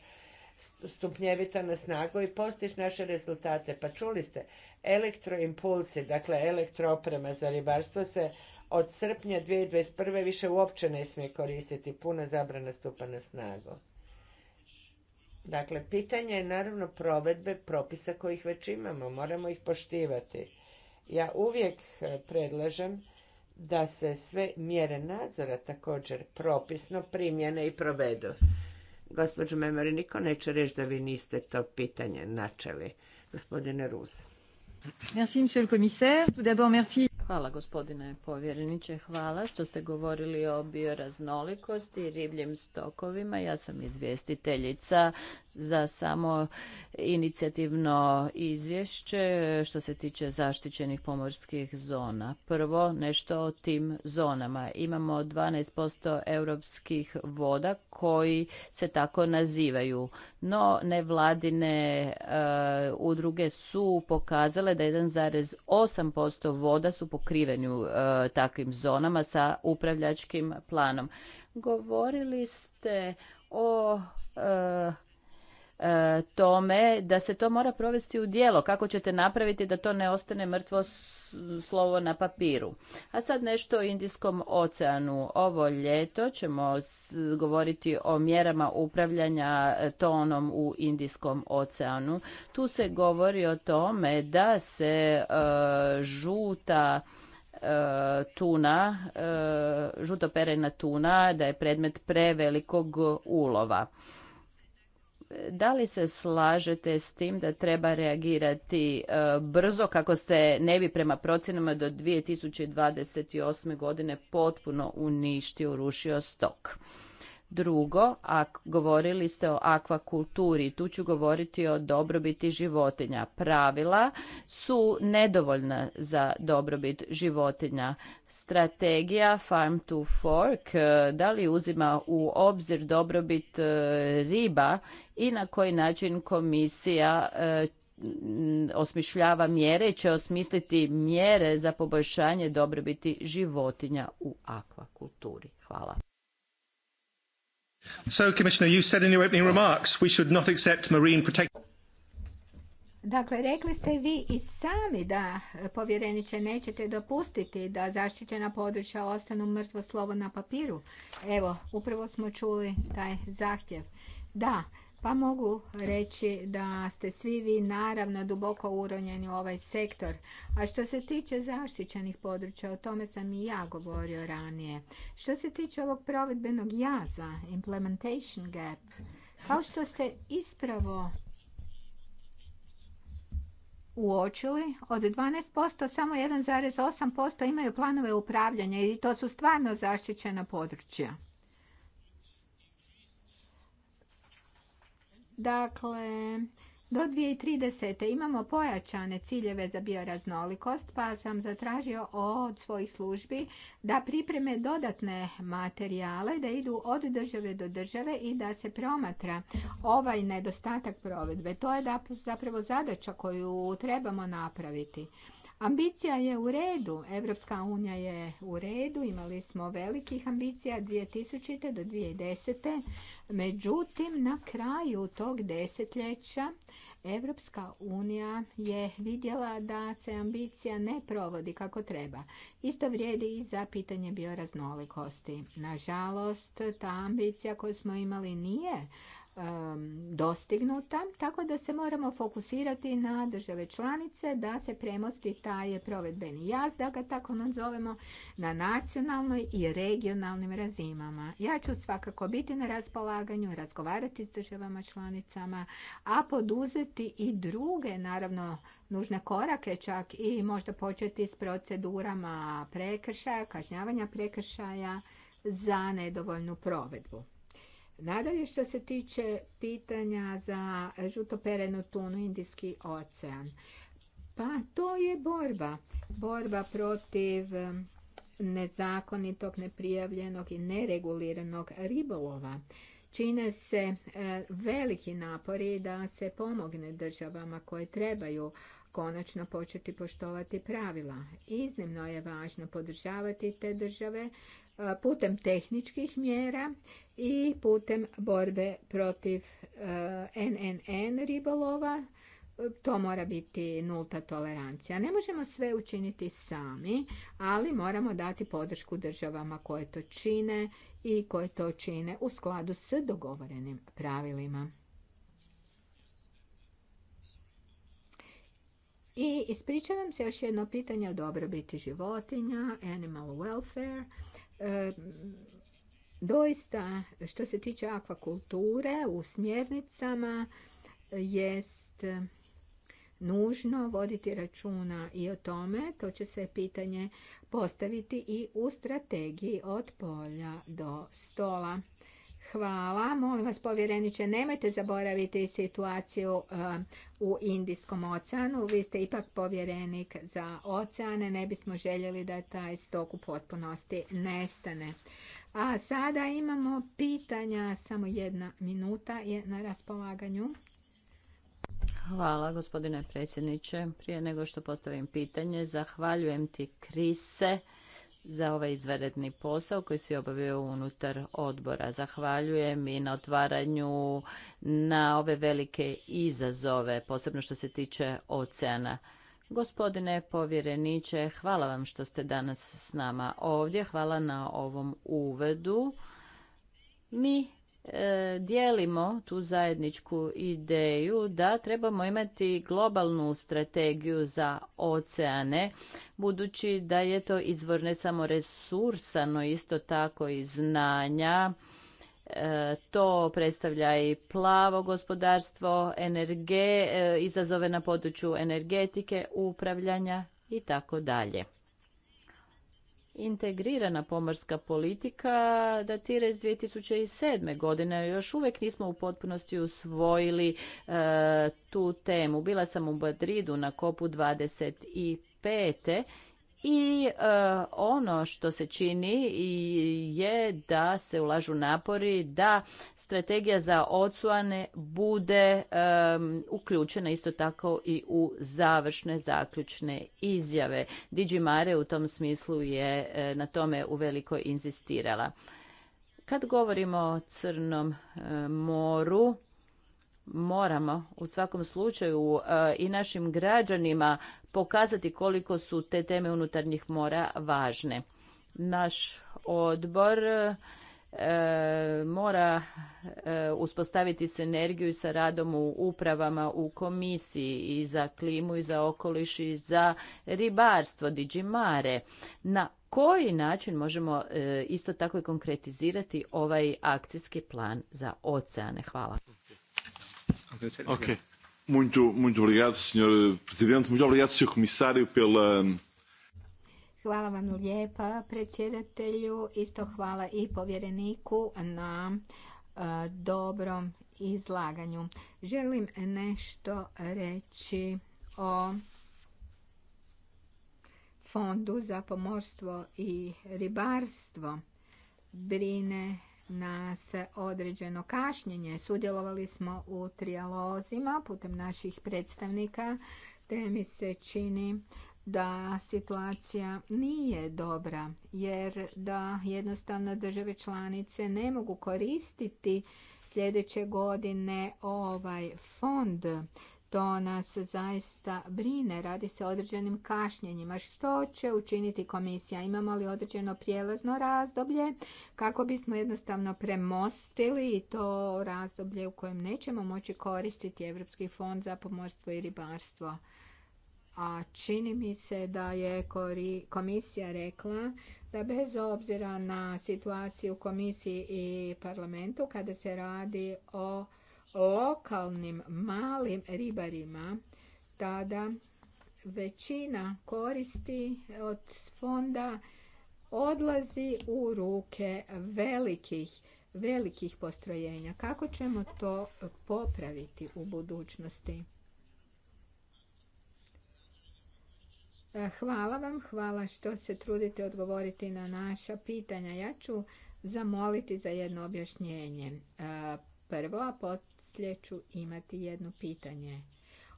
stupnjevito na snagu i postiš naše rezultate. Pa čuli ste, elektroimpulsi, dakle elektrooprema za ribarstvo se od srpnja 2021. više uopće ne smije koristiti. Puna zabrana stupa na snagu. Dakle, pitanje je naravno provedbe propisa kojih već imamo, moramo ih poštivati. Ja uvijek e, predlažem da se sve mjere nadzora također propisno primjene i provedu. Gospođo Memori, niko neće reći da vi niste to pitanje načeli. Gospodine Rus. Merci, monsieur commissaire. Tout d'abord, Hvala gospodine povjereniče, hvala što ste govorili o bioraznolikosti i ribljim stokovima. Ja sam izvjestiteljica za samo inicijativno izvješće što se tiče zaštićenih pomorskih zona. Prvo, nešto o tim zonama. Imamo 12% europskih voda koji se tako nazivaju. No, nevladine uh, udruge su pokazale da 1,8% voda su pokriveni u uh, e, takvim zonama sa upravljačkim planom. Govorili ste o uh, E, tome da se to mora provesti u djelo. Kako ćete napraviti da to ne ostane mrtvo slovo na papiru? A sad nešto o Indijskom oceanu. Ovo ljeto ćemo govoriti o mjerama upravljanja e, tonom u Indijskom oceanu. Tu se govori o tome da se e, žuta tuna, žuto perena tuna, da je predmet prevelikog ulova da li se slažete s tim da treba reagirati e, brzo kako se ne bi prema procjenama do 2028. godine potpuno uništio, rušio stok? Drugo, a govorili ste o akvakulturi, tu ću govoriti o dobrobiti životinja. Pravila su nedovoljna za dobrobit životinja. Strategija Farm to Fork e, da li uzima u obzir dobrobit e, riba i na koji način komisija e, osmišljava mjere i će osmisliti mjere za poboljšanje dobrobiti životinja u akvakulturi. Hvala. So, Commissioner, you said in your opening remarks we should not accept marine protection. Dakle, rekli ste vi i sami da e, povjereniče nećete dopustiti da zaštićena područja ostanu mrtvo slovo na papiru. Evo, upravo smo čuli taj zahtjev. Da, pa mogu reći da ste svi vi naravno duboko uronjeni u ovaj sektor. A što se tiče zaštićenih područja, o tome sam i ja govorio ranije. Što se tiče ovog provedbenog jaza, implementation gap, kao što ste ispravo uočili, od 12% samo 1,8% imaju planove upravljanja i to su stvarno zaštićena područja. Dakle, do 2030. imamo pojačane ciljeve za bioraznolikost, pa sam zatražio od svojih službi da pripreme dodatne materijale, da idu od države do države i da se promatra ovaj nedostatak provedbe. To je zapravo zadaća koju trebamo napraviti. Ambicija je u redu, Evropska unija je u redu, imali smo velikih ambicija 2000. do 2010. Međutim, na kraju tog desetljeća Evropska unija je vidjela da se ambicija ne provodi kako treba. Isto vrijedi i za pitanje bioraznolikosti. Nažalost, ta ambicija koju smo imali nije dostignuta, tako da se moramo fokusirati na države članice da se premosti taj provedbeni jaz, da ga tako nazovemo, na nacionalnoj i regionalnim razinama. Ja ću svakako biti na raspolaganju, razgovarati s državama članicama, a poduzeti i druge, naravno, nužne korake čak i možda početi s procedurama prekršaja, kažnjavanja prekršaja za nedovoljnu provedbu. Nadalje što se tiče pitanja za žutoperenu tunu Indijski ocean. Pa to je borba. Borba protiv nezakonitog, neprijavljenog i nereguliranog ribolova. Čine se veliki napori da se pomogne državama koje trebaju konačno početi poštovati pravila. Iznimno je važno podržavati te države putem tehničkih mjera i putem borbe protiv NNN ribolova. To mora biti nulta tolerancija. Ne možemo sve učiniti sami, ali moramo dati podršku državama koje to čine i koje to čine u skladu s dogovorenim pravilima. I ispričavam se još jedno pitanje o dobrobiti životinja, animal welfare doista što se tiče akvakulture u smjernicama jest nužno voditi računa i o tome. To će se pitanje postaviti i u strategiji od polja do stola. Hvala. Molim vas povjereniče, nemojte zaboraviti situaciju e, u Indijskom oceanu. Vi ste ipak povjerenik za oceane. Ne bismo željeli da taj stok u potpunosti nestane. A sada imamo pitanja. Samo jedna minuta je na raspolaganju. Hvala gospodine predsjedniče. Prije nego što postavim pitanje, zahvaljujem ti Krise za ovaj izvanredni posao koji se obavio unutar odbora. Zahvaljujem i na otvaranju na ove velike izazove, posebno što se tiče oceana. Gospodine povjereniče, hvala vam što ste danas s nama ovdje. Hvala na ovom uvedu. Mi E, dijelimo tu zajedničku ideju da trebamo imati globalnu strategiju za oceane, budući da je to izvor ne samo resursa, no isto tako i znanja. E, to predstavlja i plavo gospodarstvo, energe, e, izazove na području energetike, upravljanja i tako dalje integrirana pomorska politika datira iz 2007. godine. Još uvijek nismo u potpunosti usvojili e, tu temu. Bila sam u Badridu na kopu 25 i e, ono što se čini je da se ulažu napori da strategija za ocuane bude e, uključena isto tako i u završne zaključne izjave. Mare u tom smislu je e, na tome uveliko inzistirala. Kad govorimo o Crnom moru, moramo u svakom slučaju i našim građanima pokazati koliko su te teme unutarnjih mora važne. Naš odbor e, mora se uspostaviti sinergiju sa radom u upravama u komisiji i za klimu i za okoliš i za ribarstvo, diđimare. Na koji način možemo e, isto tako i konkretizirati ovaj akcijski plan za oceane? Hvala. Okay. Muito, muito Hvala vam lijepa predsjedatelju, isto hvala i povjereniku na eh, dobrom izlaganju. Želim nešto reći o Fondu za pomorstvo i ribarstvo. Brine nas određeno kašnjenje. Sudjelovali smo u trijalozima putem naših predstavnika, te mi se čini da situacija nije dobra, jer da jednostavno države članice ne mogu koristiti sljedeće godine ovaj fond što nas zaista brine. Radi se o određenim kašnjenjima. Što će učiniti komisija? Imamo li određeno prijelazno razdoblje kako bismo jednostavno premostili to razdoblje u kojem nećemo moći koristiti Europski fond za pomorstvo i ribarstvo? A čini mi se da je komisija rekla da bez obzira na situaciju u komisiji i parlamentu kada se radi o lokalnim malim ribarima tada većina koristi od fonda odlazi u ruke velikih velikih postrojenja. Kako ćemo to popraviti u budućnosti? Hvala vam, hvala što se trudite odgovoriti na naša pitanja. Ja ću zamoliti za jedno objašnjenje. Prvo, a poslije imati jedno pitanje.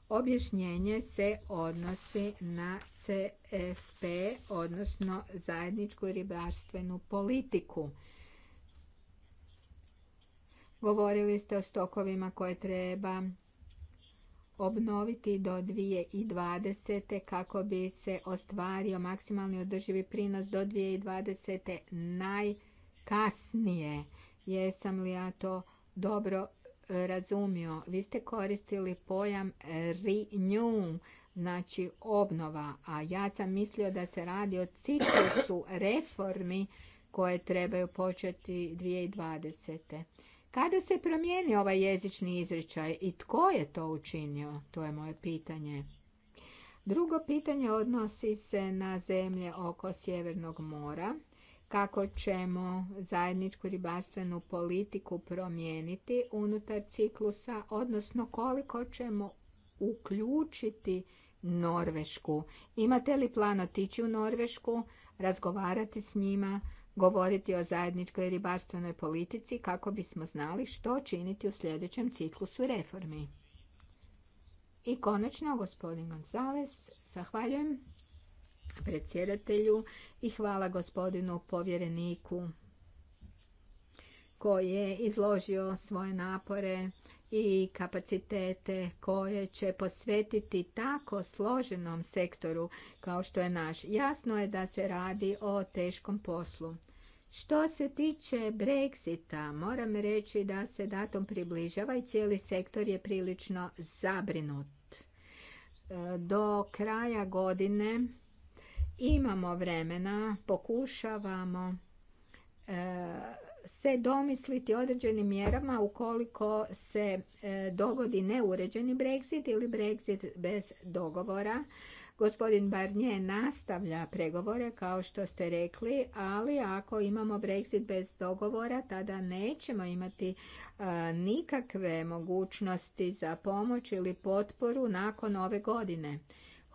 Objašnjenje se odnosi na CFP, odnosno zajedničku ribarstvenu politiku. Govorili ste o stokovima koje treba obnoviti do 2020. kako bi se ostvario maksimalni održivi prinos do 2020. najkasnije. Jesam li ja to dobro razumio. Vi ste koristili pojam renew, znači obnova, a ja sam mislio da se radi o ciklusu reformi koje trebaju početi 2020. Kada se promijeni ovaj jezični izričaj i tko je to učinio? To je moje pitanje. Drugo pitanje odnosi se na zemlje oko Sjevernog mora kako ćemo zajedničku ribarstvenu politiku promijeniti unutar ciklusa, odnosno koliko ćemo uključiti Norvešku. Imate li plan otići u Norvešku, razgovarati s njima, govoriti o zajedničkoj ribarstvenoj politici kako bismo znali što činiti u sljedećem ciklusu reformi? I konačno, gospodin Gonzales, zahvaljujem predsjedatelju i hvala gospodinu povjereniku koji je izložio svoje napore i kapacitete koje će posvetiti tako složenom sektoru kao što je naš. Jasno je da se radi o teškom poslu. Što se tiče Brexita, moram reći da se datom približava i cijeli sektor je prilično zabrinut. E, do kraja godine imamo vremena, pokušavamo e, se domisliti određenim mjerama ukoliko se e, dogodi neuređeni Brexit ili Brexit bez dogovora. Gospodin Barnier nastavlja pregovore, kao što ste rekli, ali ako imamo Brexit bez dogovora, tada nećemo imati e, nikakve mogućnosti za pomoć ili potporu nakon ove godine.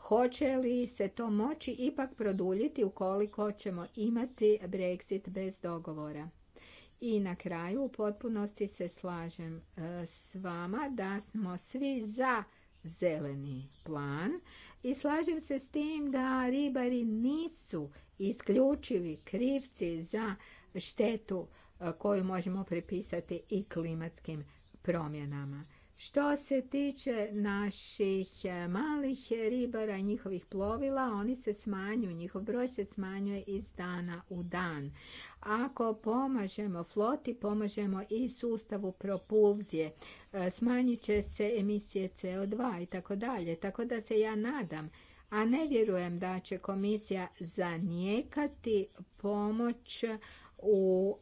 Hoće li se to moći ipak produljiti ukoliko ćemo imati Brexit bez dogovora? I na kraju u potpunosti se slažem e, s vama da smo svi za zeleni plan i slažem se s tim da ribari nisu isključivi krivci za štetu e, koju možemo prepisati i klimatskim promjenama. Što se tiče naših e, malih ribara i njihovih plovila, oni se smanjuju, njihov broj se smanjuje iz dana u dan. Ako pomažemo floti, pomažemo i sustavu propulzije. E, smanjit će se emisije CO2 i tako dalje. Tako da se ja nadam, a ne vjerujem da će komisija zanijekati pomoć u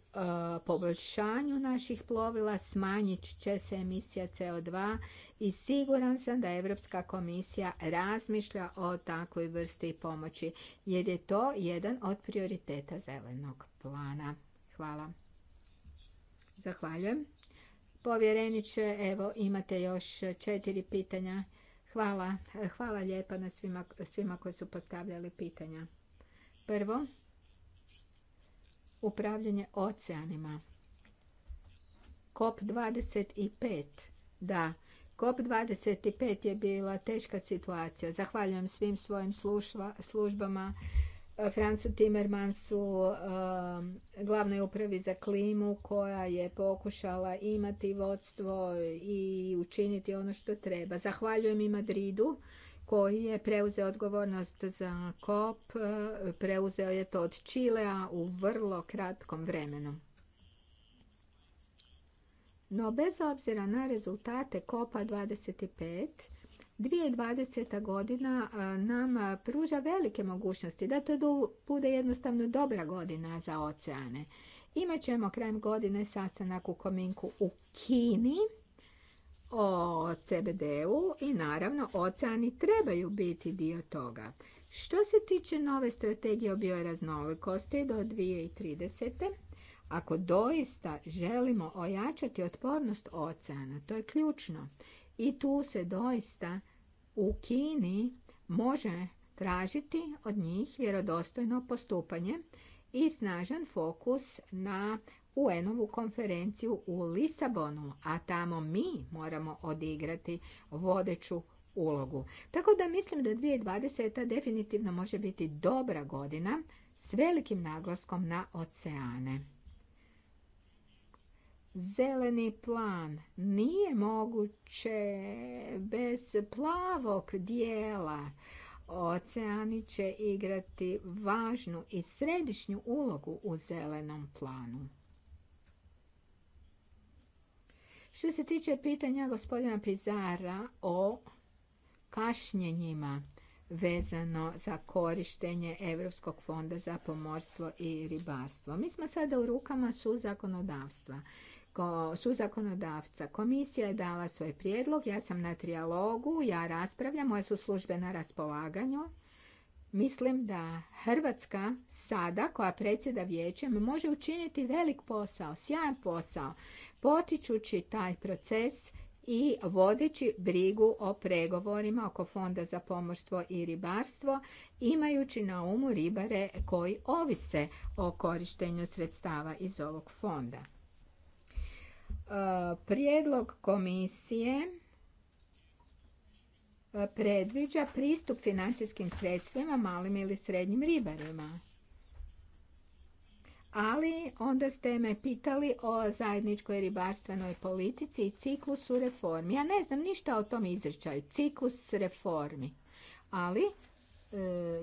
poboljšanju naših plovila smanjit će se emisija CO2 i siguran sam da Europska komisija razmišlja o takvoj vrsti pomoći jer je to jedan od prioriteta zelenog plana. Hvala. Zahvaljujem. Povjereniče, evo imate još četiri pitanja. Hvala, hvala lijepa na svima, svima koji su postavljali pitanja. Prvo, upravljanje oceanima. COP25, da, COP25 je bila teška situacija. Zahvaljujem svim svojim službama, Francu Timmermansu, um, glavnoj upravi za klimu koja je pokušala imati vodstvo i učiniti ono što treba. Zahvaljujem i Madridu koji je preuzeo odgovornost za kop, e, preuzeo je to od Čilea u vrlo kratkom vremenu. No bez obzira na rezultate kopa 25, 2020. godina e, nam pruža velike mogućnosti da to bude jednostavno dobra godina za oceane. Imaćemo krajem godine sastanak u Kominku u Kini o CBD-u i naravno oceani trebaju biti dio toga. Što se tiče nove strategije o bioraznolikosti do 2030. Ako doista želimo ojačati otpornost oceana, to je ključno. I tu se doista u Kini može tražiti od njih vjerodostojno postupanje i snažan fokus na u ovu konferenciju u Lisabonu, a tamo mi moramo odigrati vodeću ulogu. Tako da mislim da 2020. definitivno može biti dobra godina s velikim naglaskom na oceane. Zeleni plan nije moguće bez plavog dijela. Oceani će igrati važnu i središnju ulogu u zelenom planu. Što se tiče pitanja gospodina Pizara o kašnjenjima vezano za korištenje Europskog fonda za pomorstvo i ribarstvo. Mi smo sada u rukama su zakonodavstva. Ko, su zakonodavca. Komisija je dala svoj prijedlog, ja sam na trijalogu, ja raspravljam, moje su službe na raspolaganju. Mislim da Hrvatska sada, koja predsjeda vijećem, može učiniti velik posao, sjajan posao potičući taj proces i vodeći brigu o pregovorima oko Fonda za pomorstvo i ribarstvo, imajući na umu ribare koji ovise o korištenju sredstava iz ovog fonda. E, prijedlog komisije e, predviđa pristup financijskim sredstvima malim ili srednjim ribarima ali onda ste me pitali o zajedničkoj ribarstvenoj politici i ciklusu reformi. Ja ne znam ništa o tom izrečaju. ciklus reformi. Ali e,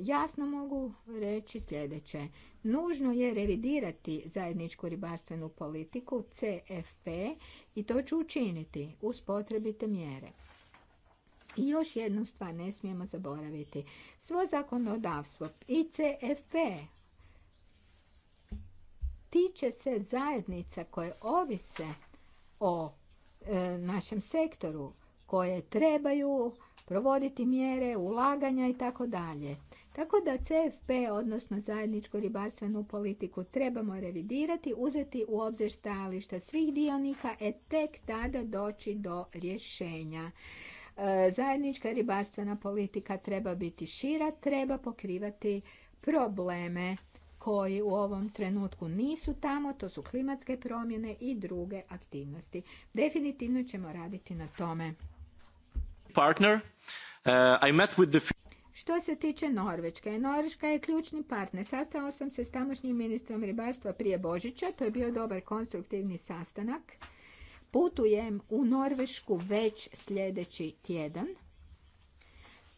jasno mogu reći sljedeće. Nužno je revidirati zajedničku ribarstvenu politiku CFP i to ću učiniti uz potrebite mjere. I još jednu stvar ne smijemo zaboraviti. Svo zakonodavstvo i CFP, tiče se zajednica koje ovise o e, našem sektoru, koje trebaju provoditi mjere, ulaganja i tako dalje. Tako da CFP, odnosno zajedničku ribarstvenu politiku, trebamo revidirati, uzeti u obzir stajališta svih dionika, e tek tada doći do rješenja. E, zajednička ribarstvena politika treba biti šira, treba pokrivati probleme koji u ovom trenutku nisu tamo, to su klimatske promjene i druge aktivnosti. Definitivno ćemo raditi na tome. Partner, uh, I met with the... Što se tiče Norveške, Norveška je ključni partner. Sastao sam se s tamošnjim ministrom ribarstva prije Božića, to je bio dobar konstruktivni sastanak. Putujem u Norvešku već sljedeći tjedan.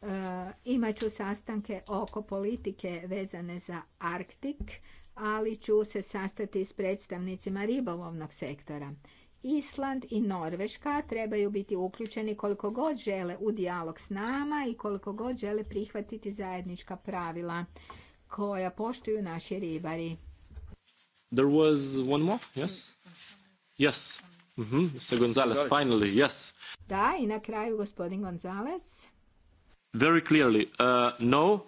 Eh, imat ću sastanke oko politike vezane za Arktik, ali ću se sastati s predstavnicima ribolovnog sektora. Island i Norveška trebaju biti uključeni koliko god žele u dijalog s nama i koliko god žele prihvatiti zajednička pravila koja poštuju naši ribari. There was one more, yes? Yes. Mm-hmm. Gonzalez, finally, yes. Da, i na kraju gospodin Gonzalez. Uh,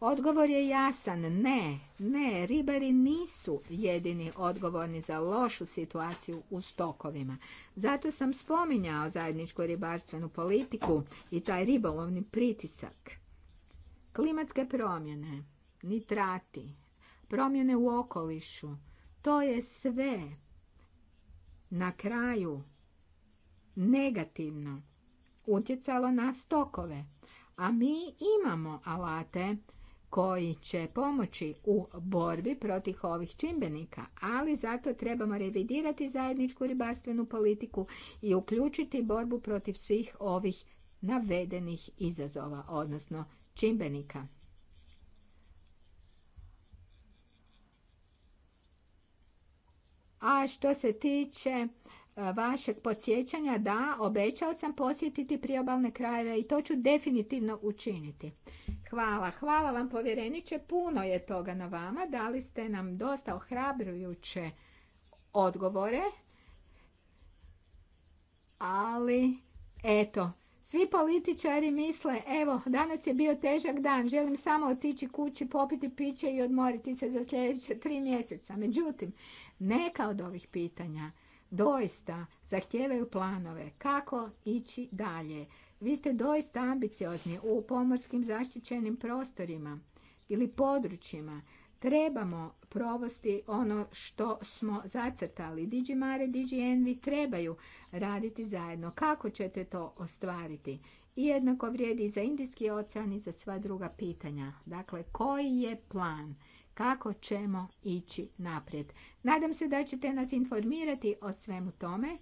Odgovor je jasan, ne, ne, ribari nisu jedini odgovorni za lošu situaciju u stokovima. Zato sam spominjao zajedničku ribarstvenu politiku i taj ribolovni pritisak. Klimatske promjene, nitrati, promjene u okolišu, to je sve na kraju negativno utjecalo na stokove. A mi imamo alate koji će pomoći u borbi protiv ovih čimbenika, ali zato trebamo revidirati zajedničku ribarstvenu politiku i uključiti borbu protiv svih ovih navedenih izazova, odnosno čimbenika. A što se tiče E, vašeg podsjećanja da obećao sam posjetiti priobalne krajeve i to ću definitivno učiniti. Hvala, hvala vam povjereniče, puno je toga na vama, dali ste nam dosta ohrabrujuće odgovore, ali eto, svi političari misle, evo, danas je bio težak dan, želim samo otići kući, popiti piće i odmoriti se za sljedeće tri mjeseca. Međutim, neka od ovih pitanja doista zahtijevaju planove kako ići dalje. Vi ste doista ambiciozni u pomorskim zaštićenim prostorima ili područjima. Trebamo provosti ono što smo zacrtali. Digi Mare, Digi Envi trebaju raditi zajedno. Kako ćete to ostvariti? I jednako vrijedi i za Indijski ocean i za sva druga pitanja. Dakle, koji je plan? Kako ćemo ići naprijed? Nadam se da ćete nas informirati o svemu tome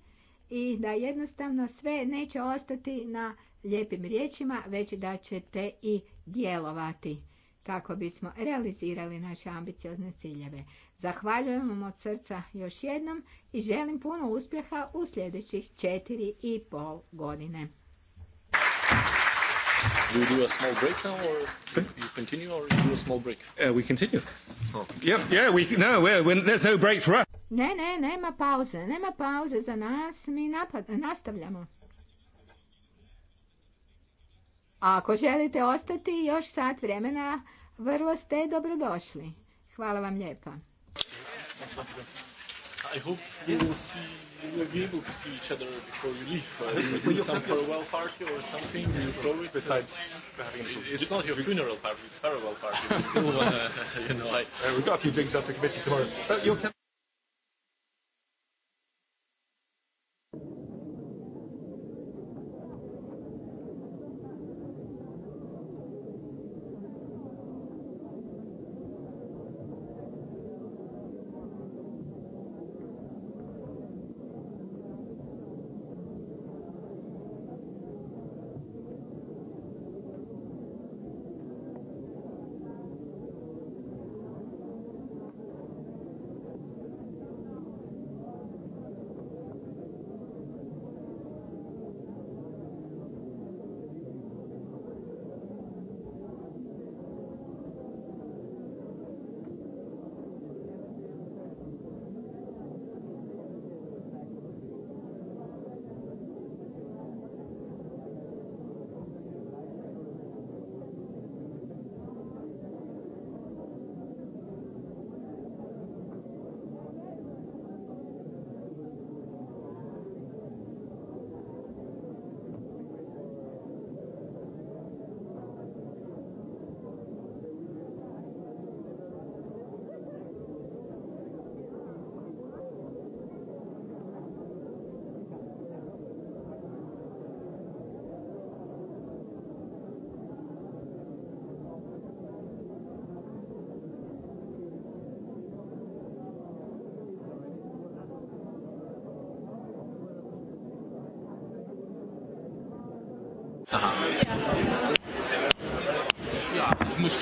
i da jednostavno sve neće ostati na lijepim riječima, već da ćete i djelovati kako bismo realizirali naše ambiciozne ciljeve. Zahvaljujem vam od srca još jednom i želim puno uspjeha u sljedećih četiri i pol godine. Do you do a small break now, or Sorry? you continue, or you do a small break? Uh, we continue. Oh. Yep, yeah, we, no, we're, we're, there's no break for us. Ne, ne, nema pauze, nema pauze za nas, mi napad, nastavljamo. A ako želite ostati još sat vremena, vrlo ste dobrodošli. Hvala vam lijepa. I hope you will see Will you be able to see each other before you leave? Uh, is it some farewell party or something? You throw it? Besides having It's not your funeral party, it's farewell party. Still, uh, you know, I... Uh, we got a few drinks after committee tomorrow. Uh, you'll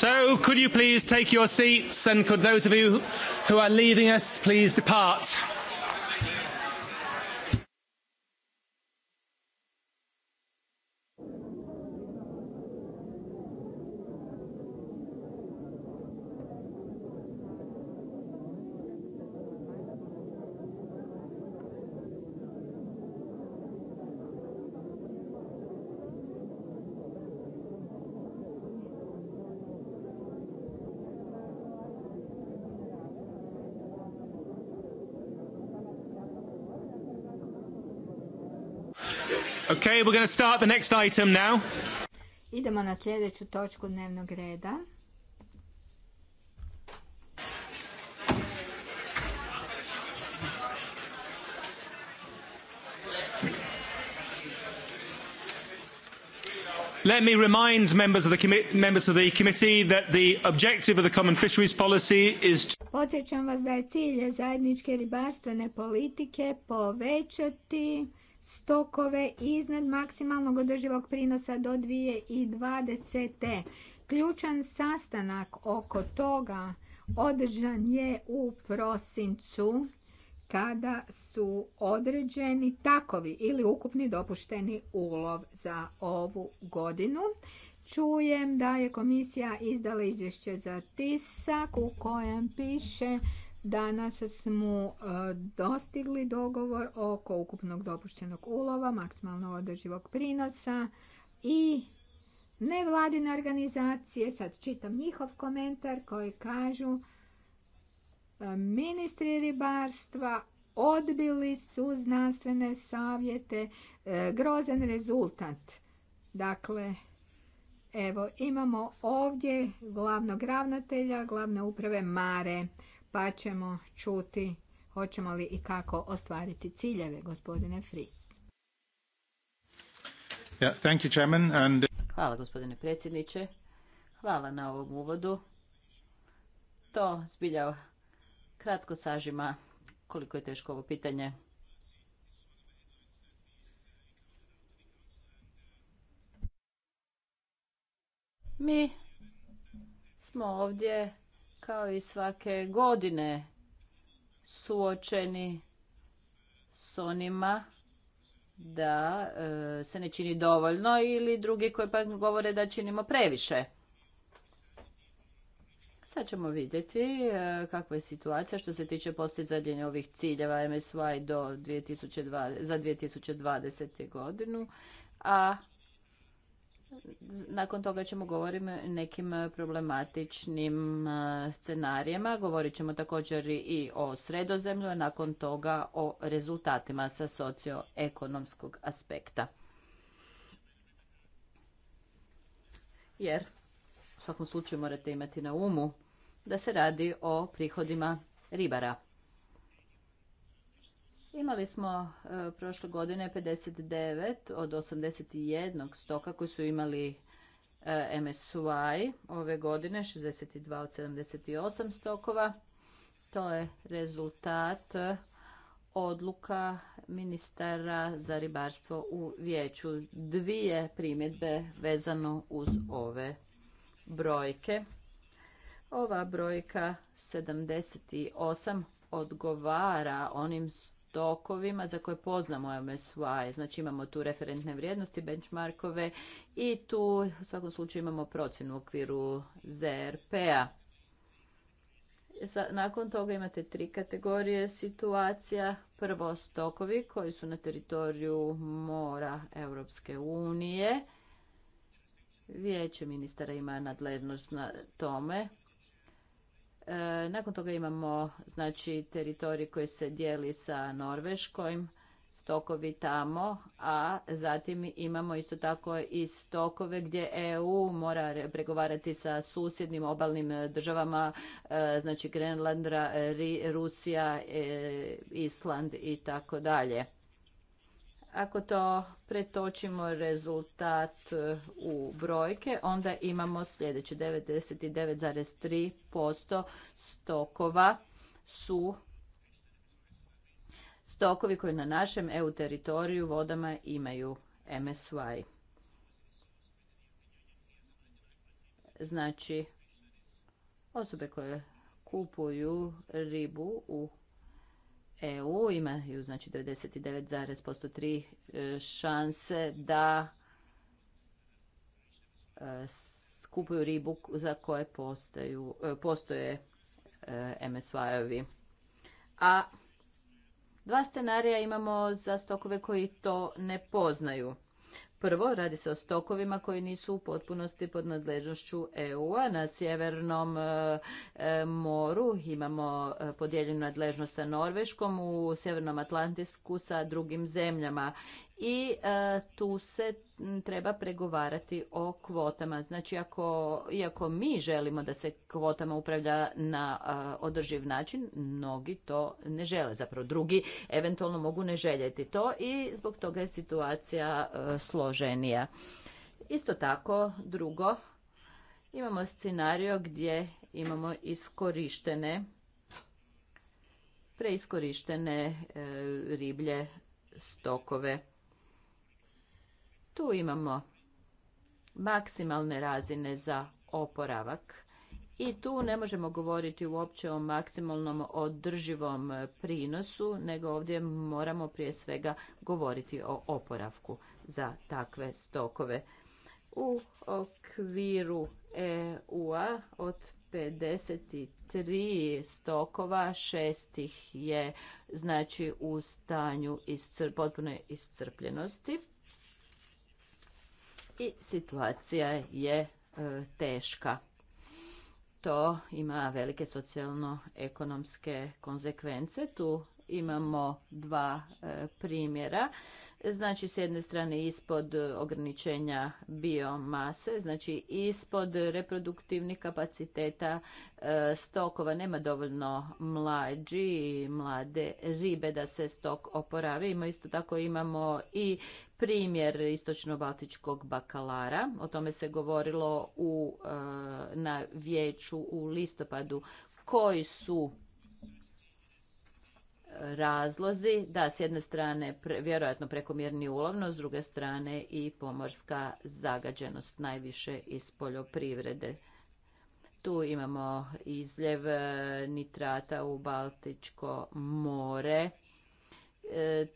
So, could you please take your seats and could those of you who are leaving us please depart? Okay, we're going to start the next item now. Idemo na sljedeću točku dnevnog reda. Let me remind members of the members of the committee that the objective of the common fisheries policy is Podsjećam vas da je cilj zajedničke ribarstvene politike povećati stokove iznad maksimalnog održivog prinosa do 2020. Ključan sastanak oko toga održan je u prosincu kada su određeni takovi ili ukupni dopušteni ulov za ovu godinu. Čujem da je komisija izdala izvješće za tisak u kojem piše Danas smo e, dostigli dogovor oko ukupnog dopuštenog ulova, maksimalno održivog prinosa i nevladine organizacije. Sad čitam njihov komentar koji kažu e, ministri ribarstva odbili su znanstvene savjete. E, Grozen rezultat. Dakle, evo imamo ovdje glavnog ravnatelja glavne uprave Mare pa ćemo čuti hoćemo li i kako ostvariti ciljeve, gospodine Fris. Hvala, gospodine predsjedniče. Hvala na ovom uvodu. To zbilja kratko sažima koliko je teško ovo pitanje. Mi smo ovdje kao i svake godine suočeni s onima da e, se ne čini dovoljno ili drugi koji pa govore da činimo previše. Sad ćemo vidjeti e, kakva je situacija što se tiče postizanja ovih ciljeva MSY do za 2020. godinu, a nakon toga ćemo govoriti o nekim e, problematičnim e, scenarijima. Govorit ćemo također i o sredozemlju, a nakon toga o rezultatima sa socioekonomskog aspekta. Jer u svakom slučaju morate imati na umu da se radi o prihodima ribara. Imali smo e, prošle godine 59 od 81 stoka koji su imali e, MSY ove godine, 62 od 78 stokova. To je rezultat odluka ministara za ribarstvo u vijeću. Dvije primjedbe vezano uz ove brojke. Ova brojka 78 odgovara onim tokovima za koje poznamo MSY. Znači imamo tu referentne vrijednosti, benchmarkove i tu u svakom slučaju imamo procjenu u okviru ZRP-a. Nakon toga imate tri kategorije situacija. Prvo stokovi koji su na teritoriju mora Europske unije. Vijeće ministara ima nadlednost na tome. E, nakon toga imamo znači teritorij koji se dijeli sa Norveškom, stokovi tamo, a zatim imamo isto tako i stokove gdje EU mora pregovarati sa susjednim obalnim e, državama, e, znači Grenlandra, Rusija, Island i tako dalje. Ako to pretočimo rezultat e, u brojke, onda imamo sljedeće 99,3% stokova su stokovi koji na našem EU teritoriju vodama imaju MSY. Znači, osobe koje kupuju ribu u EU imaju znači 99,3 e, šanse da e, kupuju ribu za koje postaju, e, postoje MSY-ovi. A dva scenarija imamo za stokove koji to ne poznaju. Prvo, radi se o stokovima koji nisu u potpunosti pod nadležnošću EU-a. Na Sjevernom e, e, moru imamo e, podijeljenu nadležnost sa Norveškom, u Sjevernom Atlantisku sa drugim zemljama i e, tu se treba pregovarati o kvotama. Znači, ako, iako mi želimo da se kvotama upravlja na e, održiv način, mnogi to ne žele. Zapravo, drugi eventualno mogu ne željeti to i zbog toga je situacija e, složenija. Isto tako, drugo, imamo scenario gdje imamo iskorištene preiskorištene riblje stokove tu imamo maksimalne razine za oporavak i tu ne možemo govoriti uopće o maksimalnom održivom prinosu, nego ovdje moramo prije svega govoriti o oporavku za takve stokove. U okviru EU-a od 53 stokova, šestih je znači u stanju iscr potpune iscrpljenosti i situacija je e, teška. To ima velike socijalno-ekonomske konsekvence. Tu imamo dva e, primjera znači s jedne strane ispod e, ograničenja biomase, znači ispod reproduktivnih kapaciteta e, stokova, nema dovoljno mlađi i mlade ribe da se stok oporavi. Ima isto tako imamo i primjer istočno-baltičkog bakalara, o tome se govorilo e, na vijeću u listopadu koji su razlozi, da s jedne strane vjerojatno prekomjerni ulovno, s druge strane i pomorska zagađenost, najviše iz poljoprivrede. Tu imamo izljev e, nitrata u Baltičko more, e,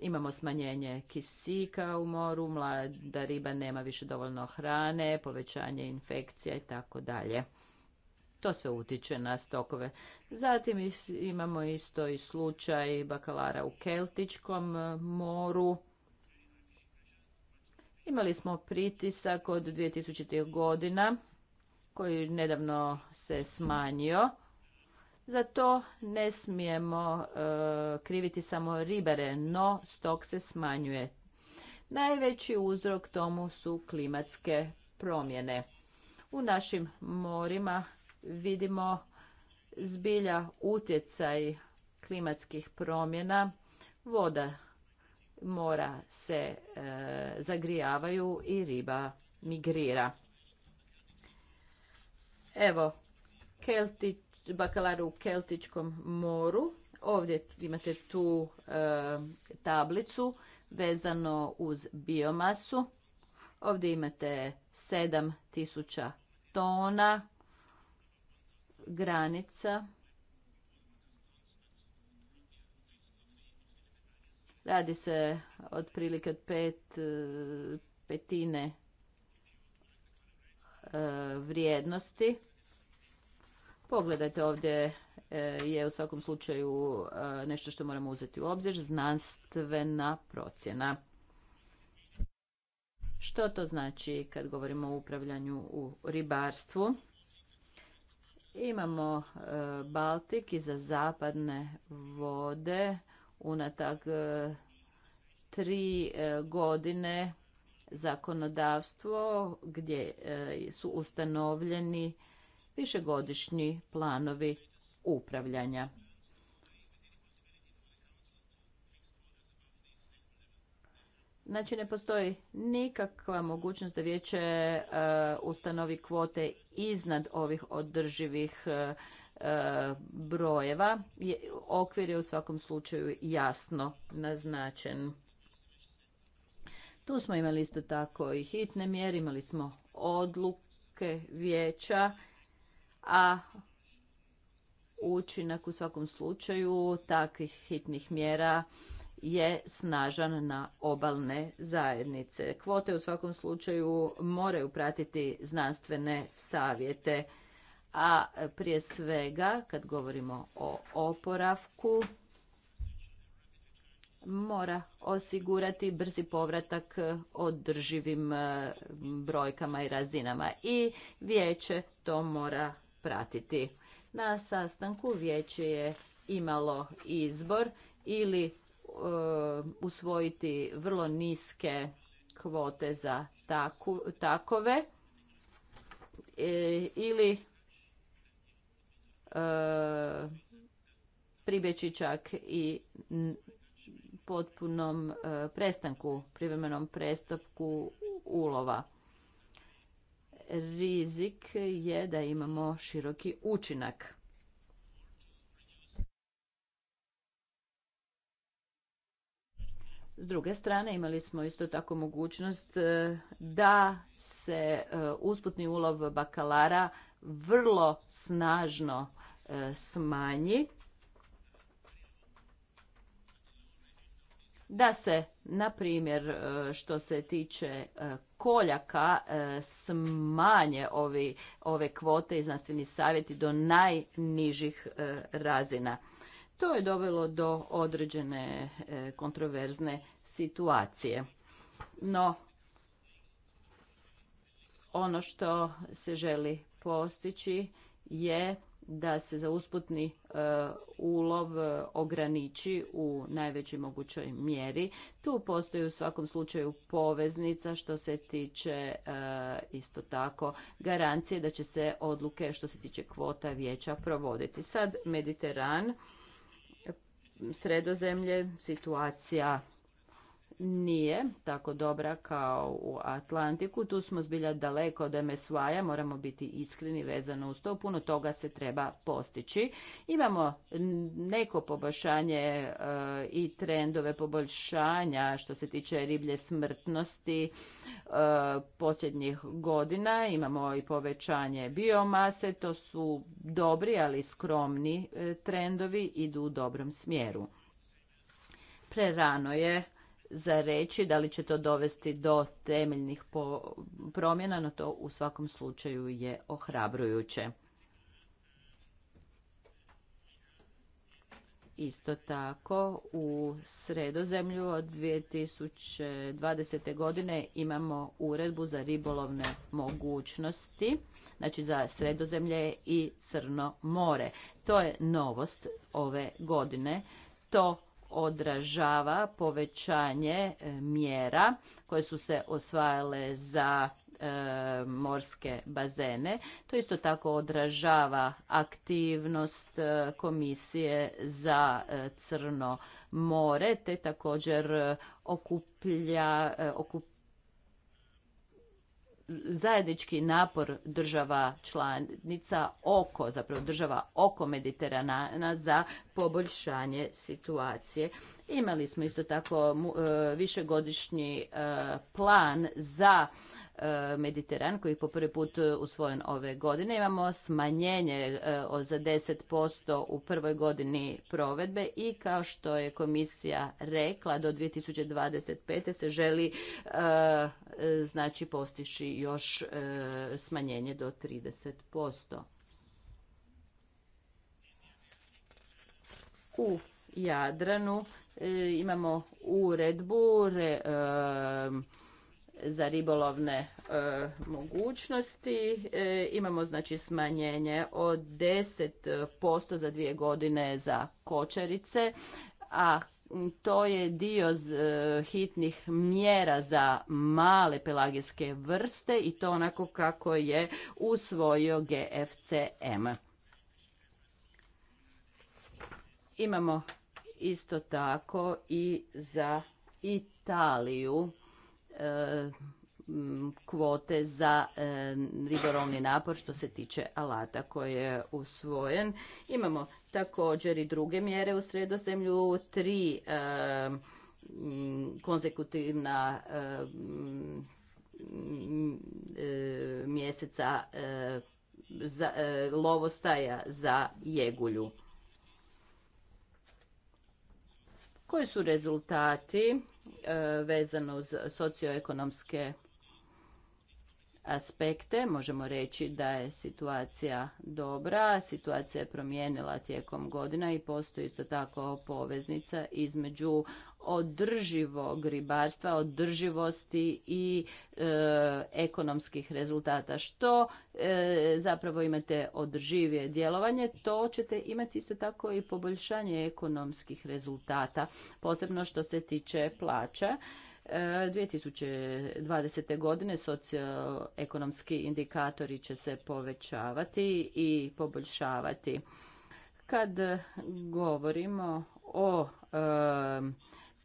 imamo smanjenje kisika u moru, mlada riba nema više dovoljno hrane, povećanje infekcija i tako dalje. To sve utiče na stokove. Zatim imamo isto i slučaj bakalara u Keltičkom e, moru. Imali smo pritisak od 2000. godina koji nedavno se smanjio. Za to ne smijemo e, kriviti samo ribare, no stok se smanjuje. Najveći uzrok tomu su klimatske promjene. U našim morima vidimo zbilja utjecaj klimatskih promjena, voda mora se e, zagrijavaju i riba migrira. Evo, bakalara bakalar u Keltičkom moru. Ovdje imate tu e, tablicu vezano uz biomasu. Ovdje imate 7000 tona granica. Radi se otprilike od pet, e, petine e, vrijednosti. Pogledajte ovdje e, je u svakom slučaju nešto što moramo uzeti u obzir, znanstvena procjena. Što to znači kad govorimo o upravljanju u ribarstvu? Imamo e, Baltik iza zapadne vode unatak e, tri e, godine zakonodavstvo gdje su ustanovljeni višegodišnji planovi upravljanja. Znači ne postoji nikakva mogućnost da vijeće e, ustanovi kvote iznad ovih održivih e, e, brojeva. Okvir je u svakom slučaju jasno naznačen. Tu smo imali isto tako i hitne mjere, imali smo odluke vijeća, a učinak u svakom slučaju takvih hitnih mjera je snažan na obalne zajednice. Kvote u svakom slučaju moraju pratiti znanstvene savjete, a prije svega kad govorimo o oporavku mora osigurati brzi povratak održivim e, brojkama i razinama i vijeće to mora pratiti. Na sastanku vijeće je imalo izbor ili E, usvojiti vrlo niske kvote za takove e, ili e, čak i potpunom e, prestanku, privremenom prestopku ulova. Rizik je da imamo široki učinak S druge strane imali smo isto tako mogućnost e, da se e, usputni ulov bakalara vrlo snažno e, smanji. Da se, na primjer, što se tiče koljaka, smanje ove kvote i znanstveni savjeti do najnižih razina. To je dovelo do određene e, kontroverzne situacije. No, ono što se želi postići je da se za usputni e, ulov e, ograniči u najvećoj mogućoj mjeri. Tu postoji u svakom slučaju poveznica što se tiče isto tako garancije da će se odluke što se tiče kvota vijeća provoditi. Sad Mediteran sredozemlje, situacija nije tako dobra kao u Atlantiku. Tu smo zbilja daleko od MSY-a, moramo biti iskreni vezano uz to. Puno toga se treba postići. Imamo neko poboljšanje e, i trendove poboljšanja što se tiče riblje smrtnosti e, posljednjih godina. Imamo i povećanje biomase. To su dobri, ali skromni e, trendovi. Idu u dobrom smjeru prerano je za reći, da li će to dovesti do temeljnih promjena, no to u svakom slučaju je ohrabrujuće. Isto tako u sredozemlju od 2020. godine imamo uredbu za ribolovne mogućnosti, znači za sredozemlje i Crno more. To je novost ove godine. To odražava povećanje e, mjera koje su se osvajale za e, morske bazene. To isto tako odražava aktivnost e, komisije za Crno more, te također okuplja, zajednički napor država članica oko, zapravo država oko Mediterana za poboljšanje situacije. Imali smo isto tako e, višegodišnji e, plan za E, Mediteran koji je po prvi put e, usvojen ove godine. Imamo smanjenje e, za 10% u prvoj godini provedbe i kao što je komisija rekla do 2025. se želi znači postići još smanjenje do 30%. U Jadranu imamo uredbu re, za ribolovne e, mogućnosti. E, imamo znači smanjenje od 10% za dvije godine za kočarice, a to je dio e, hitnih mjera za male pelagijske vrste i to onako kako je usvojio GFCM. Imamo isto tako i za Italiju kvote za e, ribolovni napor što se tiče alata koji je usvojen. Imamo također i druge mjere u sredozemlju, tri e, konzekutivna e, mjeseca za, lovostaja za jegulju. Koji su rezultati? E, vezano uz socioekonomske aspekte. Možemo reći da je situacija dobra, situacija je promijenila tijekom godina i postoji isto tako poveznica između održivog ribarstva, održivosti i e, ekonomskih rezultata. Što e, zapravo imate održivije djelovanje, to ćete imati isto tako i poboljšanje ekonomskih rezultata, posebno što se tiče plaća. 2020. E, godine socioekonomski indikatori će se povećavati i poboljšavati. Kad govorimo o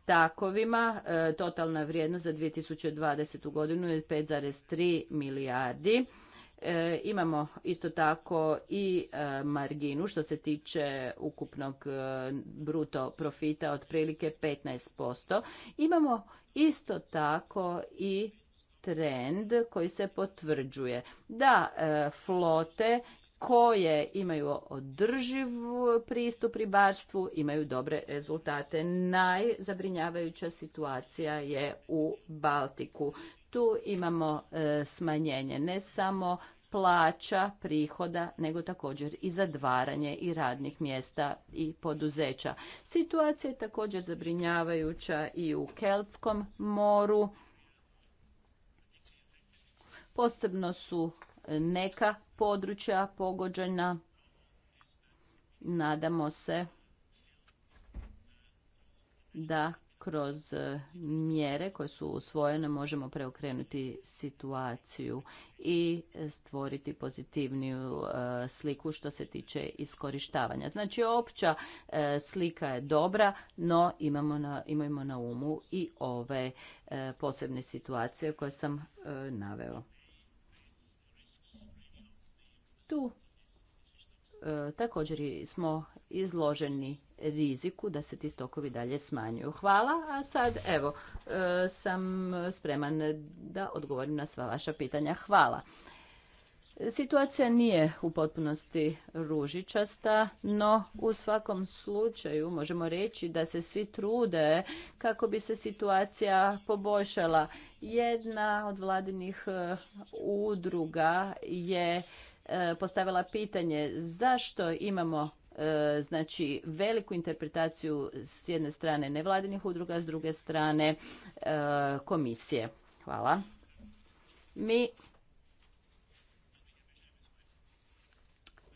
takovima e, totalna vrijednost za 2020. godinu je 5,3 milijardi. E, imamo isto tako i e, marginu što se tiče ukupnog bruto profita otprilike 15%. Imamo isto tako i trend koji se potvrđuje da flote koje imaju održiv pristup ribarstvu, imaju dobre rezultate. Najzabrinjavajuća situacija je u Baltiku. Tu imamo e, smanjenje ne samo plaća, prihoda, nego također i zadvaranje i radnih mjesta i poduzeća. Situacija je također zabrinjavajuća i u Keltskom moru. Posebno su neka područja pogođena. Nadamo se da kroz mjere koje su usvojene možemo preokrenuti situaciju i stvoriti pozitivniju e, sliku što se tiče iskorištavanja. Znači opća e, slika je dobra, no imamo na, na umu i ove e, posebne situacije koje sam naveo. Tu e, također smo izloženi riziku da se ti stokovi dalje smanjuju. Hvala, a sad evo e, sam spreman da odgovorim na sva vaša pitanja. Hvala. Situacija nije u potpunosti ružičasta, no u svakom slučaju možemo reći da se svi trude kako bi se situacija poboljšala. Jedna od vladinih e, udruga je E, postavila pitanje zašto imamo e, znači veliku interpretaciju s jedne strane nevladinih udruga, s druge strane e, komisije. Hvala. Mi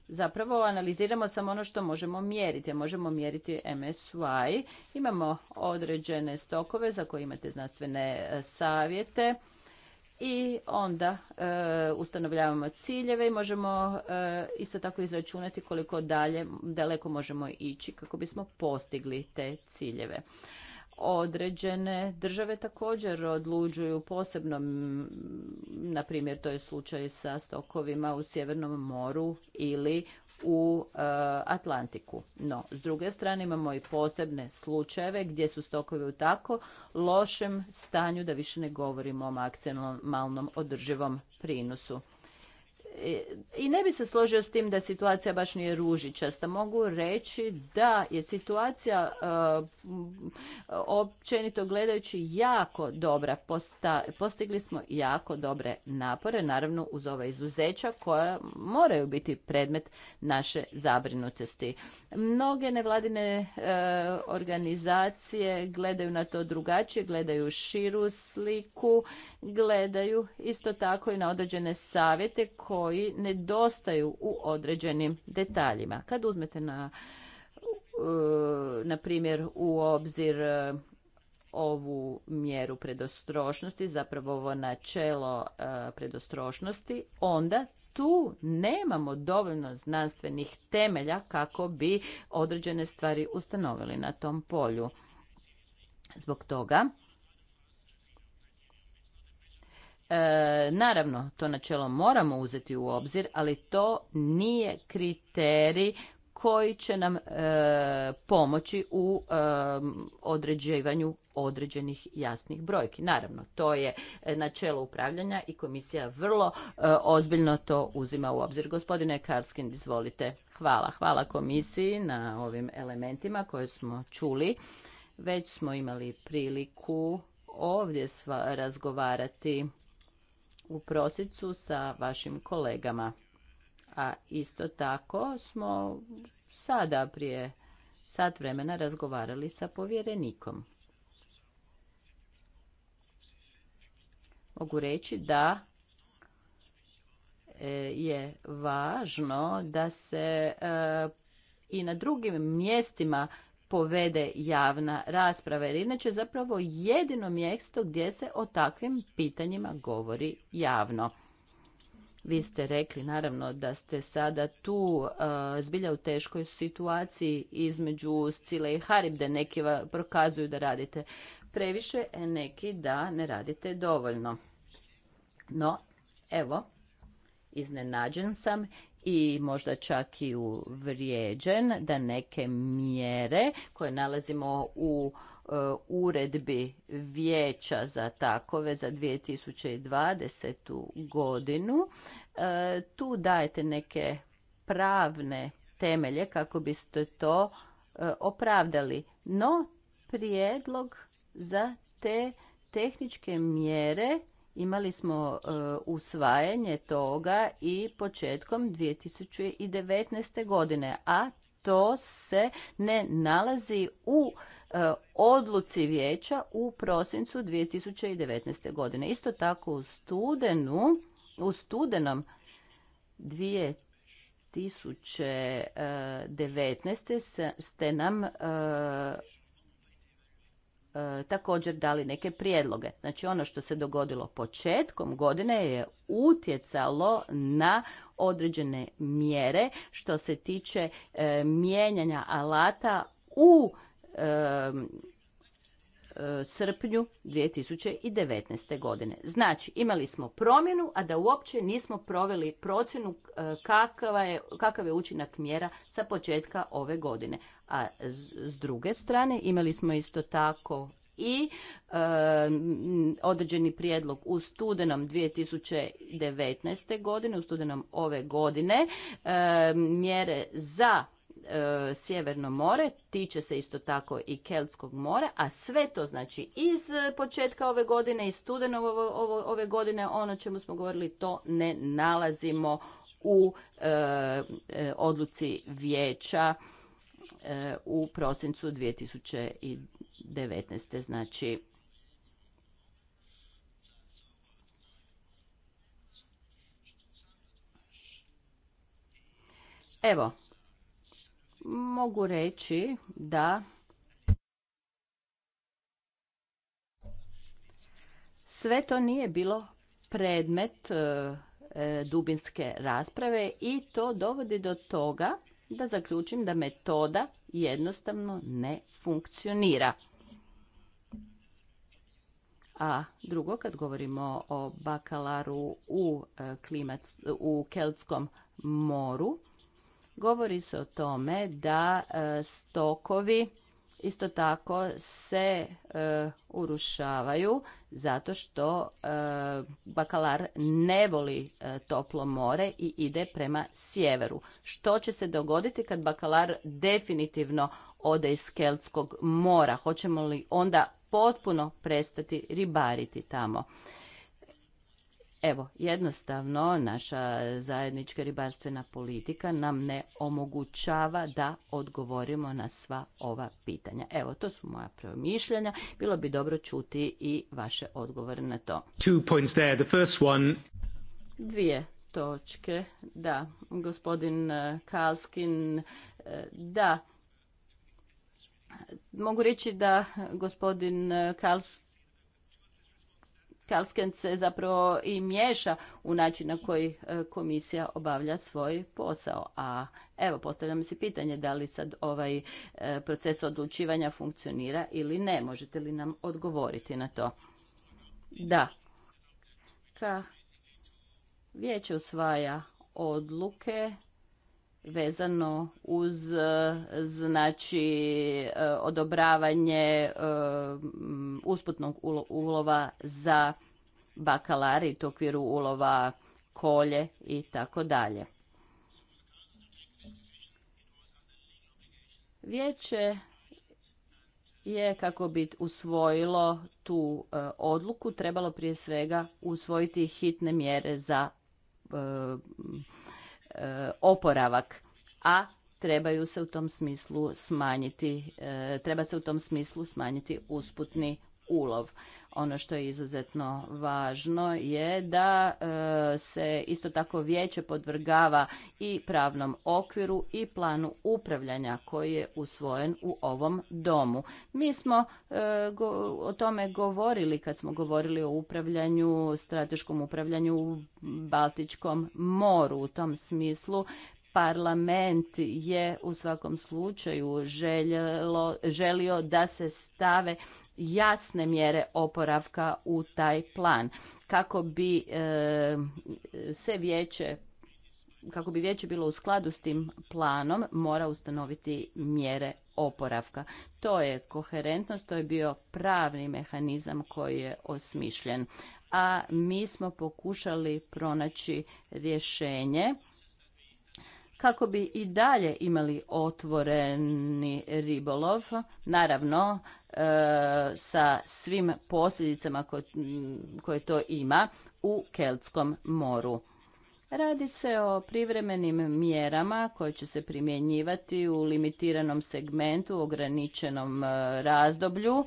zapravo analiziramo samo ono što možemo mjeriti. Možemo mjeriti MSY. Imamo određene stokove za koje imate znanstvene savjete i onda e, ustanovljavamo ciljeve i možemo e, isto tako izračunati koliko dalje daleko možemo ići kako bismo postigli te ciljeve određene države također odluđuju posebno na primjer to je slučaj sa stokovima u sjevernom moru ili u e, Atlantiku. No, s druge strane imamo i posebne slučajeve gdje su stokovi u tako lošem stanju da više ne govorimo o maksimalnom održivom prinosu. I ne bi se složio s tim da situacija baš nije ružičasta. Mogu reći da je situacija e, općenito gledajući jako dobra. postigli smo jako dobre napore, naravno uz ova izuzeća koja moraju biti predmet naše zabrinutosti. Mnoge nevladine e, organizacije gledaju na to drugačije, gledaju širu sliku, gledaju isto tako i na određene savjete koje koji nedostaju u određenim detaljima. Kad uzmete na, e, na primjer u obzir e, ovu mjeru predostrošnosti, zapravo ovo načelo e, predostrošnosti, onda tu nemamo dovoljno znanstvenih temelja kako bi određene stvari ustanovili na tom polju. Zbog toga E, naravno, to načelo moramo uzeti u obzir, ali to nije kriterij koji će nam e, pomoći u e, određivanju određenih jasnih brojki. Naravno, to je e, načelo upravljanja i komisija vrlo ozbiljno to uzima u obzir. Gospodine Karskin, izvolite. Hvala. Hvala komisiji na ovim elementima koje smo čuli. Već smo imali priliku ovdje sva razgovarati u prosincu sa vašim kolegama. A isto tako smo sada prije sat vremena razgovarali sa povjerenikom. Mogu reći da e, je važno da se e, i na drugim mjestima povede javna rasprava jer inače zapravo jedino mjesto gdje se o takvim pitanjima govori javno. Vi ste rekli naravno da ste sada tu eh, zbilja u teškoj situaciji između Scile i Haribde. Neki prokazuju da radite previše, neki da ne radite dovoljno. No, evo, iznenađen sam i možda čak i uvrijeđen da neke mjere koje nalazimo u e, uredbi vijeća za takove za 2020. godinu. E, tu dajete neke pravne temelje kako biste to e, opravdali. No, prijedlog za te tehničke mjere Imali smo e, usvajanje toga i početkom 2019. godine, a to se ne nalazi u e, odluci vijeća u prosincu 2019. godine. Isto tako u studenu, u studenom 2019. E, ste nam E, također dali neke prijedloge. Znači ono što se dogodilo početkom godine je utjecalo na određene mjere što se tiče e, mijenjanja alata u e, srpnju 2019. godine. Znači, imali smo promjenu, a da uopće nismo proveli procjenu e, kakav je učinak mjera sa početka ove godine. A s druge strane, imali smo isto tako i e, određeni prijedlog u studenom 2019. godine, u studenom ove godine, e, mjere za e, Sjeverno more, tiče se isto tako i Keltskog mora, a sve to znači iz početka ove godine, iz studenog ove, ove godine, ono čemu smo govorili, to ne nalazimo u e, e, odluci vijeća e, u prosincu 2019. Znači, evo, mogu reći da sve to nije bilo predmet e, e, dubinske rasprave i to dovodi do toga da zaključim da metoda jednostavno ne funkcionira. A drugo, kad govorimo o bakalaru u, e, klimac, u Keltskom moru, Govori se o tome da e, stokovi isto tako se e, urušavaju zato što e, bakalar ne voli toplo more i ide prema sjeveru što će se dogoditi kad bakalar definitivno ode iz keltskog mora hoćemo li onda potpuno prestati ribariti tamo Evo, jednostavno naša zajednička ribarstvena politika nam ne omogućava da odgovorimo na sva ova pitanja. Evo, to su moja promišljanja. Bilo bi dobro čuti i vaše odgovore na to. Dvije točke. Da, gospodin e, Kalskin, e, da. Mogu reći da gospodin e, Kalskin Kalsken se zapravo i miješa u način na koji e, komisija obavlja svoj posao. A evo, postavljam se pitanje da li sad ovaj e, proces odlučivanja funkcionira ili ne. Možete li nam odgovoriti na to? Da. Ka vijeće usvaja odluke vezano uz e, znači e, odobravanje e, usputnog ulova za bakalari u okviru ulova kolje i tako dalje. Vijeće je kako bi usvojilo tu odluku trebalo prije svega usvojiti hitne mjere za E, oporavak, a trebaju se u tom smislu smanjiti, e, treba se u tom smislu smanjiti usputni ulov. Ono što je izuzetno važno je da e, se isto tako vijeće podvrgava i pravnom okviru i planu upravljanja koji je usvojen u ovom domu. Mi smo e, o tome govorili kad smo govorili o upravljanju, strateškom upravljanju u Baltičkom moru. U tom smislu parlament je u svakom slučaju željelo, želio da se stave jasne mjere oporavka u taj plan kako bi e, se vijeće kako bi vijeće bilo u skladu s tim planom mora ustanoviti mjere oporavka. To je koherentnost, to je bio pravni mehanizam koji je osmišljen. A mi smo pokušali pronaći rješenje kako bi i dalje imali otvoreni ribolov, naravno e, sa svim posljedicama koje, to ima u Keltskom moru. Radi se o privremenim mjerama koje će se primjenjivati u limitiranom segmentu, ograničenom e, razdoblju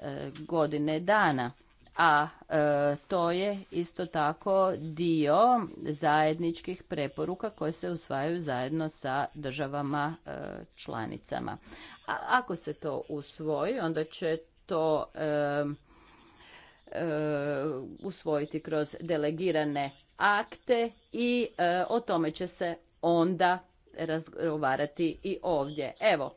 e, godine dana a e, to je isto tako dio zajedničkih preporuka koje se usvajaju zajedno sa državama e, članicama. A ako se to usvoji, onda će to e, usvojiti kroz delegirane akte i o tome će se onda razgovarati i ovdje. Evo,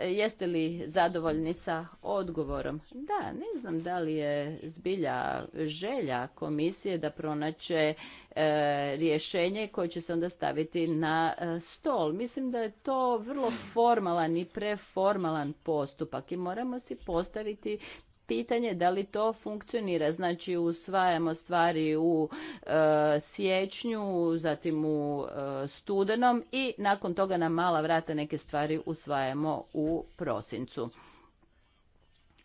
E, jeste li zadovoljni sa odgovorom? Da, ne znam da li je zbilja želja komisije da pronaće e, rješenje koje će se onda staviti na e, stol. Mislim da je to vrlo formalan i preformalan postupak i moramo si postaviti pitanje da li to funkcionira. Znači usvajamo stvari u e, siječnju, zatim u e, studenom i nakon toga na mala vrata neke stvari usvajamo u prosincu.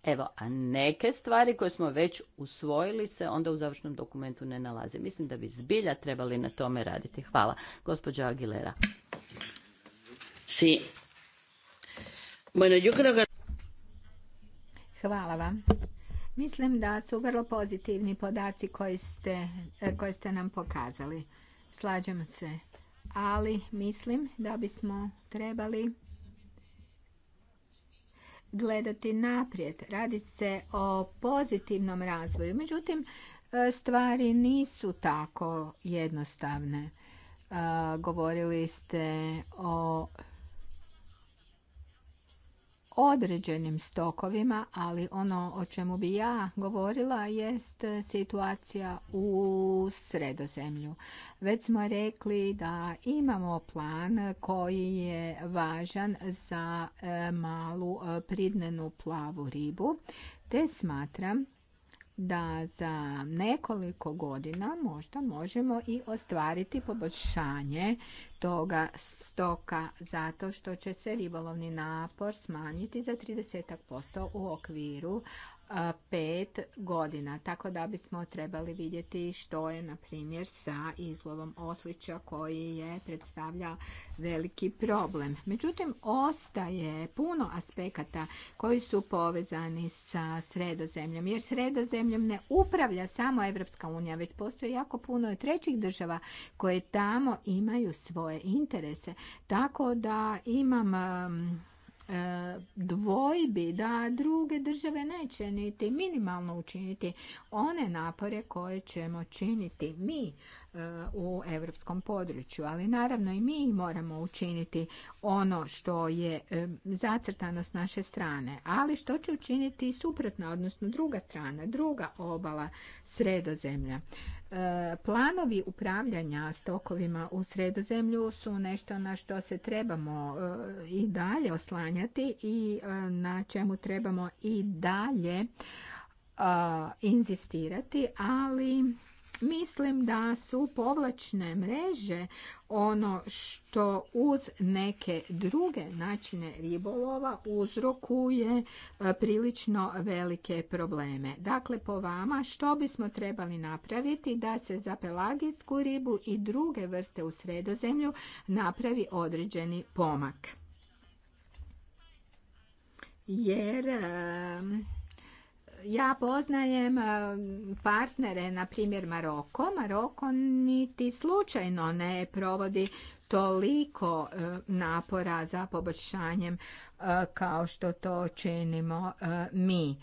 Evo, a neke stvari koje smo već usvojili se onda u završnom dokumentu ne nalaze. Mislim da bi zbilja trebali na tome raditi. Hvala. Gospođa Aguilera. Bueno, yo creo que... Hvala vam. Mislim da su vrlo pozitivni podaci koji ste, koje ste nam pokazali. Slađam se. Ali mislim da bismo trebali gledati naprijed. Radi se o pozitivnom razvoju. Međutim, stvari nisu tako jednostavne. Govorili ste o određenim stokovima, ali ono o čemu bi ja govorila jest situacija u sredozemlju. Već smo rekli da imamo plan koji je važan za e, malu e, pridnenu plavu ribu, te smatram da za nekoliko godina možda možemo i ostvariti poboljšanje toga stoka zato što će se ribolovni napor smanjiti za 30% u okviru pet godina. Tako da bismo trebali vidjeti što je, na primjer, sa izlovom oslića koji je predstavlja veliki problem. Međutim, ostaje puno aspekata koji su povezani sa sredozemljom, jer sredozemljom ne upravlja samo Evropska unija, već postoji jako puno trećih država koje tamo imaju svoje interese. Tako da imam E, dvojbi da druge države neće niti minimalno učiniti one napore koje ćemo činiti mi E, u europskom području. Ali naravno i mi moramo učiniti ono što je e, zacrtano s naše strane. Ali što će učiniti i suprotna, odnosno druga strana, druga obala sredozemlja. E, planovi upravljanja stokovima u sredozemlju su nešto na što se trebamo i dalje oslanjati i na čemu trebamo i dalje inzistirati, ali Mislim da su povlačne mreže ono što uz neke druge načine ribolova uzrokuje e, prilično velike probleme. Dakle, po vama što bismo trebali napraviti da se za pelagijsku ribu i druge vrste u sredozemlju napravi određeni pomak? Jer ja poznajem e, partnere, na primjer Maroko. Maroko niti slučajno ne provodi toliko e, napora za poboljšanjem e, kao što to činimo mi.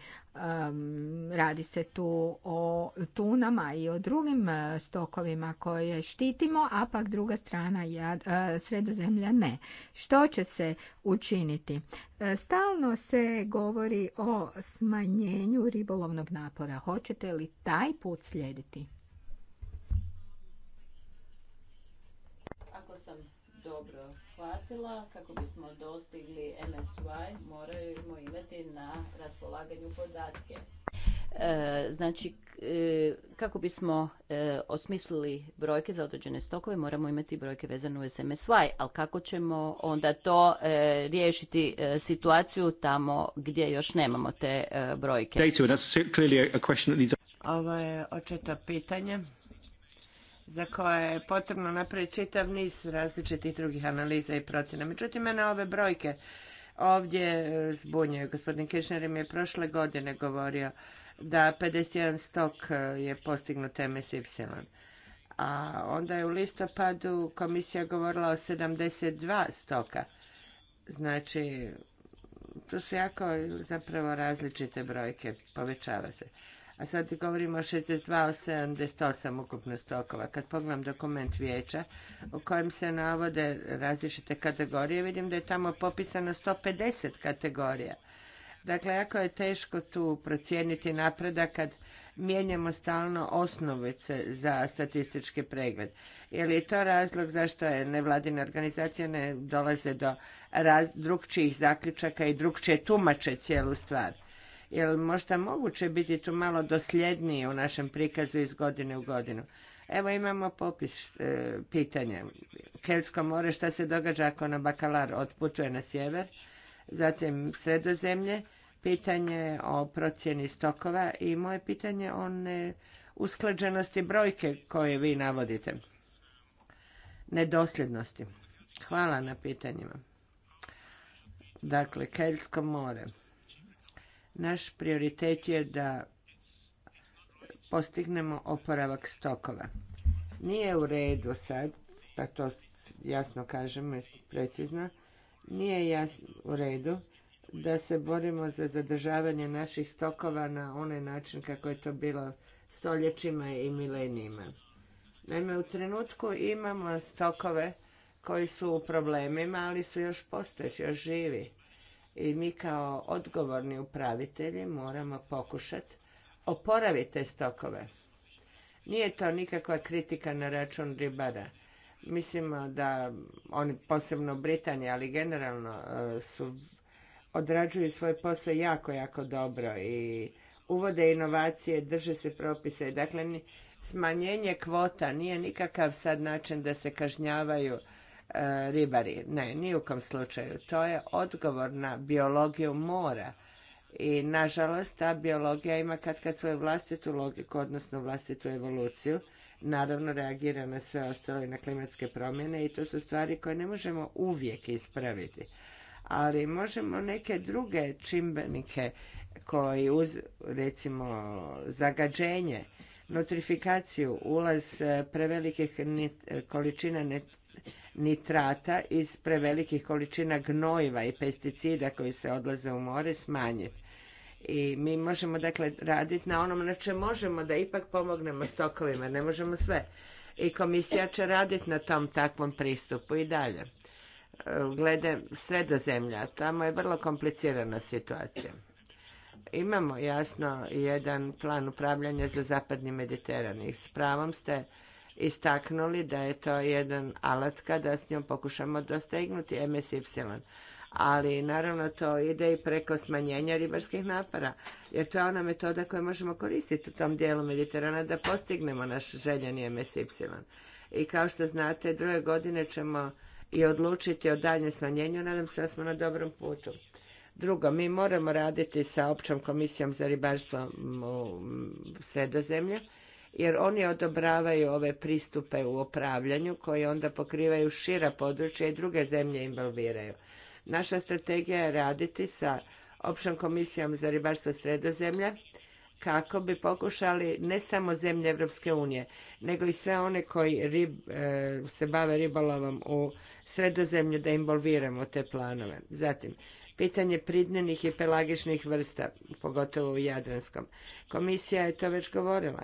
Radi se tu o tunama i o drugim e, stokovima koje štitimo, a pak druga strana e, sredozemlja ne. Što će se učiniti? E, stalno se govori o smanjenju ribolovnog napora. Hoćete li taj put slijediti? dobro shvatila, kako bismo dostigli MSY moramo imati na raspolaganju podatke. E, znači, e, kako bismo e, osmislili brojke za određene stokove, moramo imati brojke vezane uz MSY, ali kako ćemo onda to riješiti situaciju tamo gdje još nemamo te brojke? Ovo je očito pitanje za koje je potrebno napraviti čitav niz različitih drugih analiza i procjena. Međutim, mene ove brojke ovdje e, zbunjuje. Gospodin Kišner im je prošle godine govorio da 51 stok e, je postignut MSY. A onda je u listopadu komisija govorila o 72 stoka. Znači, to su jako zapravo različite brojke, povećava se a sad govorimo o 62 78 ukupno stokova. Kad pogledam dokument vijeća u kojem se navode različite kategorije, vidim da je tamo popisano 150 kategorija. Dakle, jako je teško tu procijeniti napredak kad mijenjamo stalno osnovice za statistički pregled. Je li to razlog zašto je nevladine organizacije ne dolaze do drugčijih zaključaka i drugčije tumače cijelu stvar? li možda moguće biti tu malo dosljedniji u našem prikazu iz godine u godinu? Evo imamo popis e, pitanja. Kelsko more, šta se događa ako na bakalar otputuje na sjever? Zatim sredozemlje, pitanje o procjeni stokova i moje pitanje o usklađenosti brojke koje vi navodite. Nedosljednosti. Hvala na pitanjima. Dakle, Kelsko more. Naš prioritet je da postignemo oporavak stokova. Nije u redu sad, pa to jasno kažem, precizno, nije u redu da se borimo za zadržavanje naših stokova na onaj način kako je to bilo stoljećima i milenijima. Naime, u trenutku imamo stokove koji su u problemima, ali su još postojeći, još živi. I mi kao odgovorni upravitelji moramo pokušati oporaviti te stokove. Nije to nikakva kritika na račun ribara. Mislimo da oni, posebno Britanija, ali generalno e, su, odrađuju svoje posao jako, jako dobro i uvode inovacije, drže se propise. Dakle, smanjenje kvota nije nikakav sad način da se kažnjavaju E, ribari. Ne, ni u kom slučaju. To je odgovor na biologiju mora. I nažalost ta biologija ima kad kad svoju vlastitu logiku, odnosno vlastitu evoluciju. Naravno reagira na sve ostalo i na klimatske promjene i to su stvari koje ne možemo uvijek ispraviti. Ali možemo neke druge čimbenike koji uz recimo zagađenje, notrifikaciju, ulaz e, prevelikih e, količina nitrata iz prevelikih količina gnojiva i pesticida koji se odlaze u more smanjiti. I mi možemo dakle raditi na onom na čem možemo da ipak pomognemo stokovima, ne možemo sve. I komisija će raditi na tom takvom pristupu i dalje. E, glede sredozemlja, tamo je vrlo komplicirana situacija. Imamo jasno jedan plan upravljanja za zapadni Mediteran i s pravom ste istaknuli da je to jedan alat kada s njom pokušamo dostegnuti MSY. Ali naravno to ide i preko smanjenja ribarskih napara, jer to je ona metoda koju možemo koristiti u tom dijelu Mediterana da postignemo naš željeni MSY. I kao što znate, druge godine ćemo i odlučiti o daljnjem smanjenju, nadam se da smo na dobrom putu. Drugo, mi moramo raditi sa općom komisijom za ribarstvo u sredozemlje jer oni odobravaju ove pristupe u upravljanju koji onda pokrivaju šira područja i druge zemlje involviraju. Naša strategija je raditi sa Općom komisijom za ribarstvo sredozemlja kako bi pokušali ne samo zemlje Europske unije, nego i sve one koji rib, e, se bave ribolovom u sredozemlju da involviramo te planove. Zatim, pitanje pridnenih i pelagičnih vrsta, pogotovo u Jadranskom. Komisija je to već govorila.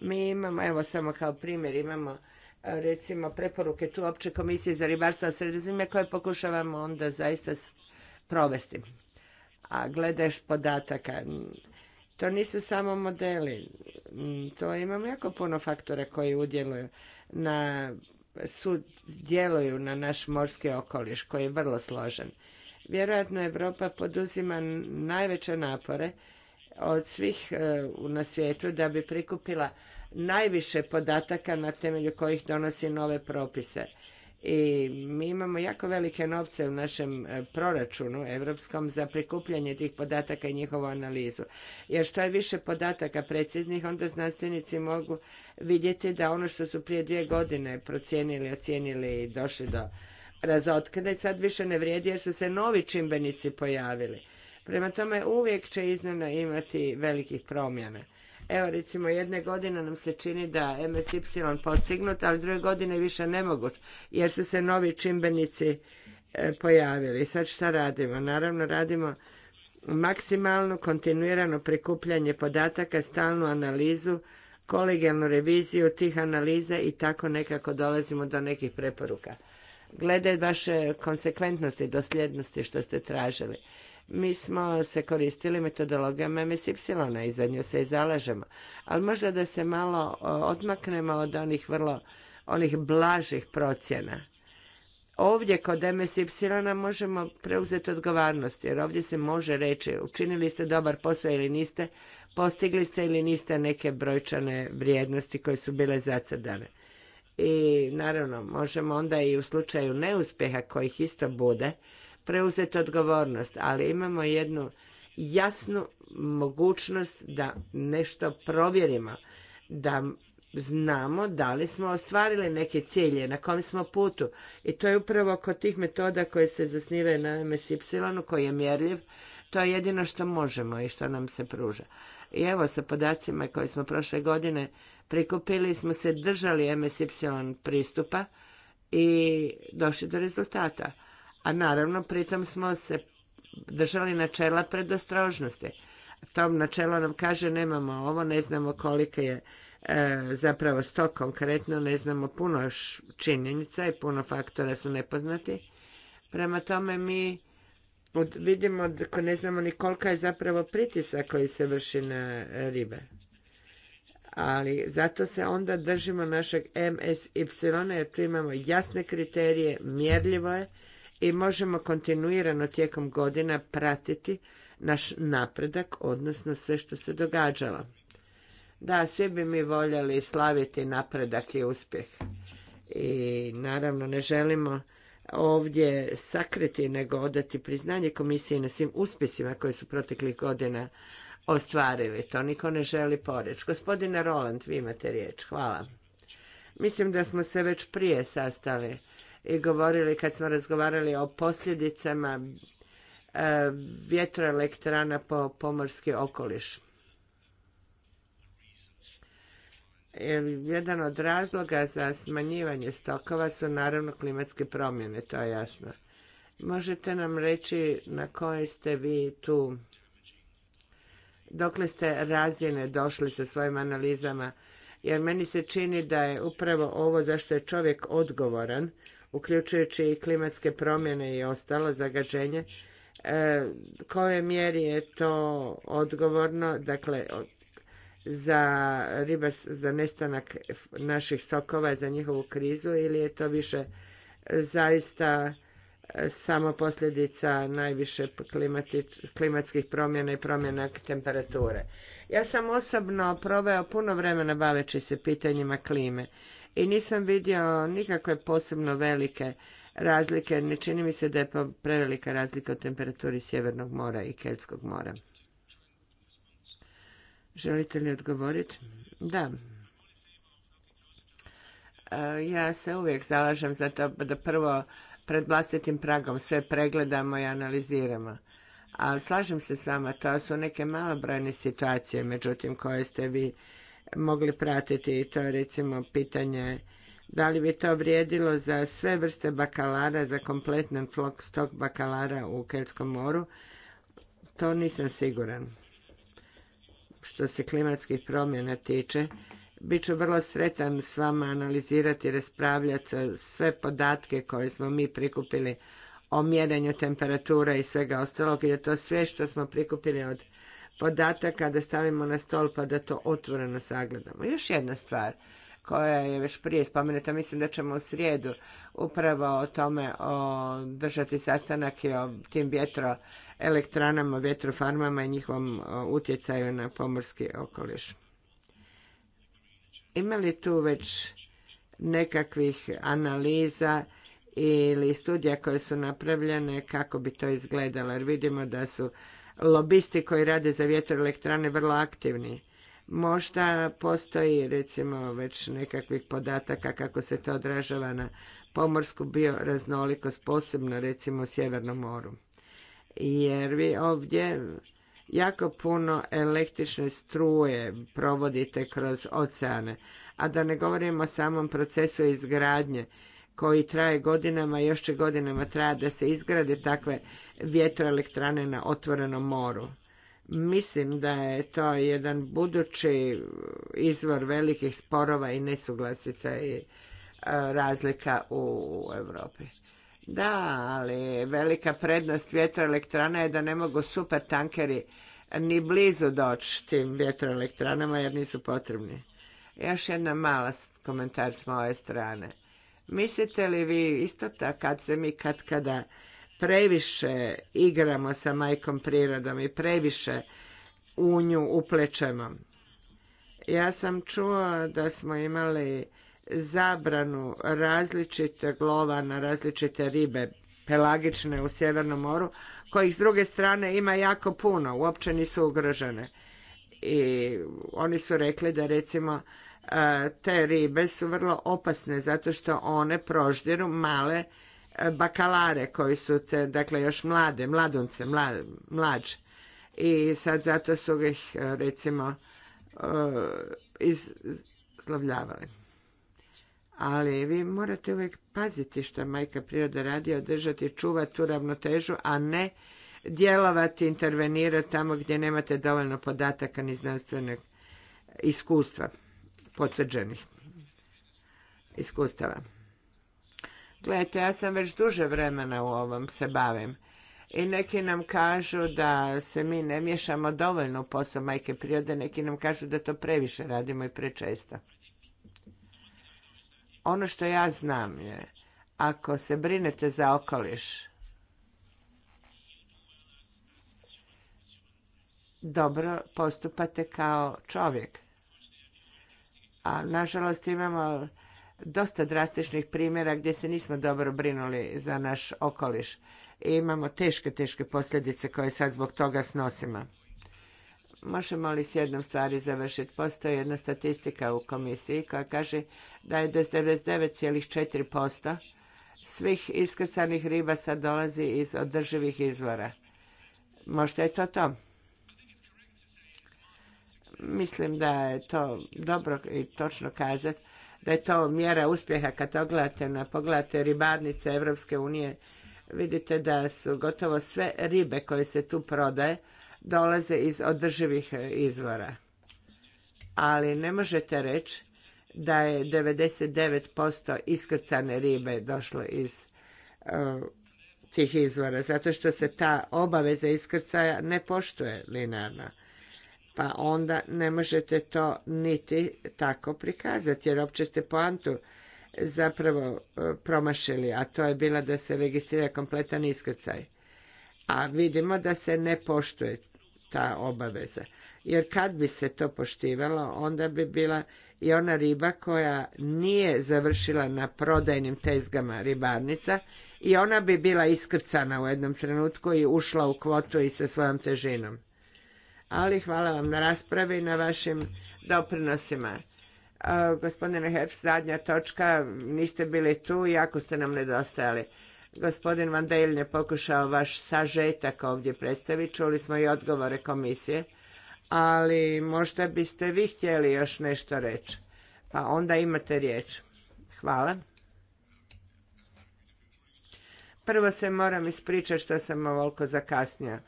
Mi imamo, evo samo kao primjer, imamo e, recimo preporuke tu opće komisije za ribarstvo sredozemlje koje pokušavamo onda zaista provesti. A gledaš podataka, to nisu samo modeli, to imamo jako puno faktora koji udjeluju na su, djeluju na naš morski okoliš koji je vrlo složen. Vjerojatno Europa poduzima najveće napore od svih e, na svijetu da bi prikupila najviše podataka na temelju kojih donosi nove propise. I mi imamo jako velike novce u našem e, proračunu europskom za prikupljanje tih podataka i njihovu analizu. Jer što je više podataka preciznih, onda znanstvenici mogu vidjeti da ono što su prije dvije godine procijenili, ocijenili i došli do razotkrive, sad više ne vrijedi jer su se novi čimbenici pojavili. Prema tome, uvijek će iznena imati velikih promjena. Evo recimo jedne godine nam se čini da MSY postignut, ali druge godine više ne mogu, jer su se novi čimbenici e, pojavili. Sad šta radimo? Naravno radimo maksimalno kontinuirano prikupljanje podataka, stalnu analizu, kolegijalnu reviziju tih analiza i tako nekako dolazimo do nekih preporuka. Glede vaše konsekventnosti, dosljednosti što ste tražili mi smo se koristili metodologijom MSY i za nju se i zalažemo. Ali možda da se malo odmaknemo od onih vrlo, onih blažih procjena. Ovdje kod MSY možemo preuzeti odgovarnost, jer ovdje se može reći učinili ste dobar posao ili niste, postigli ste ili niste neke brojčane vrijednosti koje su bile zacrtane. I naravno, možemo onda i u slučaju neuspjeha kojih isto bude, preuzeti odgovornost, ali imamo jednu jasnu mogućnost da nešto provjerimo, da znamo da li smo ostvarili neke cilje, na kom smo putu. I to je upravo kod tih metoda koje se zasnivaju na MSY, koji je mjerljiv, to je jedino što možemo i što nam se pruža. I evo sa podacima koje smo prošle godine prikupili smo se držali MSY pristupa i došli do rezultata a naravno pritom smo se držali načela predostrožnosti. Tom načelo nam kaže nemamo ovo, ne znamo kolika je e, zapravo sto konkretno, ne znamo puno činjenica i puno faktora su nepoznati. Prema tome mi vidimo da ne znamo ni kolika je zapravo pritisak koji se vrši na ribe. Ali zato se onda držimo našeg MSY jer tu imamo jasne kriterije, mjerljivo je i možemo kontinuirano tijekom godina pratiti naš napredak, odnosno sve što se događalo. Da, svi bi mi voljeli slaviti napredak i uspjeh. I naravno ne želimo ovdje sakriti nego odati priznanje komisiji na svim uspjesima koje su proteklih godina ostvarili. To niko ne želi poreći. Gospodine Roland, vi imate riječ. Hvala. Mislim da smo se već prije sastali i govorili kad smo razgovarali o posljedicama e, vjetroelektrana po pomorski okoliš. E, jedan od razloga za smanjivanje stokova su naravno klimatske promjene, to je jasno. Možete nam reći na koje ste vi tu, dokle ste razine došli sa svojim analizama, jer meni se čini da je upravo ovo zašto je čovjek odgovoran, uključujući i klimatske promjene i ostalo zagađenje, e, koje mjeri je to odgovorno, dakle, za, ribar, za nestanak naših stokova, za njihovu krizu ili je to više zaista e, samo posljedica najviše klimatskih promjena i promjena temperature. Ja sam osobno proveo puno vremena baveći se pitanjima klime i nisam vidio nikakve posebno velike razlike. Ne čini mi se da je prevelika razlika u temperaturi Sjevernog mora i Keltskog mora. Želite li odgovoriti? Da. E, ja se uvijek zalažem za to da prvo pred vlastitim pragom sve pregledamo i analiziramo. Ali slažem se s vama, to su neke malobrojne situacije, međutim, koje ste vi mogli pratiti i to je recimo pitanje da li bi to vrijedilo za sve vrste bakalara, za kompletan stok bakalara u Keltskom moru, to nisam siguran. Što se klimatskih promjena tiče, bit ću vrlo sretan s vama analizirati, raspravljati sve podatke koje smo mi prikupili o mjerenju temperatura i svega ostalog, jer je to sve što smo prikupili od podataka da stavimo na stol pa da to otvoreno sagledamo. Još jedna stvar koja je već prije spomenuta, mislim da ćemo u srijedu upravo o tome držati sastanak i o tim vjetroelektranama, vjetrofarmama i njihovom utjecaju na pomorski okoliš. Ima li tu već nekakvih analiza ili studija koje su napravljene kako bi to izgledalo? Jer vidimo da su lobisti koji rade za vjetroelektrane vrlo aktivni. Možda postoji recimo već nekakvih podataka kako se to odražava na pomorsku bioraznolikost, posebno recimo Sjevernom moru. Jer vi ovdje jako puno električne struje provodite kroz oceane, a da ne govorimo o samom procesu izgradnje koji traje godinama i još će godinama trajati da se izgrade takve vjetroelektrane na otvorenom moru. Mislim da je to jedan budući izvor velikih sporova i nesuglasica i e, razlika u Europi. Da, ali velika prednost vjetroelektrana je da ne mogu super tankeri ni blizu doći tim vjetroelektranama jer nisu potrebni. Još jedna mala komentar s moje strane. Mislite li vi isto tako kad se mi kad kada previše igramo sa majkom prirodom i previše u nju uplećemo. Ja sam čuo da smo imali zabranu različite glova na različite ribe pelagične u Sjevernom moru, kojih s druge strane ima jako puno, uopće nisu ugrožene. I oni su rekli da recimo e, te ribe su vrlo opasne zato što one proždiru male bakalare koji su te, dakle još mlade, mladunce, mla, mlađe. I sad zato su ih e, recimo e, izlovljavali. Ali vi morate uvijek paziti što majka priroda radi, održati, čuvati tu ravnotežu, a ne djelovati, intervenirati tamo gdje nemate dovoljno podataka ni znanstvenog iskustva, potvrđenih iskustava. Gledajte, ja sam već duže vremena u ovom se bavim. I neki nam kažu da se mi ne miješamo dovoljno u posao majke prirode, neki nam kažu da to previše radimo i prečesto. Ono što ja znam je, ako se brinete za okoliš, dobro postupate kao čovjek. A nažalost imamo dosta drastičnih primjera gdje se nismo dobro brinuli za naš okoliš i imamo teške, teške posljedice koje sad zbog toga snosimo. Možemo li s jednom stvari završiti? Postoji jedna statistika u komisiji koja kaže da je 99,4% svih iskrcanih riba sad dolazi iz održivih izvora. Možda je to to? Mislim da je to dobro i točno kazati da je to mjera uspjeha kad pogledate na pogledate ribarnice Europske unije vidite da su gotovo sve ribe koje se tu prodaje dolaze iz održivih e, izvora. Ali ne možete reći da je 99% iskrcane ribe došlo iz e, tih izvora, zato što se ta obaveza iskrcaja ne poštuje linarno pa onda ne možete to niti tako prikazati, jer opće ste poantu zapravo e, promašili, a to je bila da se registrira kompletan iskrcaj. A vidimo da se ne poštuje ta obaveza. Jer kad bi se to poštivalo, onda bi bila i ona riba koja nije završila na prodajnim tezgama ribarnica i ona bi bila iskrcana u jednom trenutku i ušla u kvotu i sa svojom težinom ali hvala vam na raspravi i na vašim doprinosima. gospodine Herf, zadnja točka, niste bili tu, jako ste nam nedostajali. Gospodin Van Dejl je pokušao vaš sažetak ovdje predstaviti, čuli smo i odgovore komisije, ali možda biste vi htjeli još nešto reći, pa onda imate riječ. Hvala. Prvo se moram ispričati što sam ovoliko zakasnio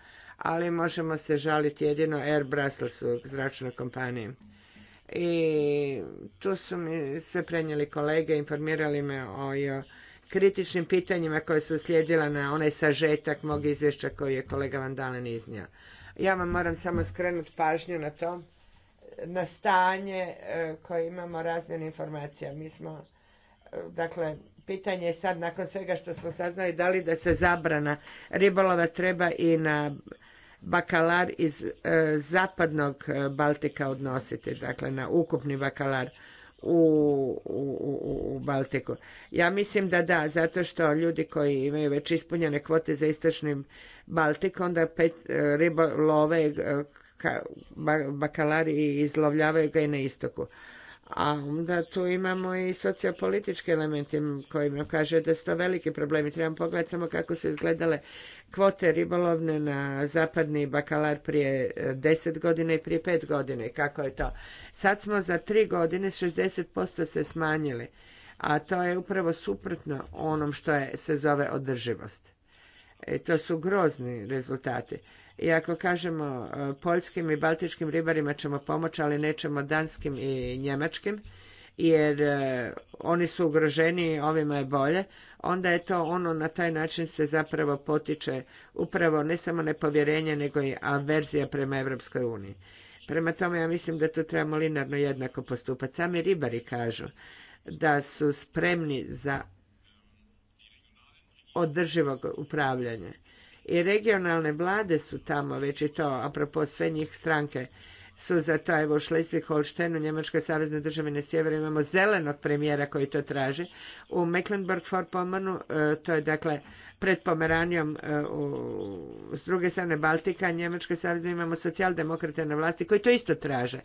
ali možemo se žaliti jedino Air Brusselsu, zračnoj kompaniji. I tu su mi sve prenijeli kolege, informirali me o kritičnim pitanjima koje su slijedila na onaj sažetak mog izvješća koji je kolega Van Dalen iznio. Ja vam moram samo skrenuti pažnju na to, na stanje e, koje imamo razmjene informacija. Mi smo, e, dakle, pitanje je sad nakon svega što smo saznali da li da se zabrana ribolova treba i na bakalar iz e, zapadnog e, Baltika odnositi, dakle na ukupni bakalar u, u, u Baltiku. Ja mislim da da, zato što ljudi koji imaju već ispunjene kvote za istočni Baltik, onda pet, e, love bakalari i izlovljavaju ga i na istoku. A onda tu imamo i sociopolitičke elemente kojima kaže da su to veliki problemi. Trebamo pogledati samo kako su izgledale kvote ribolovne na zapadni bakalar prije e, deset godina i prije pet godina i kako je to. Sad smo za tri godine 60% se smanjili, a to je upravo suprotno onom što je, se zove održivost. E, to su grozni rezultati. I ako kažemo e, poljskim i baltičkim ribarima ćemo pomoći, ali nećemo danskim i njemačkim, jer e, oni su ugroženi, ovima je bolje, onda je to ono na taj način se zapravo potiče upravo ne samo nepovjerenje, nego i averzija prema Europskoj uniji. Prema tome ja mislim da tu trebamo linarno jednako postupati. Sami ribari kažu da su spremni za održivog upravljanja i regionalne vlade su tamo već i to, apropo sve njih stranke su za to, evo u Schleswig-Holsteinu, Njemačke savezne države na sjeveru imamo zelenog premijera koji to traži. U mecklenburg pomanu e, to je dakle pred Pomeranijom, e, s druge strane Baltika, Njemačke savezne imamo socijaldemokrate na vlasti koji to isto traže.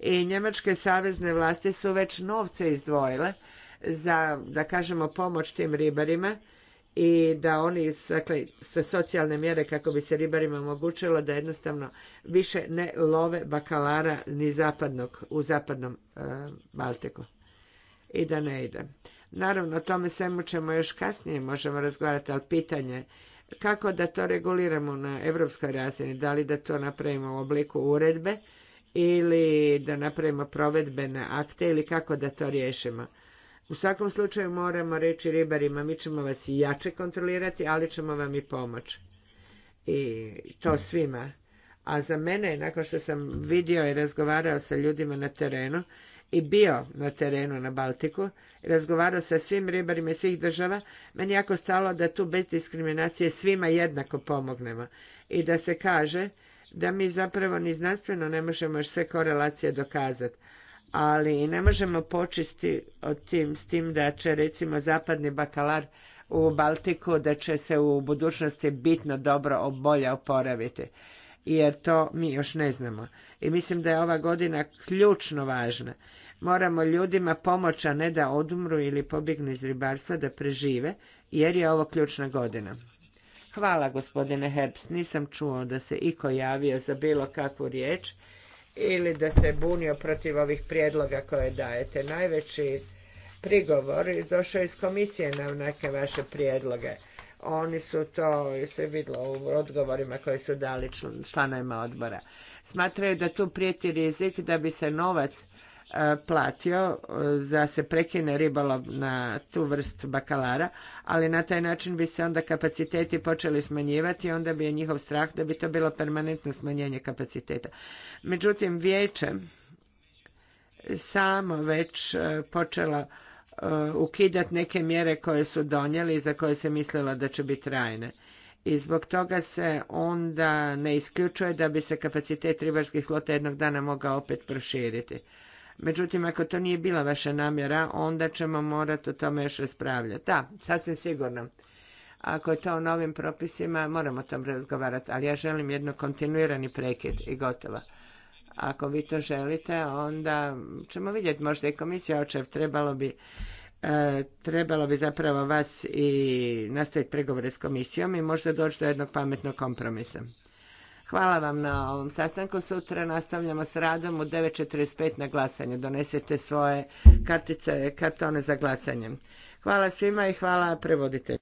I Njemačke savezne vlasti su već novce izdvojile za, da kažemo, pomoć tim ribarima i da oni dakle, sa socijalne mjere kako bi se ribarima omogućilo da jednostavno više ne love bakalara ni zapadnog, u zapadnom e, Baltiku i da ne ide. Naravno, o tome svemu ćemo još kasnije možemo razgovarati, ali pitanje kako da to reguliramo na europskoj razini, da li da to napravimo u obliku uredbe ili da napravimo provedbene akte ili kako da to riješimo. U svakom slučaju moramo reći ribarima, mi ćemo vas i jače kontrolirati, ali ćemo vam i pomoći. I to svima. A za mene, nakon što sam vidio i razgovarao sa ljudima na terenu i bio na terenu na Baltiku, razgovarao sa svim ribarima svih država, meni jako stalo da tu bez diskriminacije svima jednako pomognemo. I da se kaže da mi zapravo ni znanstveno ne možemo još sve korelacije dokazati ali ne možemo počisti od tim, s tim da će recimo zapadni bakalar u Baltiku da će se u budućnosti bitno dobro bolje oporaviti jer to mi još ne znamo. I mislim da je ova godina ključno važna. Moramo ljudima pomoći, a ne da odumru ili pobjegnu iz ribarstva, da prežive, jer je ovo ključna godina. Hvala, gospodine Herbst. Nisam čuo da se iko javio za bilo kakvu riječ ili da se bunio protiv ovih prijedloga koje dajete. Najveći prigovor je došao iz komisije na neke vaše prijedloge. Oni su to, se vidlo, u odgovorima koje su dali članovima odbora. Smatraju da tu prijeti rizik da bi se novac E, platio da e, se prekine ribolov na tu vrst bakalara, ali na taj način bi se onda kapaciteti počeli smanjivati i onda bi je njihov strah da bi to bilo permanentno smanjenje kapaciteta. Međutim, vijeće samo već e, počelo ukidati neke mjere koje su donijeli i za koje se mislilo da će biti trajne. I zbog toga se onda ne isključuje da bi se kapacitet ribarskih flota jednog dana mogao opet proširiti. Međutim, ako to nije bila vaša namjera, onda ćemo morati o tome još raspravljati. Da, sasvim sigurno. Ako je to u novim propisima, moramo o tom razgovarati. Ali ja želim jedno kontinuirani prekid i gotovo. Ako vi to želite, onda ćemo vidjeti. Možda i komisija očev trebalo bi e, trebalo bi zapravo vas i nastaviti pregovore s komisijom i možda doći do jednog pametnog kompromisa. Hvala vam na ovom sastanku. Sutra nastavljamo s radom u 9.45 na glasanje. Donesete svoje kartice, kartone za glasanje. Hvala svima i hvala prevoditelju.